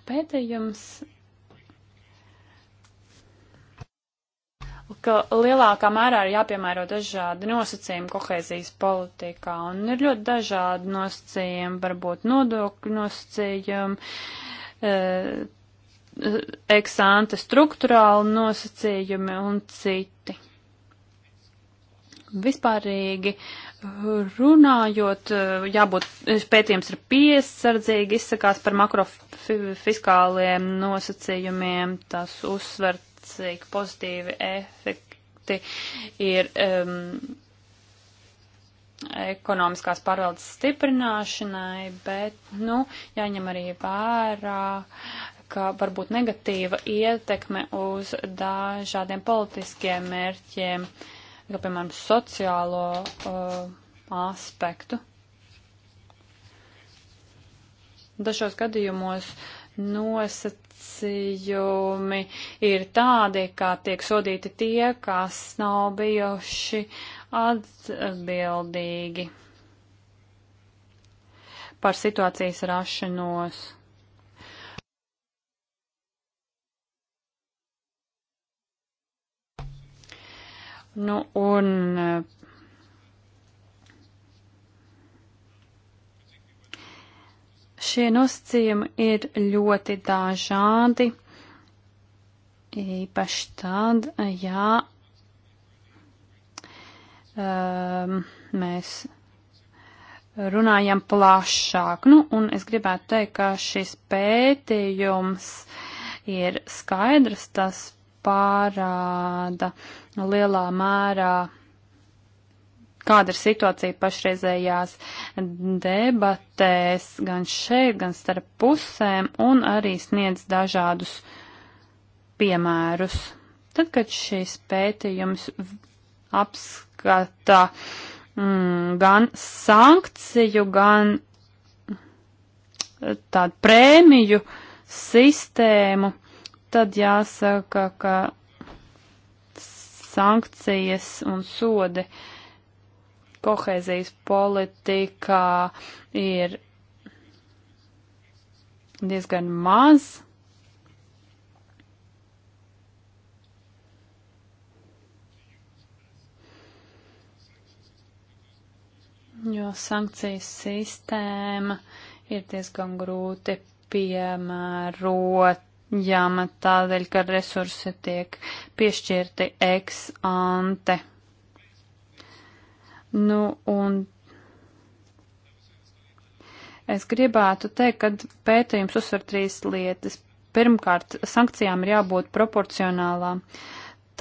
Pētījums ka lielākā mērā ir jāpiemēro dažādi nosacījumi kohēzijas politikā, un ir ļoti dažādi nosacījumi, varbūt nodokļu nosacījumi, e, eksante struktūrāli nosacījumi un citi. Vispārīgi runājot, jābūt, pētījums ir piesardzīgi, izsakās par makrofiskāliem nosacījumiem, tas uzsver cik pozitīvi efekti ir um, ekonomiskās pārvaldes stiprināšanai, bet, nu, jāņem arī vērā, ka varbūt negatīva ietekme uz dažādiem politiskiem mērķiem, kā piemēram sociālo uh, aspektu. Dažos gadījumos uh, nosacījumi ir tādi, kā tiek sodīti tie, kas nav bijuši atbildīgi par situācijas rašanos. Nu, un Šie nosacījumi ir ļoti dažādi, īpaši tad, ja um, mēs runājam plašāk. Nu, un es gribētu teikt, ka šis pētījums ir skaidrs, tas pārāda lielā mērā kāda ir situācija pašreizējās debatēs gan šeit, gan starp pusēm un arī sniedz dažādus piemērus. Tad, kad šīs pētījums apskata mm, gan sankciju, gan eh, tādu prēmiju sistēmu, tad jāsaka, ka sankcijas un sodi uh, kohēzijas politikā ir diezgan maz. Jo sankcijas sistēma ir diezgan grūti piemērojama tādēļ, ka resursi tiek piešķirti ex ante. Nu, un es gribētu teikt, ka pētījums uzsver trīs lietas. Pirmkārt, sankcijām ir jābūt proporcionālām.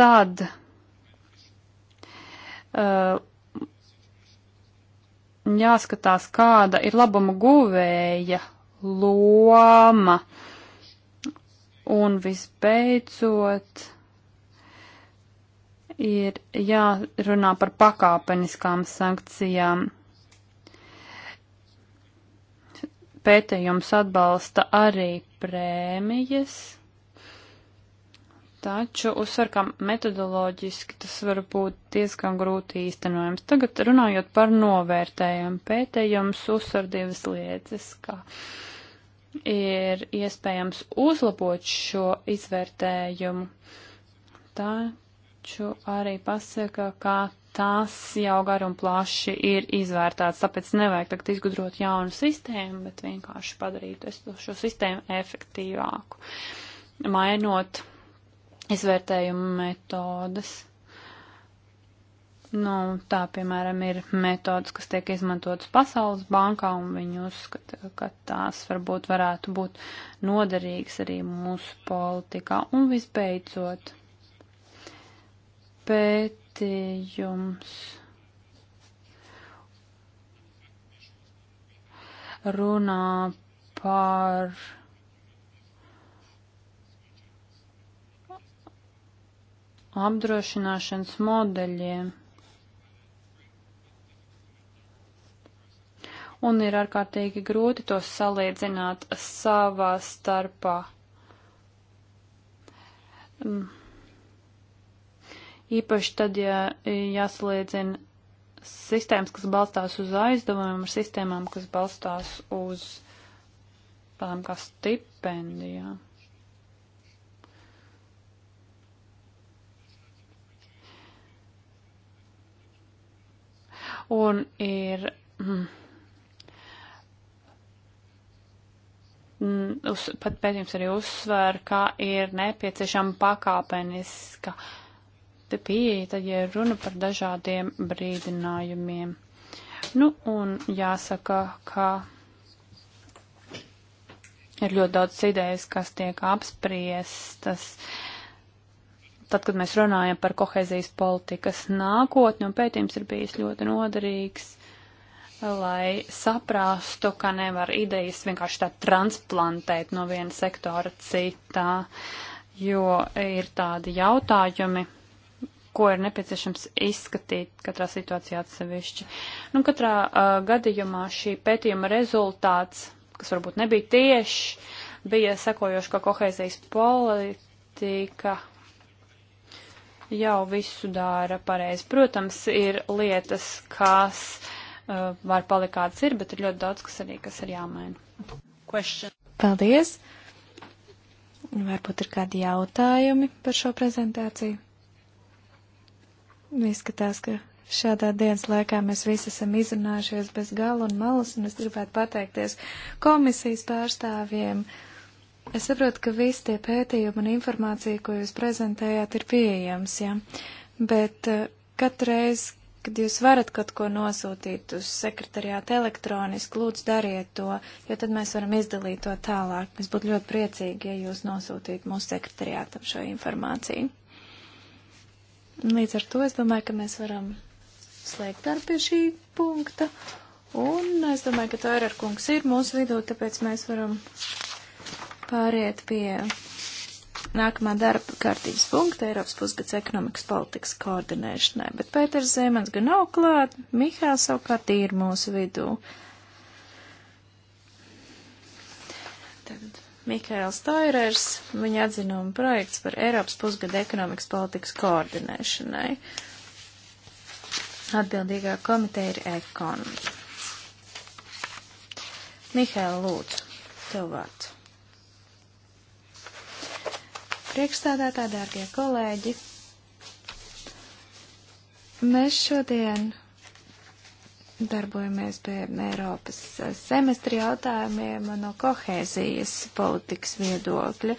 Tad uh, jāskatās, kāda ir labuma guvēja loma. Un visbeidzot, uh, ir jārunā par pakāpeniskām sankcijām. Pētījums atbalsta arī prēmijas, taču uzsver, ka metodoloģiski tas var būt diezgan grūti īstenojams. Tagad runājot par novērtējumu, pētījums uzsver divas lietas, kā ir iespējams uzlabot šo izvērtējumu. Tā taču arī pasaka, ka tas jau gar un plaši ir izvērtāts, tāpēc nevajag tagad izgudrot jaunu sistēmu, bet vienkārši padarīt šo sistēmu efektīvāku, mainot izvērtējumu metodas. Nu, tā, piemēram, ir metodas, kas tiek izmantotas Pasaules bankā, un viņi uzskata, ka tās varbūt varētu būt noderīgas arī mūsu politikā. Un visbeidzot, pētījums runā par apdrošināšanas modeļiem. Un ir ārkārtīgi grūti tos salīdzināt savā starpā. Mm īpaši tad, ja jāsaliedzina sistēmas, kas balstās uz aizdevumiem, ar sistēmām, kas balstās uz tādām kā stipendijām. Un ir mm, mm uz, pat pētījums arī uzsver, ka ir nepieciešama pakāpeniska uh, te pieeja, tad, ja runa par dažādiem brīdinājumiem. Nu, un jāsaka, ka ir ļoti daudz idejas, kas tiek apspriestas. Tad, kad mēs runājam par kohēzijas politikas nākotni, un pētījums ir bijis ļoti noderīgs, lai saprastu, ka nevar idejas vienkārši tā transplantēt no viena sektora citā, jo ir tādi jautājumi, ko ir nepieciešams izskatīt katrā situācijā atsevišķi. Nu, katrā uh, gadījumā šī pētījuma rezultāts, kas varbūt nebija tieši, bija sekojoši, ka kohēzijas politika jau visu dara pareizi. Protams, ir lietas, kas uh, var palikt kāds ir, bet ir ļoti daudz, kas arī kas ir jāmaina. Question. Paldies! Varbūt ir kādi jautājumi par šo prezentāciju? Izskatās, ka šādā dienas laikā mēs visi esam izrunājušies bez gala un malas, un es gribētu pateikties komisijas pārstāvjiem. Es saprotu, ka visi tie pētījumi un informācija, ko jūs prezentējāt, ir pieejams, ja? bet eh, katreiz, kad jūs varat kaut ko nosūtīt uz sekretariātu elektroniski, lūdzu dariet to, jo tad mēs varam izdalīt to tālāk. Mēs būtu ļoti priecīgi, ja jūs nosūtītu mūsu sekretariātam šo informāciju. Līdz ar to es domāju, ka mēs varam slēgt darbu pie šī punkta. Un es domāju, ka tā ir ar kungs ir mūsu vidū, tāpēc mēs varam pāriet pie nākamā darba kārtības punkta Eiropas pusgads ekonomikas politikas koordinēšanai. Bet Pēters Zemans gan nav klāt, Mihāls savukārt ir mūsu vidū. Uh, Mikaēls Tairers, viņa atzinuma projekts par Eiropas pusgada ekonomikas politikas koordinēšanai. Atbildīgā komiteja ir Ekon. Mihēl, lūdzu, tev vārds. Priekšstādātā, dārgie kolēģi, mēs šodien darbojamies pie Eiropas semestri jautājumiem no kohēzijas politikas viedokļa.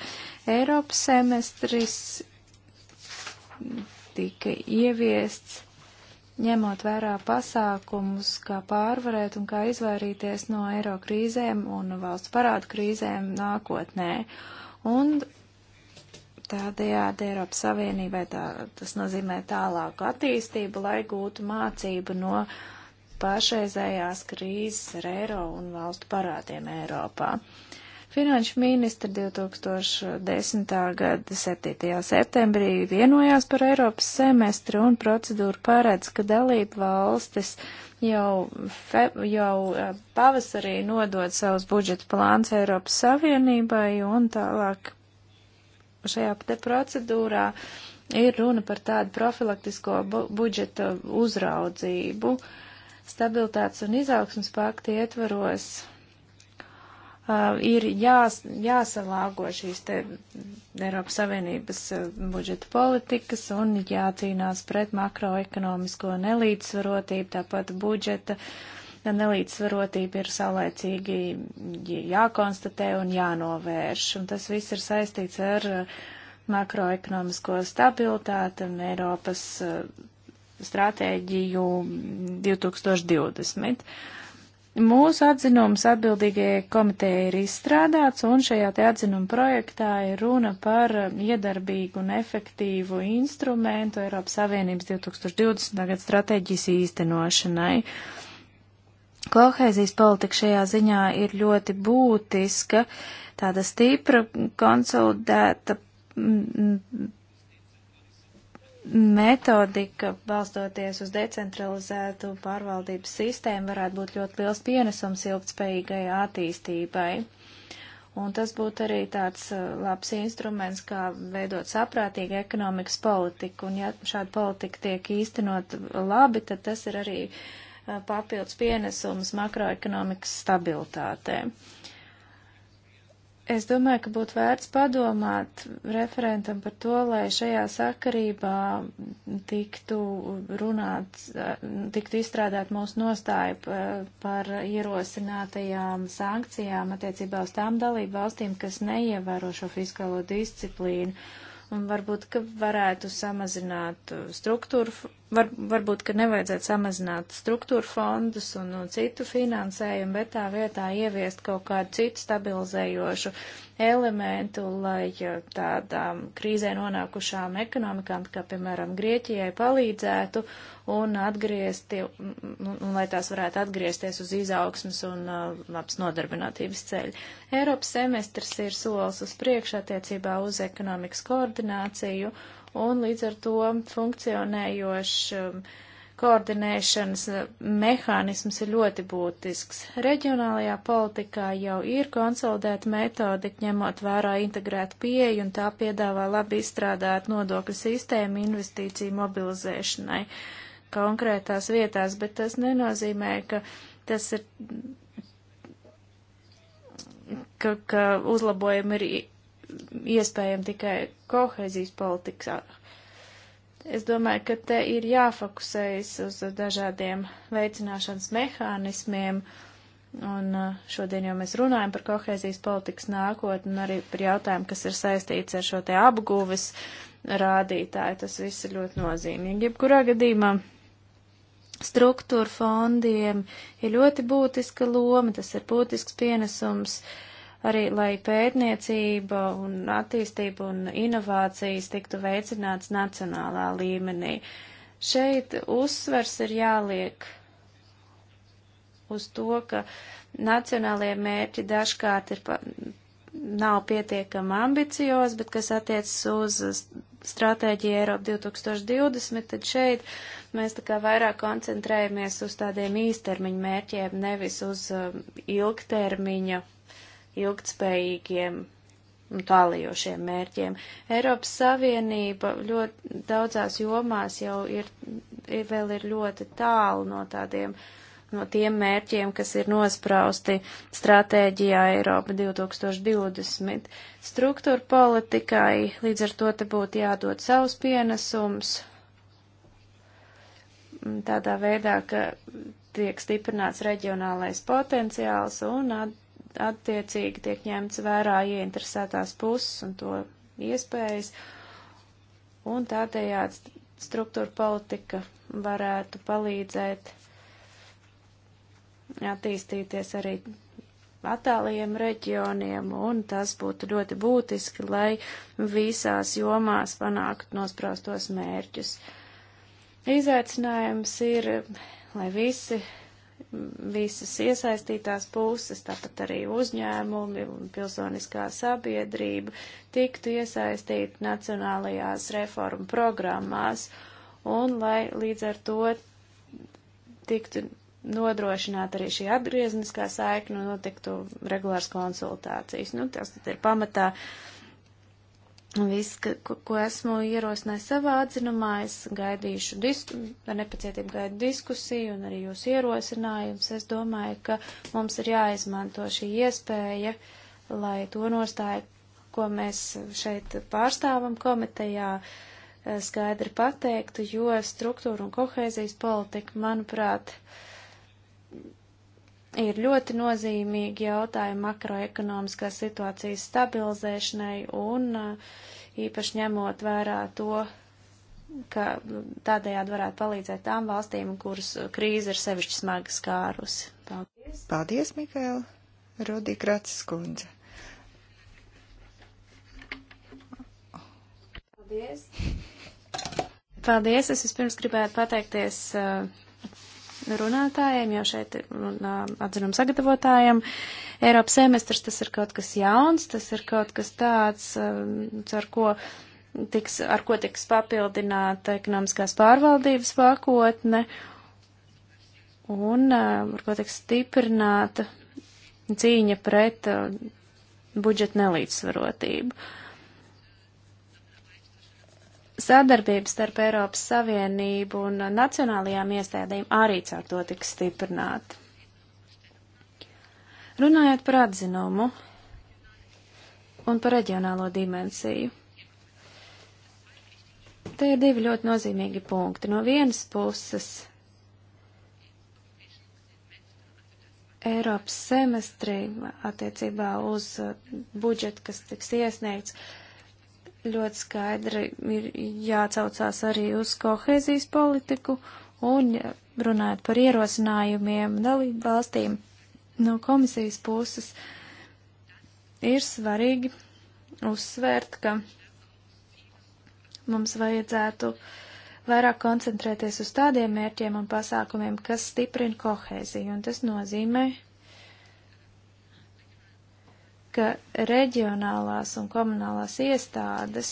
Eiropas semestris tika ieviests ņemot vērā pasākumus, kā pārvarēt un kā izvairīties no eiro krīzēm un valsts parādu krīzēm nākotnē. Un tādējādi Eiropas Savienībai tā, tas nozīmē tālāku attīstību, lai gūtu mācību no uh, pašreizējās krīzes ar eiro un valstu parādiem Eiropā. Finanšu ministri 2010. gada 7. septembrī vienojās par Eiropas semestri un procedūru paredz, ka dalība valstis jau, fe, jau eh, pavasarī nodod savus budžeta plāns Eiropas Savienībai un tālāk šajā procedūrā ir runa par tādu profilaktisko bu budžeta uzraudzību. Uh, stabilitātes un izaugsmas pakti ietvaros uh, ir jās, jāsalāgo šīs te Eiropas Savienības uh, budžeta politikas un jācīnās pret makroekonomisko nelīdzsvarotību, tāpat budžeta nelīdzsvarotība ir saulēcīgi jākonstatē un jānovērš. Un tas viss ir saistīts ar uh, makroekonomisko stabilitāti un Eiropas uh, stratēģiju 2020. Mūsu atzinums atbildīgajai komitejai ir izstrādāts, un šajā te atzinuma projektā ir runa par iedarbīgu un efektīvu instrumentu Eiropas Savienības 2020. gada stratēģijas īstenošanai. Kohēzijas politika šajā ziņā ir ļoti būtiska, tāda stipra, konsolidēta metodika, balstoties uz decentralizētu pārvaldības sistēmu, varētu būt ļoti liels pienesums ilgtspējīgai attīstībai. Un tas būtu arī tāds uh, labs instruments, kā veidot saprātīgu ekonomikas politiku. Un ja šāda politika tiek īstenot labi, tad tas ir arī uh, papildus pienesums makroekonomikas stabilitātē. Uh, Es domāju, ka būtu vērts padomāt referentam par to, lai šajā sakarībā tiktu runāts, tiktu izstrādāt mūsu nostāju par ierosinātajām sankcijām attiecībā uz tām dalību valstīm, kas neievēro šo fiskālo disciplīnu. Un varbūt, ka varētu samazināt struktūru var, varbūt, ka nevajadzētu samazināt struktūra fondus un, un citu finansējumu, bet tā vietā ieviest kaut kādu citu stabilizējošu elementu, lai tādām krīzē nonākušām ekonomikām, kā piemēram Grieķijai, palīdzētu un atgriezti, un lai tās varētu atgriezties uz izaugsmas un uh, labs nodarbinātības ceļu. Eiropas semestrs ir solis uz priekšu attiecībā uz ekonomikas koordināciju un līdz ar to funkcionējošs um, koordinēšanas uh, mehānisms ir ļoti būtisks. Reģionālajā politikā jau ir konsolidēta metodika, ņemot vērā integrētu pieeju, un tā piedāvā labi izstrādāt nodokļu sistēmu investīciju mobilizēšanai konkrētās vietās, bet tas nenozīmē, ka tas ir, ka, ka uzlabojumi ir iespējama tikai kohēzijas politikā. Es domāju, ka te ir jāfokusējas uz dažādiem veicināšanas mehānismiem, un uh, šodien jau mēs runājam par kohēzijas politikas nākotni un arī par jautājumu, kas ir saistīts ar šo te apguves rādītāju. Tas viss ir ļoti nozīmīgi. Jebkurā gadījumā struktūra fondiem ir ļoti būtiska loma, tas ir būtisks pienesums. Uh, arī, lai pētniecība un attīstība un inovācijas tiktu veicināts nacionālā līmenī. Šeit uzsvers ir jāliek uz to, ka nacionālajie mērķi dažkārt ir pa, nav pietiekami ambiciozi, bet kas attiecas uz stratēģiju Eiropa 2020, tad šeit mēs tā kā vairāk koncentrējamies uz tādiem īstermiņa mērķiem, nevis uz um, ilgtermiņa ilgtspējīgiem un tālajošiem mērķiem. Eiropas Savienība ļoti daudzās jomās jau ir, ir vēl ir ļoti tālu no tādiem, no tiem mērķiem, kas ir nosprausti stratēģijā Eiropa 2020. Struktūra politikai līdz ar to te būtu jādod savs pienesums tādā veidā, ka tiek stiprināts reģionālais potenciāls un at attiecīgi tiek ņemts vērā ieinteresētās puses un to iespējas, un tādējādi struktūra politika varētu palīdzēt attīstīties arī attālajiem reģioniem, un tas būtu ļoti būtiski, lai visās jomās panākt nospraustos mērķus. Izaicinājums ir, lai visi visas iesaistītās puses, tāpat arī uzņēmumi un pilsoniskā sabiedrība tiktu iesaistīti nacionālajās reformu programmās un lai līdz ar to tiktu nodrošināt arī šī atgriezniskā saikna un notiktu regulārs konsultācijas. Nu, tas ir pamatā uh, Viss, ko, ko esmu ierosinājis savā atzinumā, es gaidīšu disku, ar nepacietību gaidu diskusiju un arī jūs ierosinājums. Es domāju, ka mums ir jāizmanto šī iespēja, lai to nostāju, ko mēs šeit pārstāvam komitejā, eh, skaidri pateiktu, jo struktūra un kohēzijas politika, manuprāt, uh, ir ļoti nozīmīgi jautājumi makroekonomiskās situācijas stabilizēšanai un uh, īpaši ņemot vērā to, ka tādējādi varētu palīdzēt tām valstīm, kuras krīze ir sevišķi smagi skārusi. Paldies! Paldies, Mikaela! Rodī Kracis kundze. Paldies! Paldies! Es vispirms gribētu pateikties uh, runātājiem, jo šeit un atzinuma sagatavotājiem Eiropas semestrs tas ir kaut kas jauns, tas ir kaut kas tāds, um, ar ko tiks, ar ko tiks papildināta ekonomiskās pārvaldības pakotne un um, ar ko tiks stiprināta cīņa pret uh, budžeta nelīdzsvarotību. Uh, sadarbība starp Eiropas Savienību un nacionālajām iestādēm arī caur to tiks stiprināta. Runājot par atzinumu un par reģionālo dimensiju. Te ir divi ļoti nozīmīgi punkti. No vienas puses Eiropas semestrī attiecībā uz budžetu, kas tiks iesniegts, uh, ļoti skaidri ir jācaucās arī uz kohēzijas politiku un runājot par ierosinājumiem dalību valstīm no komisijas puses ir svarīgi uzsvērt, ka mums vajadzētu vairāk koncentrēties uz tādiem mērķiem un pasākumiem, kas stiprina kohēziju, un tas nozīmē ka reģionālās un komunālās iestādes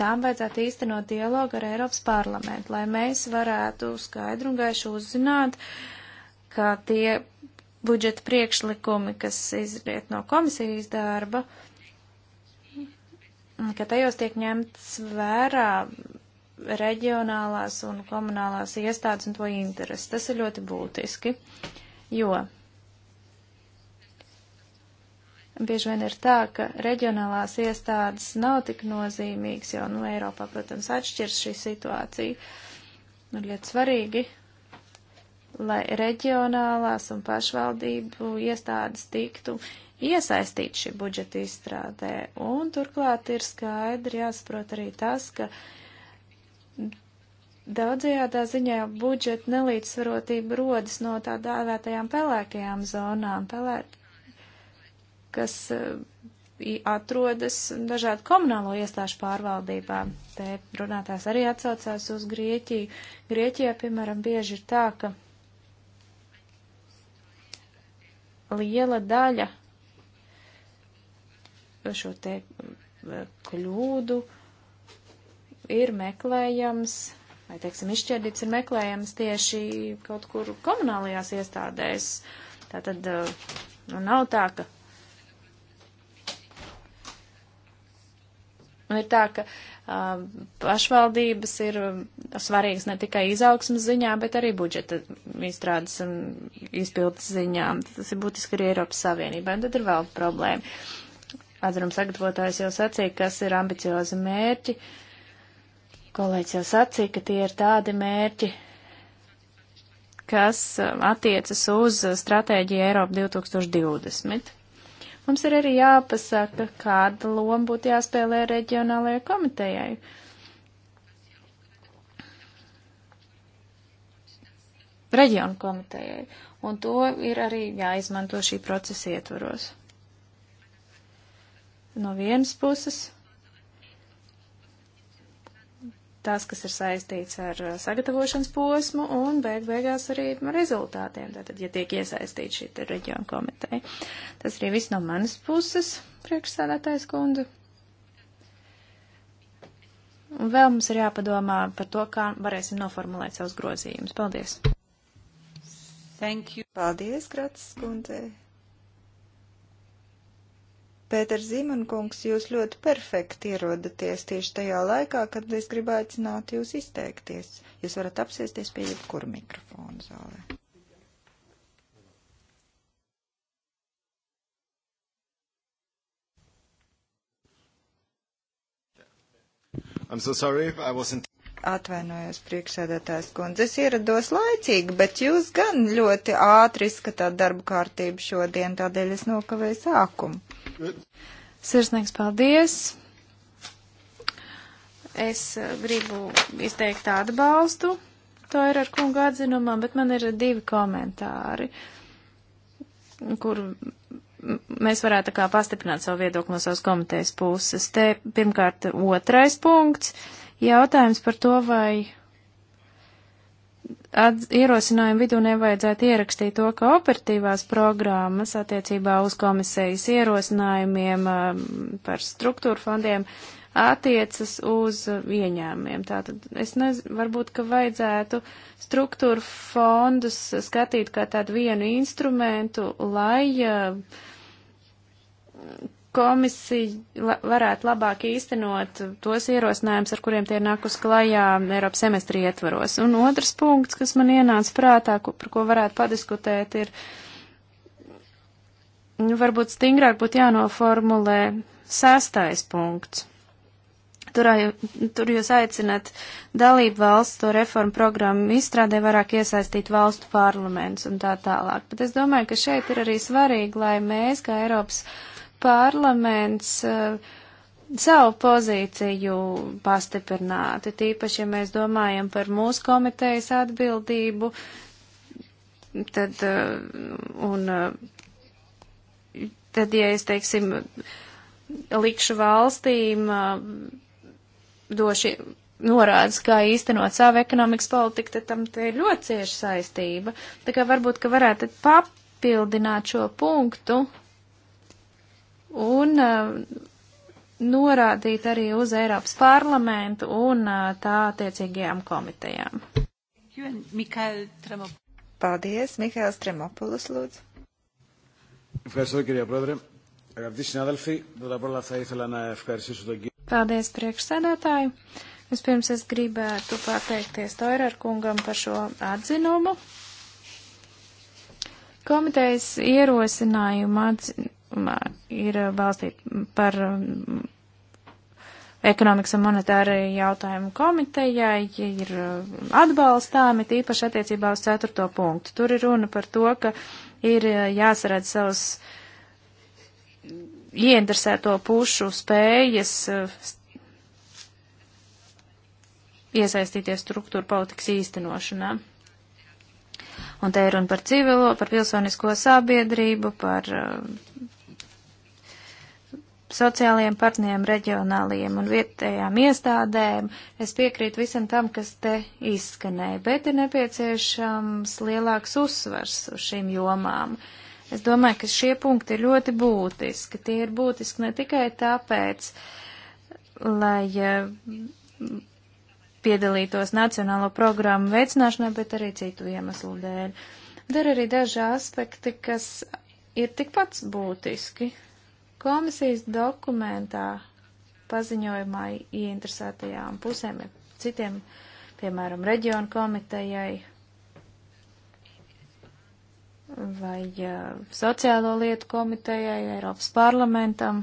tām vajadzētu īstenot dialogu ar Eiropas parlamentu, lai mēs varētu skaidru un gaišu uzzināt, ka tie budžeta priekšlikumi, kas izriet no komisijas darba, ka tajos tiek ņemts vērā reģionālās un komunālās iestādes un to interesi. Tas ir ļoti būtiski, jo Bieži vien ir tā, ka reģionālās iestādes nav tik nozīmīgas, jo, nu, Eiropā, protams, atšķirs šī situācija. Ir ļoti svarīgi, lai reģionālās un pašvaldību iestādes tiktu iesaistīt šī budžeta izstrādē. Un turklāt ir skaidri jāsaprot arī tas, ka daudzajādā ziņā budžeta nelīdzsvarotība rodas no tā dēvētajām pelēkajām zonām. Pelēk, kas eh, atrodas dažādu komunālo iestāžu pārvaldībā. Te runātājs arī atsaucās uz Grieķiju. Grieķijā, piemēram, bieži ir tā, ka liela daļa šo te eh, kļūdu ir meklējams, vai, teiksim, izšķirdības ir meklējams tieši kaut kur komunālajās iestādēs. Tātad eh, nu, nav tā, ka Un ir tā, ka uh, pašvaldības ir svarīgas ne tikai izaugsmas ziņā, bet arī budžeta izstrādes un izpildes ziņā. Tas ir būtiski arī Eiropas Savienībai. Un tad ir vēl problēma. Atzarums sagatavotājs jau sacīja, kas ir ambiciozi mērķi. Kolēģis jau sacīja, ka tie ir tādi mērķi, kas attiecas uz stratēģiju Eiropa 2020. Mums ir arī jāpasaka, kāda loma būtu jāspēlē reģionālajai komitejai. Reģionu komitejai. Un to ir arī jāizmanto šī procesa ietvaros. No vienas puses tas, kas ir saistīts ar uh, sagatavošanas posmu un beig beigās arī rezultātiem, tātad, ja tiek iesaistīta šī reģiona komiteja. Tas arī viss no manas puses, priekšsādātais kundze. Un vēl mums ir jāpadomā par to, kā varēsim noformulēt savus grozījumus. Paldies! Thank you! Paldies, Gratis kundze! Pēter Zimankungs, jūs ļoti perfekti ierodaties tieši tajā laikā, kad es gribu aicināt jūs izteikties. Jūs varat apsēsties pie jebkura mikrofona zālē. I'm so sorry, I wasn't atvainojos priekšsēdētājs kundze, es ierados laicīgi, bet jūs gan ļoti ātri izskatāt darbu kārtību šodien, tādēļ es nokavēju sākumu. Sirsnīgs paldies! Es eh, gribu izteikt tādu balstu, to ir ar kungu atzinumā, bet man ir divi komentāri, kur mēs varētu kā pastiprināt savu viedokli no savas komitejas puses. Te pirmkārt otrais punkts, jautājums par to, vai ierosinājumu vidū nevajadzētu ierakstīt to, ka operatīvās programmas attiecībā uz komisijas ierosinājumiem um, par struktūru fondiem attiecas uz ieņēmumiem. Tātad es nezinu, varbūt, ka vajadzētu struktūru fondus skatīt kā tādu vienu instrumentu, lai uh, komisija la varētu labāk īstenot tos ierosinājumus, ar kuriem tie nāk uz klajā Eiropas semestri ietvaros. Un otrs punkts, kas man ienāca prātā, ko, par ko varētu padiskutēt, ir nu, varbūt stingrāk būtu jānoformulē sastais punkts. Tur, tur jūs aicinat dalību valsts to reformu programmu izstrādē vairāk iesaistīt valstu parlaments un tā tālāk. Bet es domāju, ka šeit ir arī svarīgi, lai mēs, kā Eiropas uh, parlaments uh, savu pozīciju pastiprināti, tīpaši, ja mēs domājam par mūsu komitejas atbildību, tad, uh, un, uh, tad, ja es, teiksim, likšu valstīm, došu norādes, kā īstenot savu ekonomikas politiku, tad tam te ir ļoti cieša saistība. Tā kā varbūt, ka varētu papildināt šo punktu, un uh, norādīt arī uz Eiropas parlamentu un uh, tā attiecīgajām komitejām. Paldies, Mihāls Tremopulus, lūdzu. Ευχαριστώ κυρία Πρόεδρε. Αγαπητοί συνάδελφοι, πρώτα απ' όλα θα ήθελα να ευχαριστήσω τον κύριο. Paldies, priekšsēdētāji. Vispirms es gribētu pateikties Toirar kungam par šo atzinumu. Komitejas ierosinājumu atzinumu ir balstīta par ekonomikas un monetārajai jautājumu komitejai, ir atbalstāmi, tīpaši attiecībā uz ceturto punktu. Tur ir runa par to, ka ir e, jāsaredz savus ieinteresēto pušu spējas e, iesaistīties struktūra politikas īstenošanā. Un te ir runa par civilo, par pilsonisko sabiedrību, par uh, sociālajiem partneriem, reģionāliem un vietējām iestādēm. Es piekrītu visam tam, kas te izskanēja, bet ir nepieciešams lielāks uzsvars uz šīm jomām. Es domāju, ka šie punkti ir ļoti būtiski. Tie ir būtiski ne tikai tāpēc, lai eh, piedalītos nacionālo programmu veicināšanā, bet arī citu iemeslu dēļ. Dar arī daži aspekti, kas ir tikpat būtiski. Komisijas dokumentā paziņojumā ieinteresētajām pusēm, citiem, piemēram, reģionu komitejai vai uh, sociālo lietu komitejai, Eiropas parlamentam.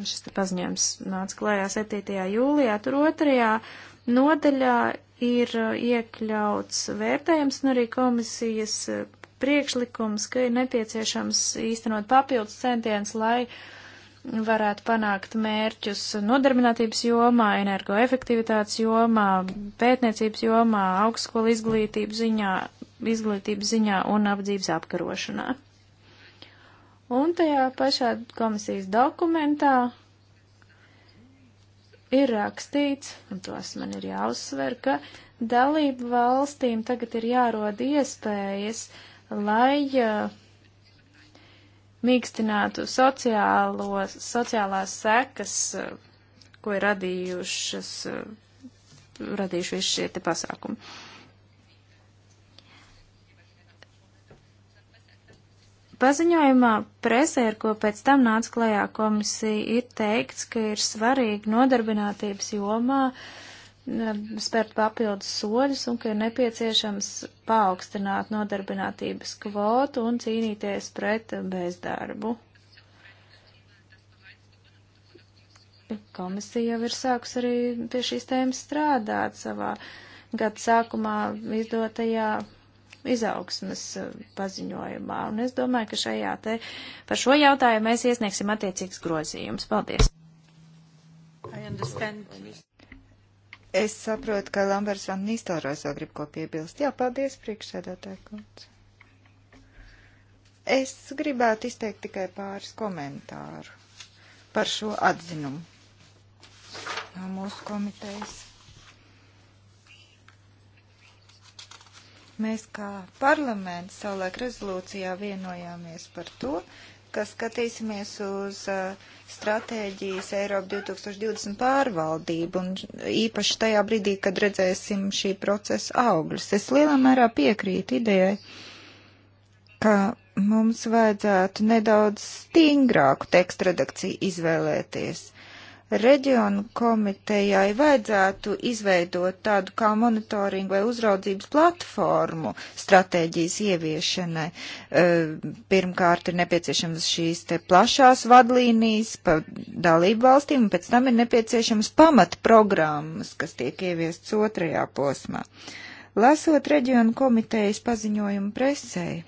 Šis te paziņojums nāca klajā 7. jūlijā, tur otrajā nodaļā ir uh, iekļauts vērtējums un arī komisijas uh, priekšlikums, ka ir nepieciešams īstenot papildus centiens, lai varētu panākt mērķus nodarbinātības jomā, energoefektivitātes jomā, pētniecības jomā, augstskolu izglītības ziņā, izglītības ziņā un apdzības apkarošanā. Un tajā pašā komisijas dokumentā ir rakstīts, un tos man ir jāuzsver, ka dalību valstīm tagad ir jārod iespējas uh, lai uh, mīkstinātu sociālo, sociālās sekas, uh, ko ir radījušas, uh, radījuši visi šie te pasākumi. Paziņojumā presē, ar ko pēc tam nāca klajā komisija, ir teikts, ka ir svarīgi nodarbinātības jomā uh, spērt papildus soļus un ka ir nepieciešams paaugstināt nodarbinātības kvotu un cīnīties pret bezdarbu. Komisija jau ir sākus arī pie šīs tēmas strādāt savā gada sākumā izdotajā izaugsmas eh, paziņojumā. Un es domāju, ka šajā te par šo jautājumu mēs iesniegsim attiecīgs grozījums. Paldies! I understand. Es saprotu, ka Lambers van Nīstāros vēl grib ko piebilst. Jā, paldies, priekšsēdētāji kundze. Es gribētu izteikt tikai pāris komentāru par šo atzinumu no mūsu komitejas. Mēs kā parlaments savulaik rezolūcijā vienojāmies par to, ka skatīsimies uz uh, stratēģijas Eiropa 2020 pārvaldību un īpaši tajā brīdī, kad redzēsim šī procesa augļus. Es lielā mērā piekrītu idejai, ka mums vajadzētu nedaudz stingrāku tekstu redakciju izvēlēties reģionu komitejai vajadzētu izveidot tādu kā monitoringu vai uzraudzības platformu stratēģijas ieviešanai. E, pirmkārt ir nepieciešams šīs te plašās vadlīnijas pa dalību valstīm, un pēc tam ir nepieciešams pamatprogrammas, kas tiek ieviests otrajā posmā. Lasot reģionu komitejas paziņojumu presēji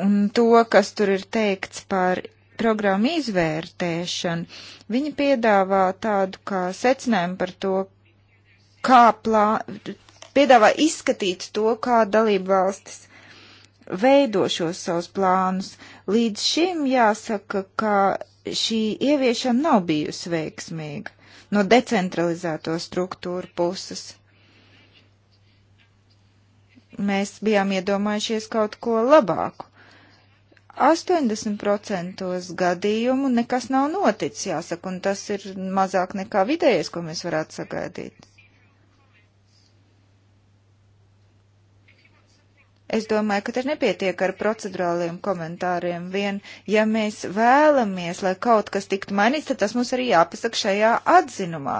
un um, to, kas tur ir teikts par programmu izvērtēšanu, viņi piedāvā tādu kā secinājumu par to, kā plā, piedāvā izskatīt to, kā dalība valstis veido šos savus plānus. Līdz šim jāsaka, ka šī ieviešana nav bijusi veiksmīga no decentralizēto struktūru puses. Mēs bijām iedomājušies kaut ko labāku. 80% gadījumu nekas nav noticis, jāsaka, un tas ir mazāk nekā vidējais, ko mēs varētu sagaidīt. Es domāju, ka te nepietiek ar procedurāliem komentāriem vien. Ja mēs vēlamies, lai kaut kas tiktu mainīts, tad tas mums arī jāpasaka šajā atzinumā.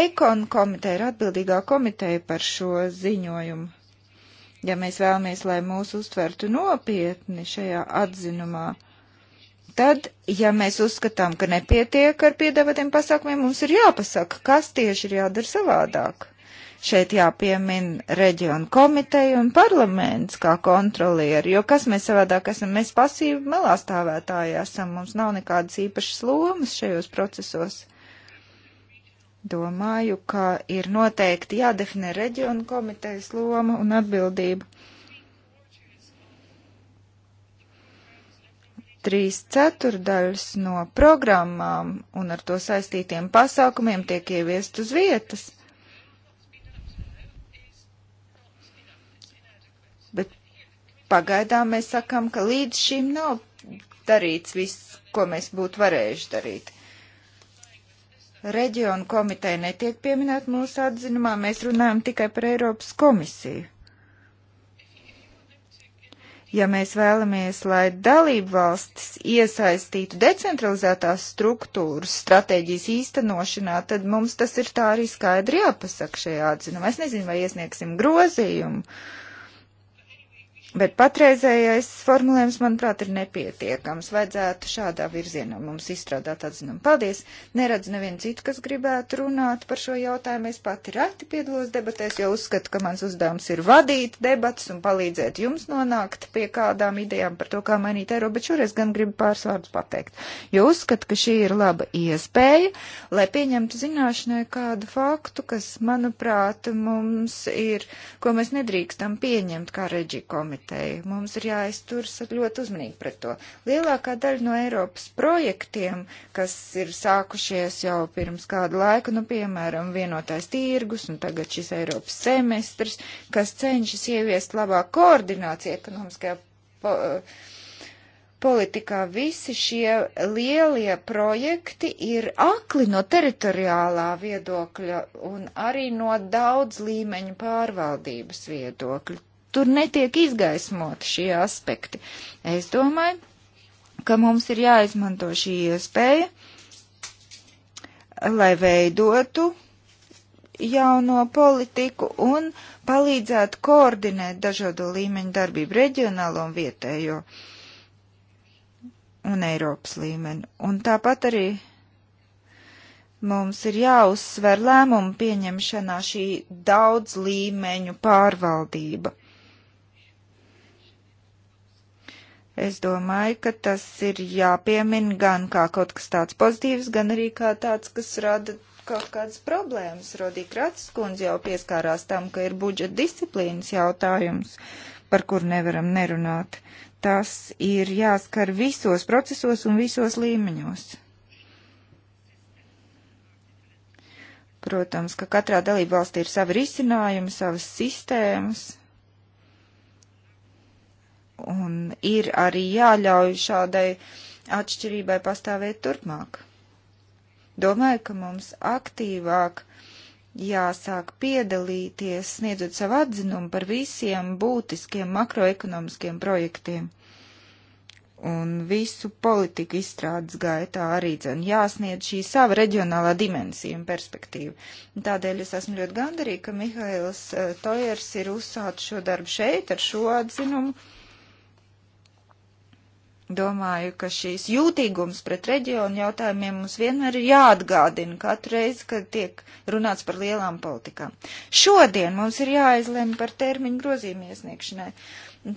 Ekon komiteja ir atbildīgā komiteja par šo ziņojumu. Ja mēs vēlamies, lai mūs uztvertu nopietni šajā atzinumā, tad, ja mēs uzskatām, ka nepietiek ar piedāvātiem pasākumiem, mums ir jāpasaka, kas tieši ir jādara savādāk. Šeit jāpiemin reģionu komiteju un parlaments kā kontrolieri, jo kas mēs savādāk esam, mēs pasīvi malā stāvētāji esam, mums nav nekādas īpašas lomas šajos procesos. Domāju, ka ir noteikti jādefinē reģionu komitejas loma un atbildība. Trīs ceturdaļas no programmām un ar to saistītiem pasākumiem tiek ieviest uz vietas. Bet pagaidām mēs sakām, ka līdz šim nav darīts viss, ko mēs būtu varējuši darīt reģionu komiteja netiek pieminēta mūsu atzinumā, mēs runājam tikai par Eiropas komisiju. Ja mēs vēlamies, lai dalību valstis iesaistītu decentralizētās struktūras stratēģijas īstenošanā, tad mums tas ir tā arī skaidri jāpasaka šajā atzinumā. Es nezinu, vai iesniegsim grozījumu. Uh, Bet patreizējais formulējums, manuprāt, ir nepietiekams. Vajadzētu šādā virzienā mums izstrādāt atzinumu. Paldies! Neredzu nevienu citu, kas gribētu runāt par šo jautājumu. Es pati rati piedalos debatēs, jo uzskatu, ka mans uzdevums ir vadīt debatas un palīdzēt jums nonākt pie kādām idejām par to, kā mainīt eiro, bet šoreiz gan gribu pāris vārdus pateikt. Jo uzskatu, ka šī ir laba iespēja, lai pieņemtu zināšanai kādu faktu, kas, manuprāt, mums ir, ko mēs nedrīkstam pieņemt kā reģi komiteja pretēji. Mums ir jāizturas ļoti uzmanīgi pret to. Lielākā daļa no Eiropas projektiem, kas ir sākušies jau pirms kādu laiku, nu, piemēram, vienotais tirgus un tagad šis Eiropas semestrs, kas cenšas ieviest labāk koordināciju ekonomiskajā po politikā, visi šie lielie projekti ir akli no teritoriālā viedokļa un arī no daudz līmeņu pārvaldības viedokļa tur netiek izgaismoti šie aspekti. Es domāju, ka mums ir jāizmanto šī iespēja, lai veidotu jauno politiku un palīdzētu koordinēt dažādo līmeņu darbību reģionālo un vietējo un Eiropas līmeni. Un tāpat arī mums ir jāuzsver lēmumu pieņemšanā šī daudz līmeņu pārvaldība. Es domāju, ka tas ir jāpiemin gan kā kaut kas tāds pozitīvs, gan arī kā tāds, kas rada kaut kādas problēmas. Rodīja Kratis kundze jau pieskārās tam, ka ir budžeta disciplīnas jautājums, par kur nevaram nerunāt. Tas ir jāskar visos procesos un visos līmeņos. Protams, ka katrā dalībvalstī ir savi risinājumi, savas sistēmas un ir arī jāļauj šādai atšķirībai pastāvēt turpmāk. Domāju, ka mums aktīvāk jāsāk piedalīties, sniedzot savu atzinumu par visiem būtiskiem makroekonomiskiem projektiem un visu politiku izstrādes gaitā arī dzen jāsniedz šī sava reģionālā dimensija un perspektīva. Tādēļ es esmu ļoti gandarīga, ka Mihails eh, Tojers ir uzsācis šo darbu šeit ar šo atzinumu. Domāju, ka šīs jūtīgums pret reģionu jautājumiem mums vienmēr ir jāatgādina katru reizi, kad tiek runāts par lielām politikām. Šodien mums ir jāizlem par termiņu grozījumu iesniegšanai.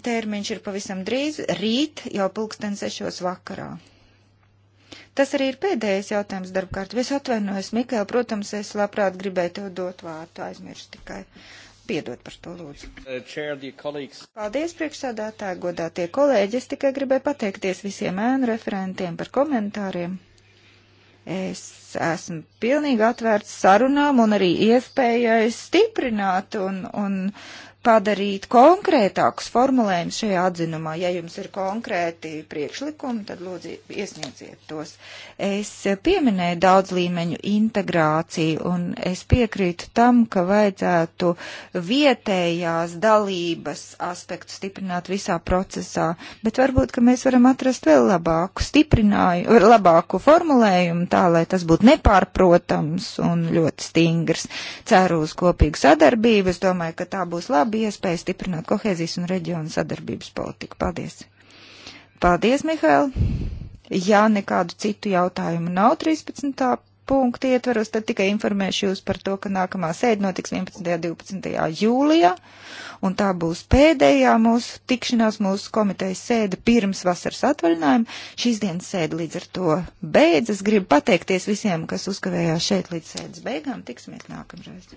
Termiņš ir pavisam drīz, rīt jau pulksten sešos vakarā. Tas arī ir pēdējais jautājums darbkārtībā. Es atvainojos, Mikēl, protams, es labprāt gribēju tev dot vārdu, aizmirstu tikai. Uh, Piedod par to, lūdzu. Uh, Paldies, priekšsādātāji, godātie kolēģi. Es tikai gribēju pateikties visiem ēnu referentiem par komentāriem. Es esmu pilnīgi atvērts sarunām un arī iespējai stiprināt un, un padarīt konkrētākus formulējumus šajā atzinumā. Ja jums ir konkrēti priekšlikumi, tad lūdzu iesniedziet tos. Es pieminēju daudz līmeņu integrāciju un es piekrītu tam, ka vajadzētu vietējās dalības aspektu stiprināt visā procesā, bet varbūt, ka mēs varam atrast vēl labāku stiprinājumu, labāku formulējumu tā, lai tas būtu nepārprotams un ļoti stingrs. Ceru uz kopīgu sadarbību, es domāju, ka tā būs labi bija iespēja stiprināt kohēzijas un reģionu sadarbības politiku. Paldies! Paldies, Mihail! Ja nekādu citu jautājumu nav 13. punkta ietveros, tad tikai informēšu jūs par to, ka nākamā sēde notiks 11. un 12. jūlijā, un tā būs pēdējā mūsu tikšanās mūsu komitejas sēde pirms vasaras atvaļinājuma. Šīs dienas sēde līdz ar to beidzas. Gribu pateikties visiem, kas uzkavējās šeit līdz sēdes beigām. Tiksimies nākamreiz!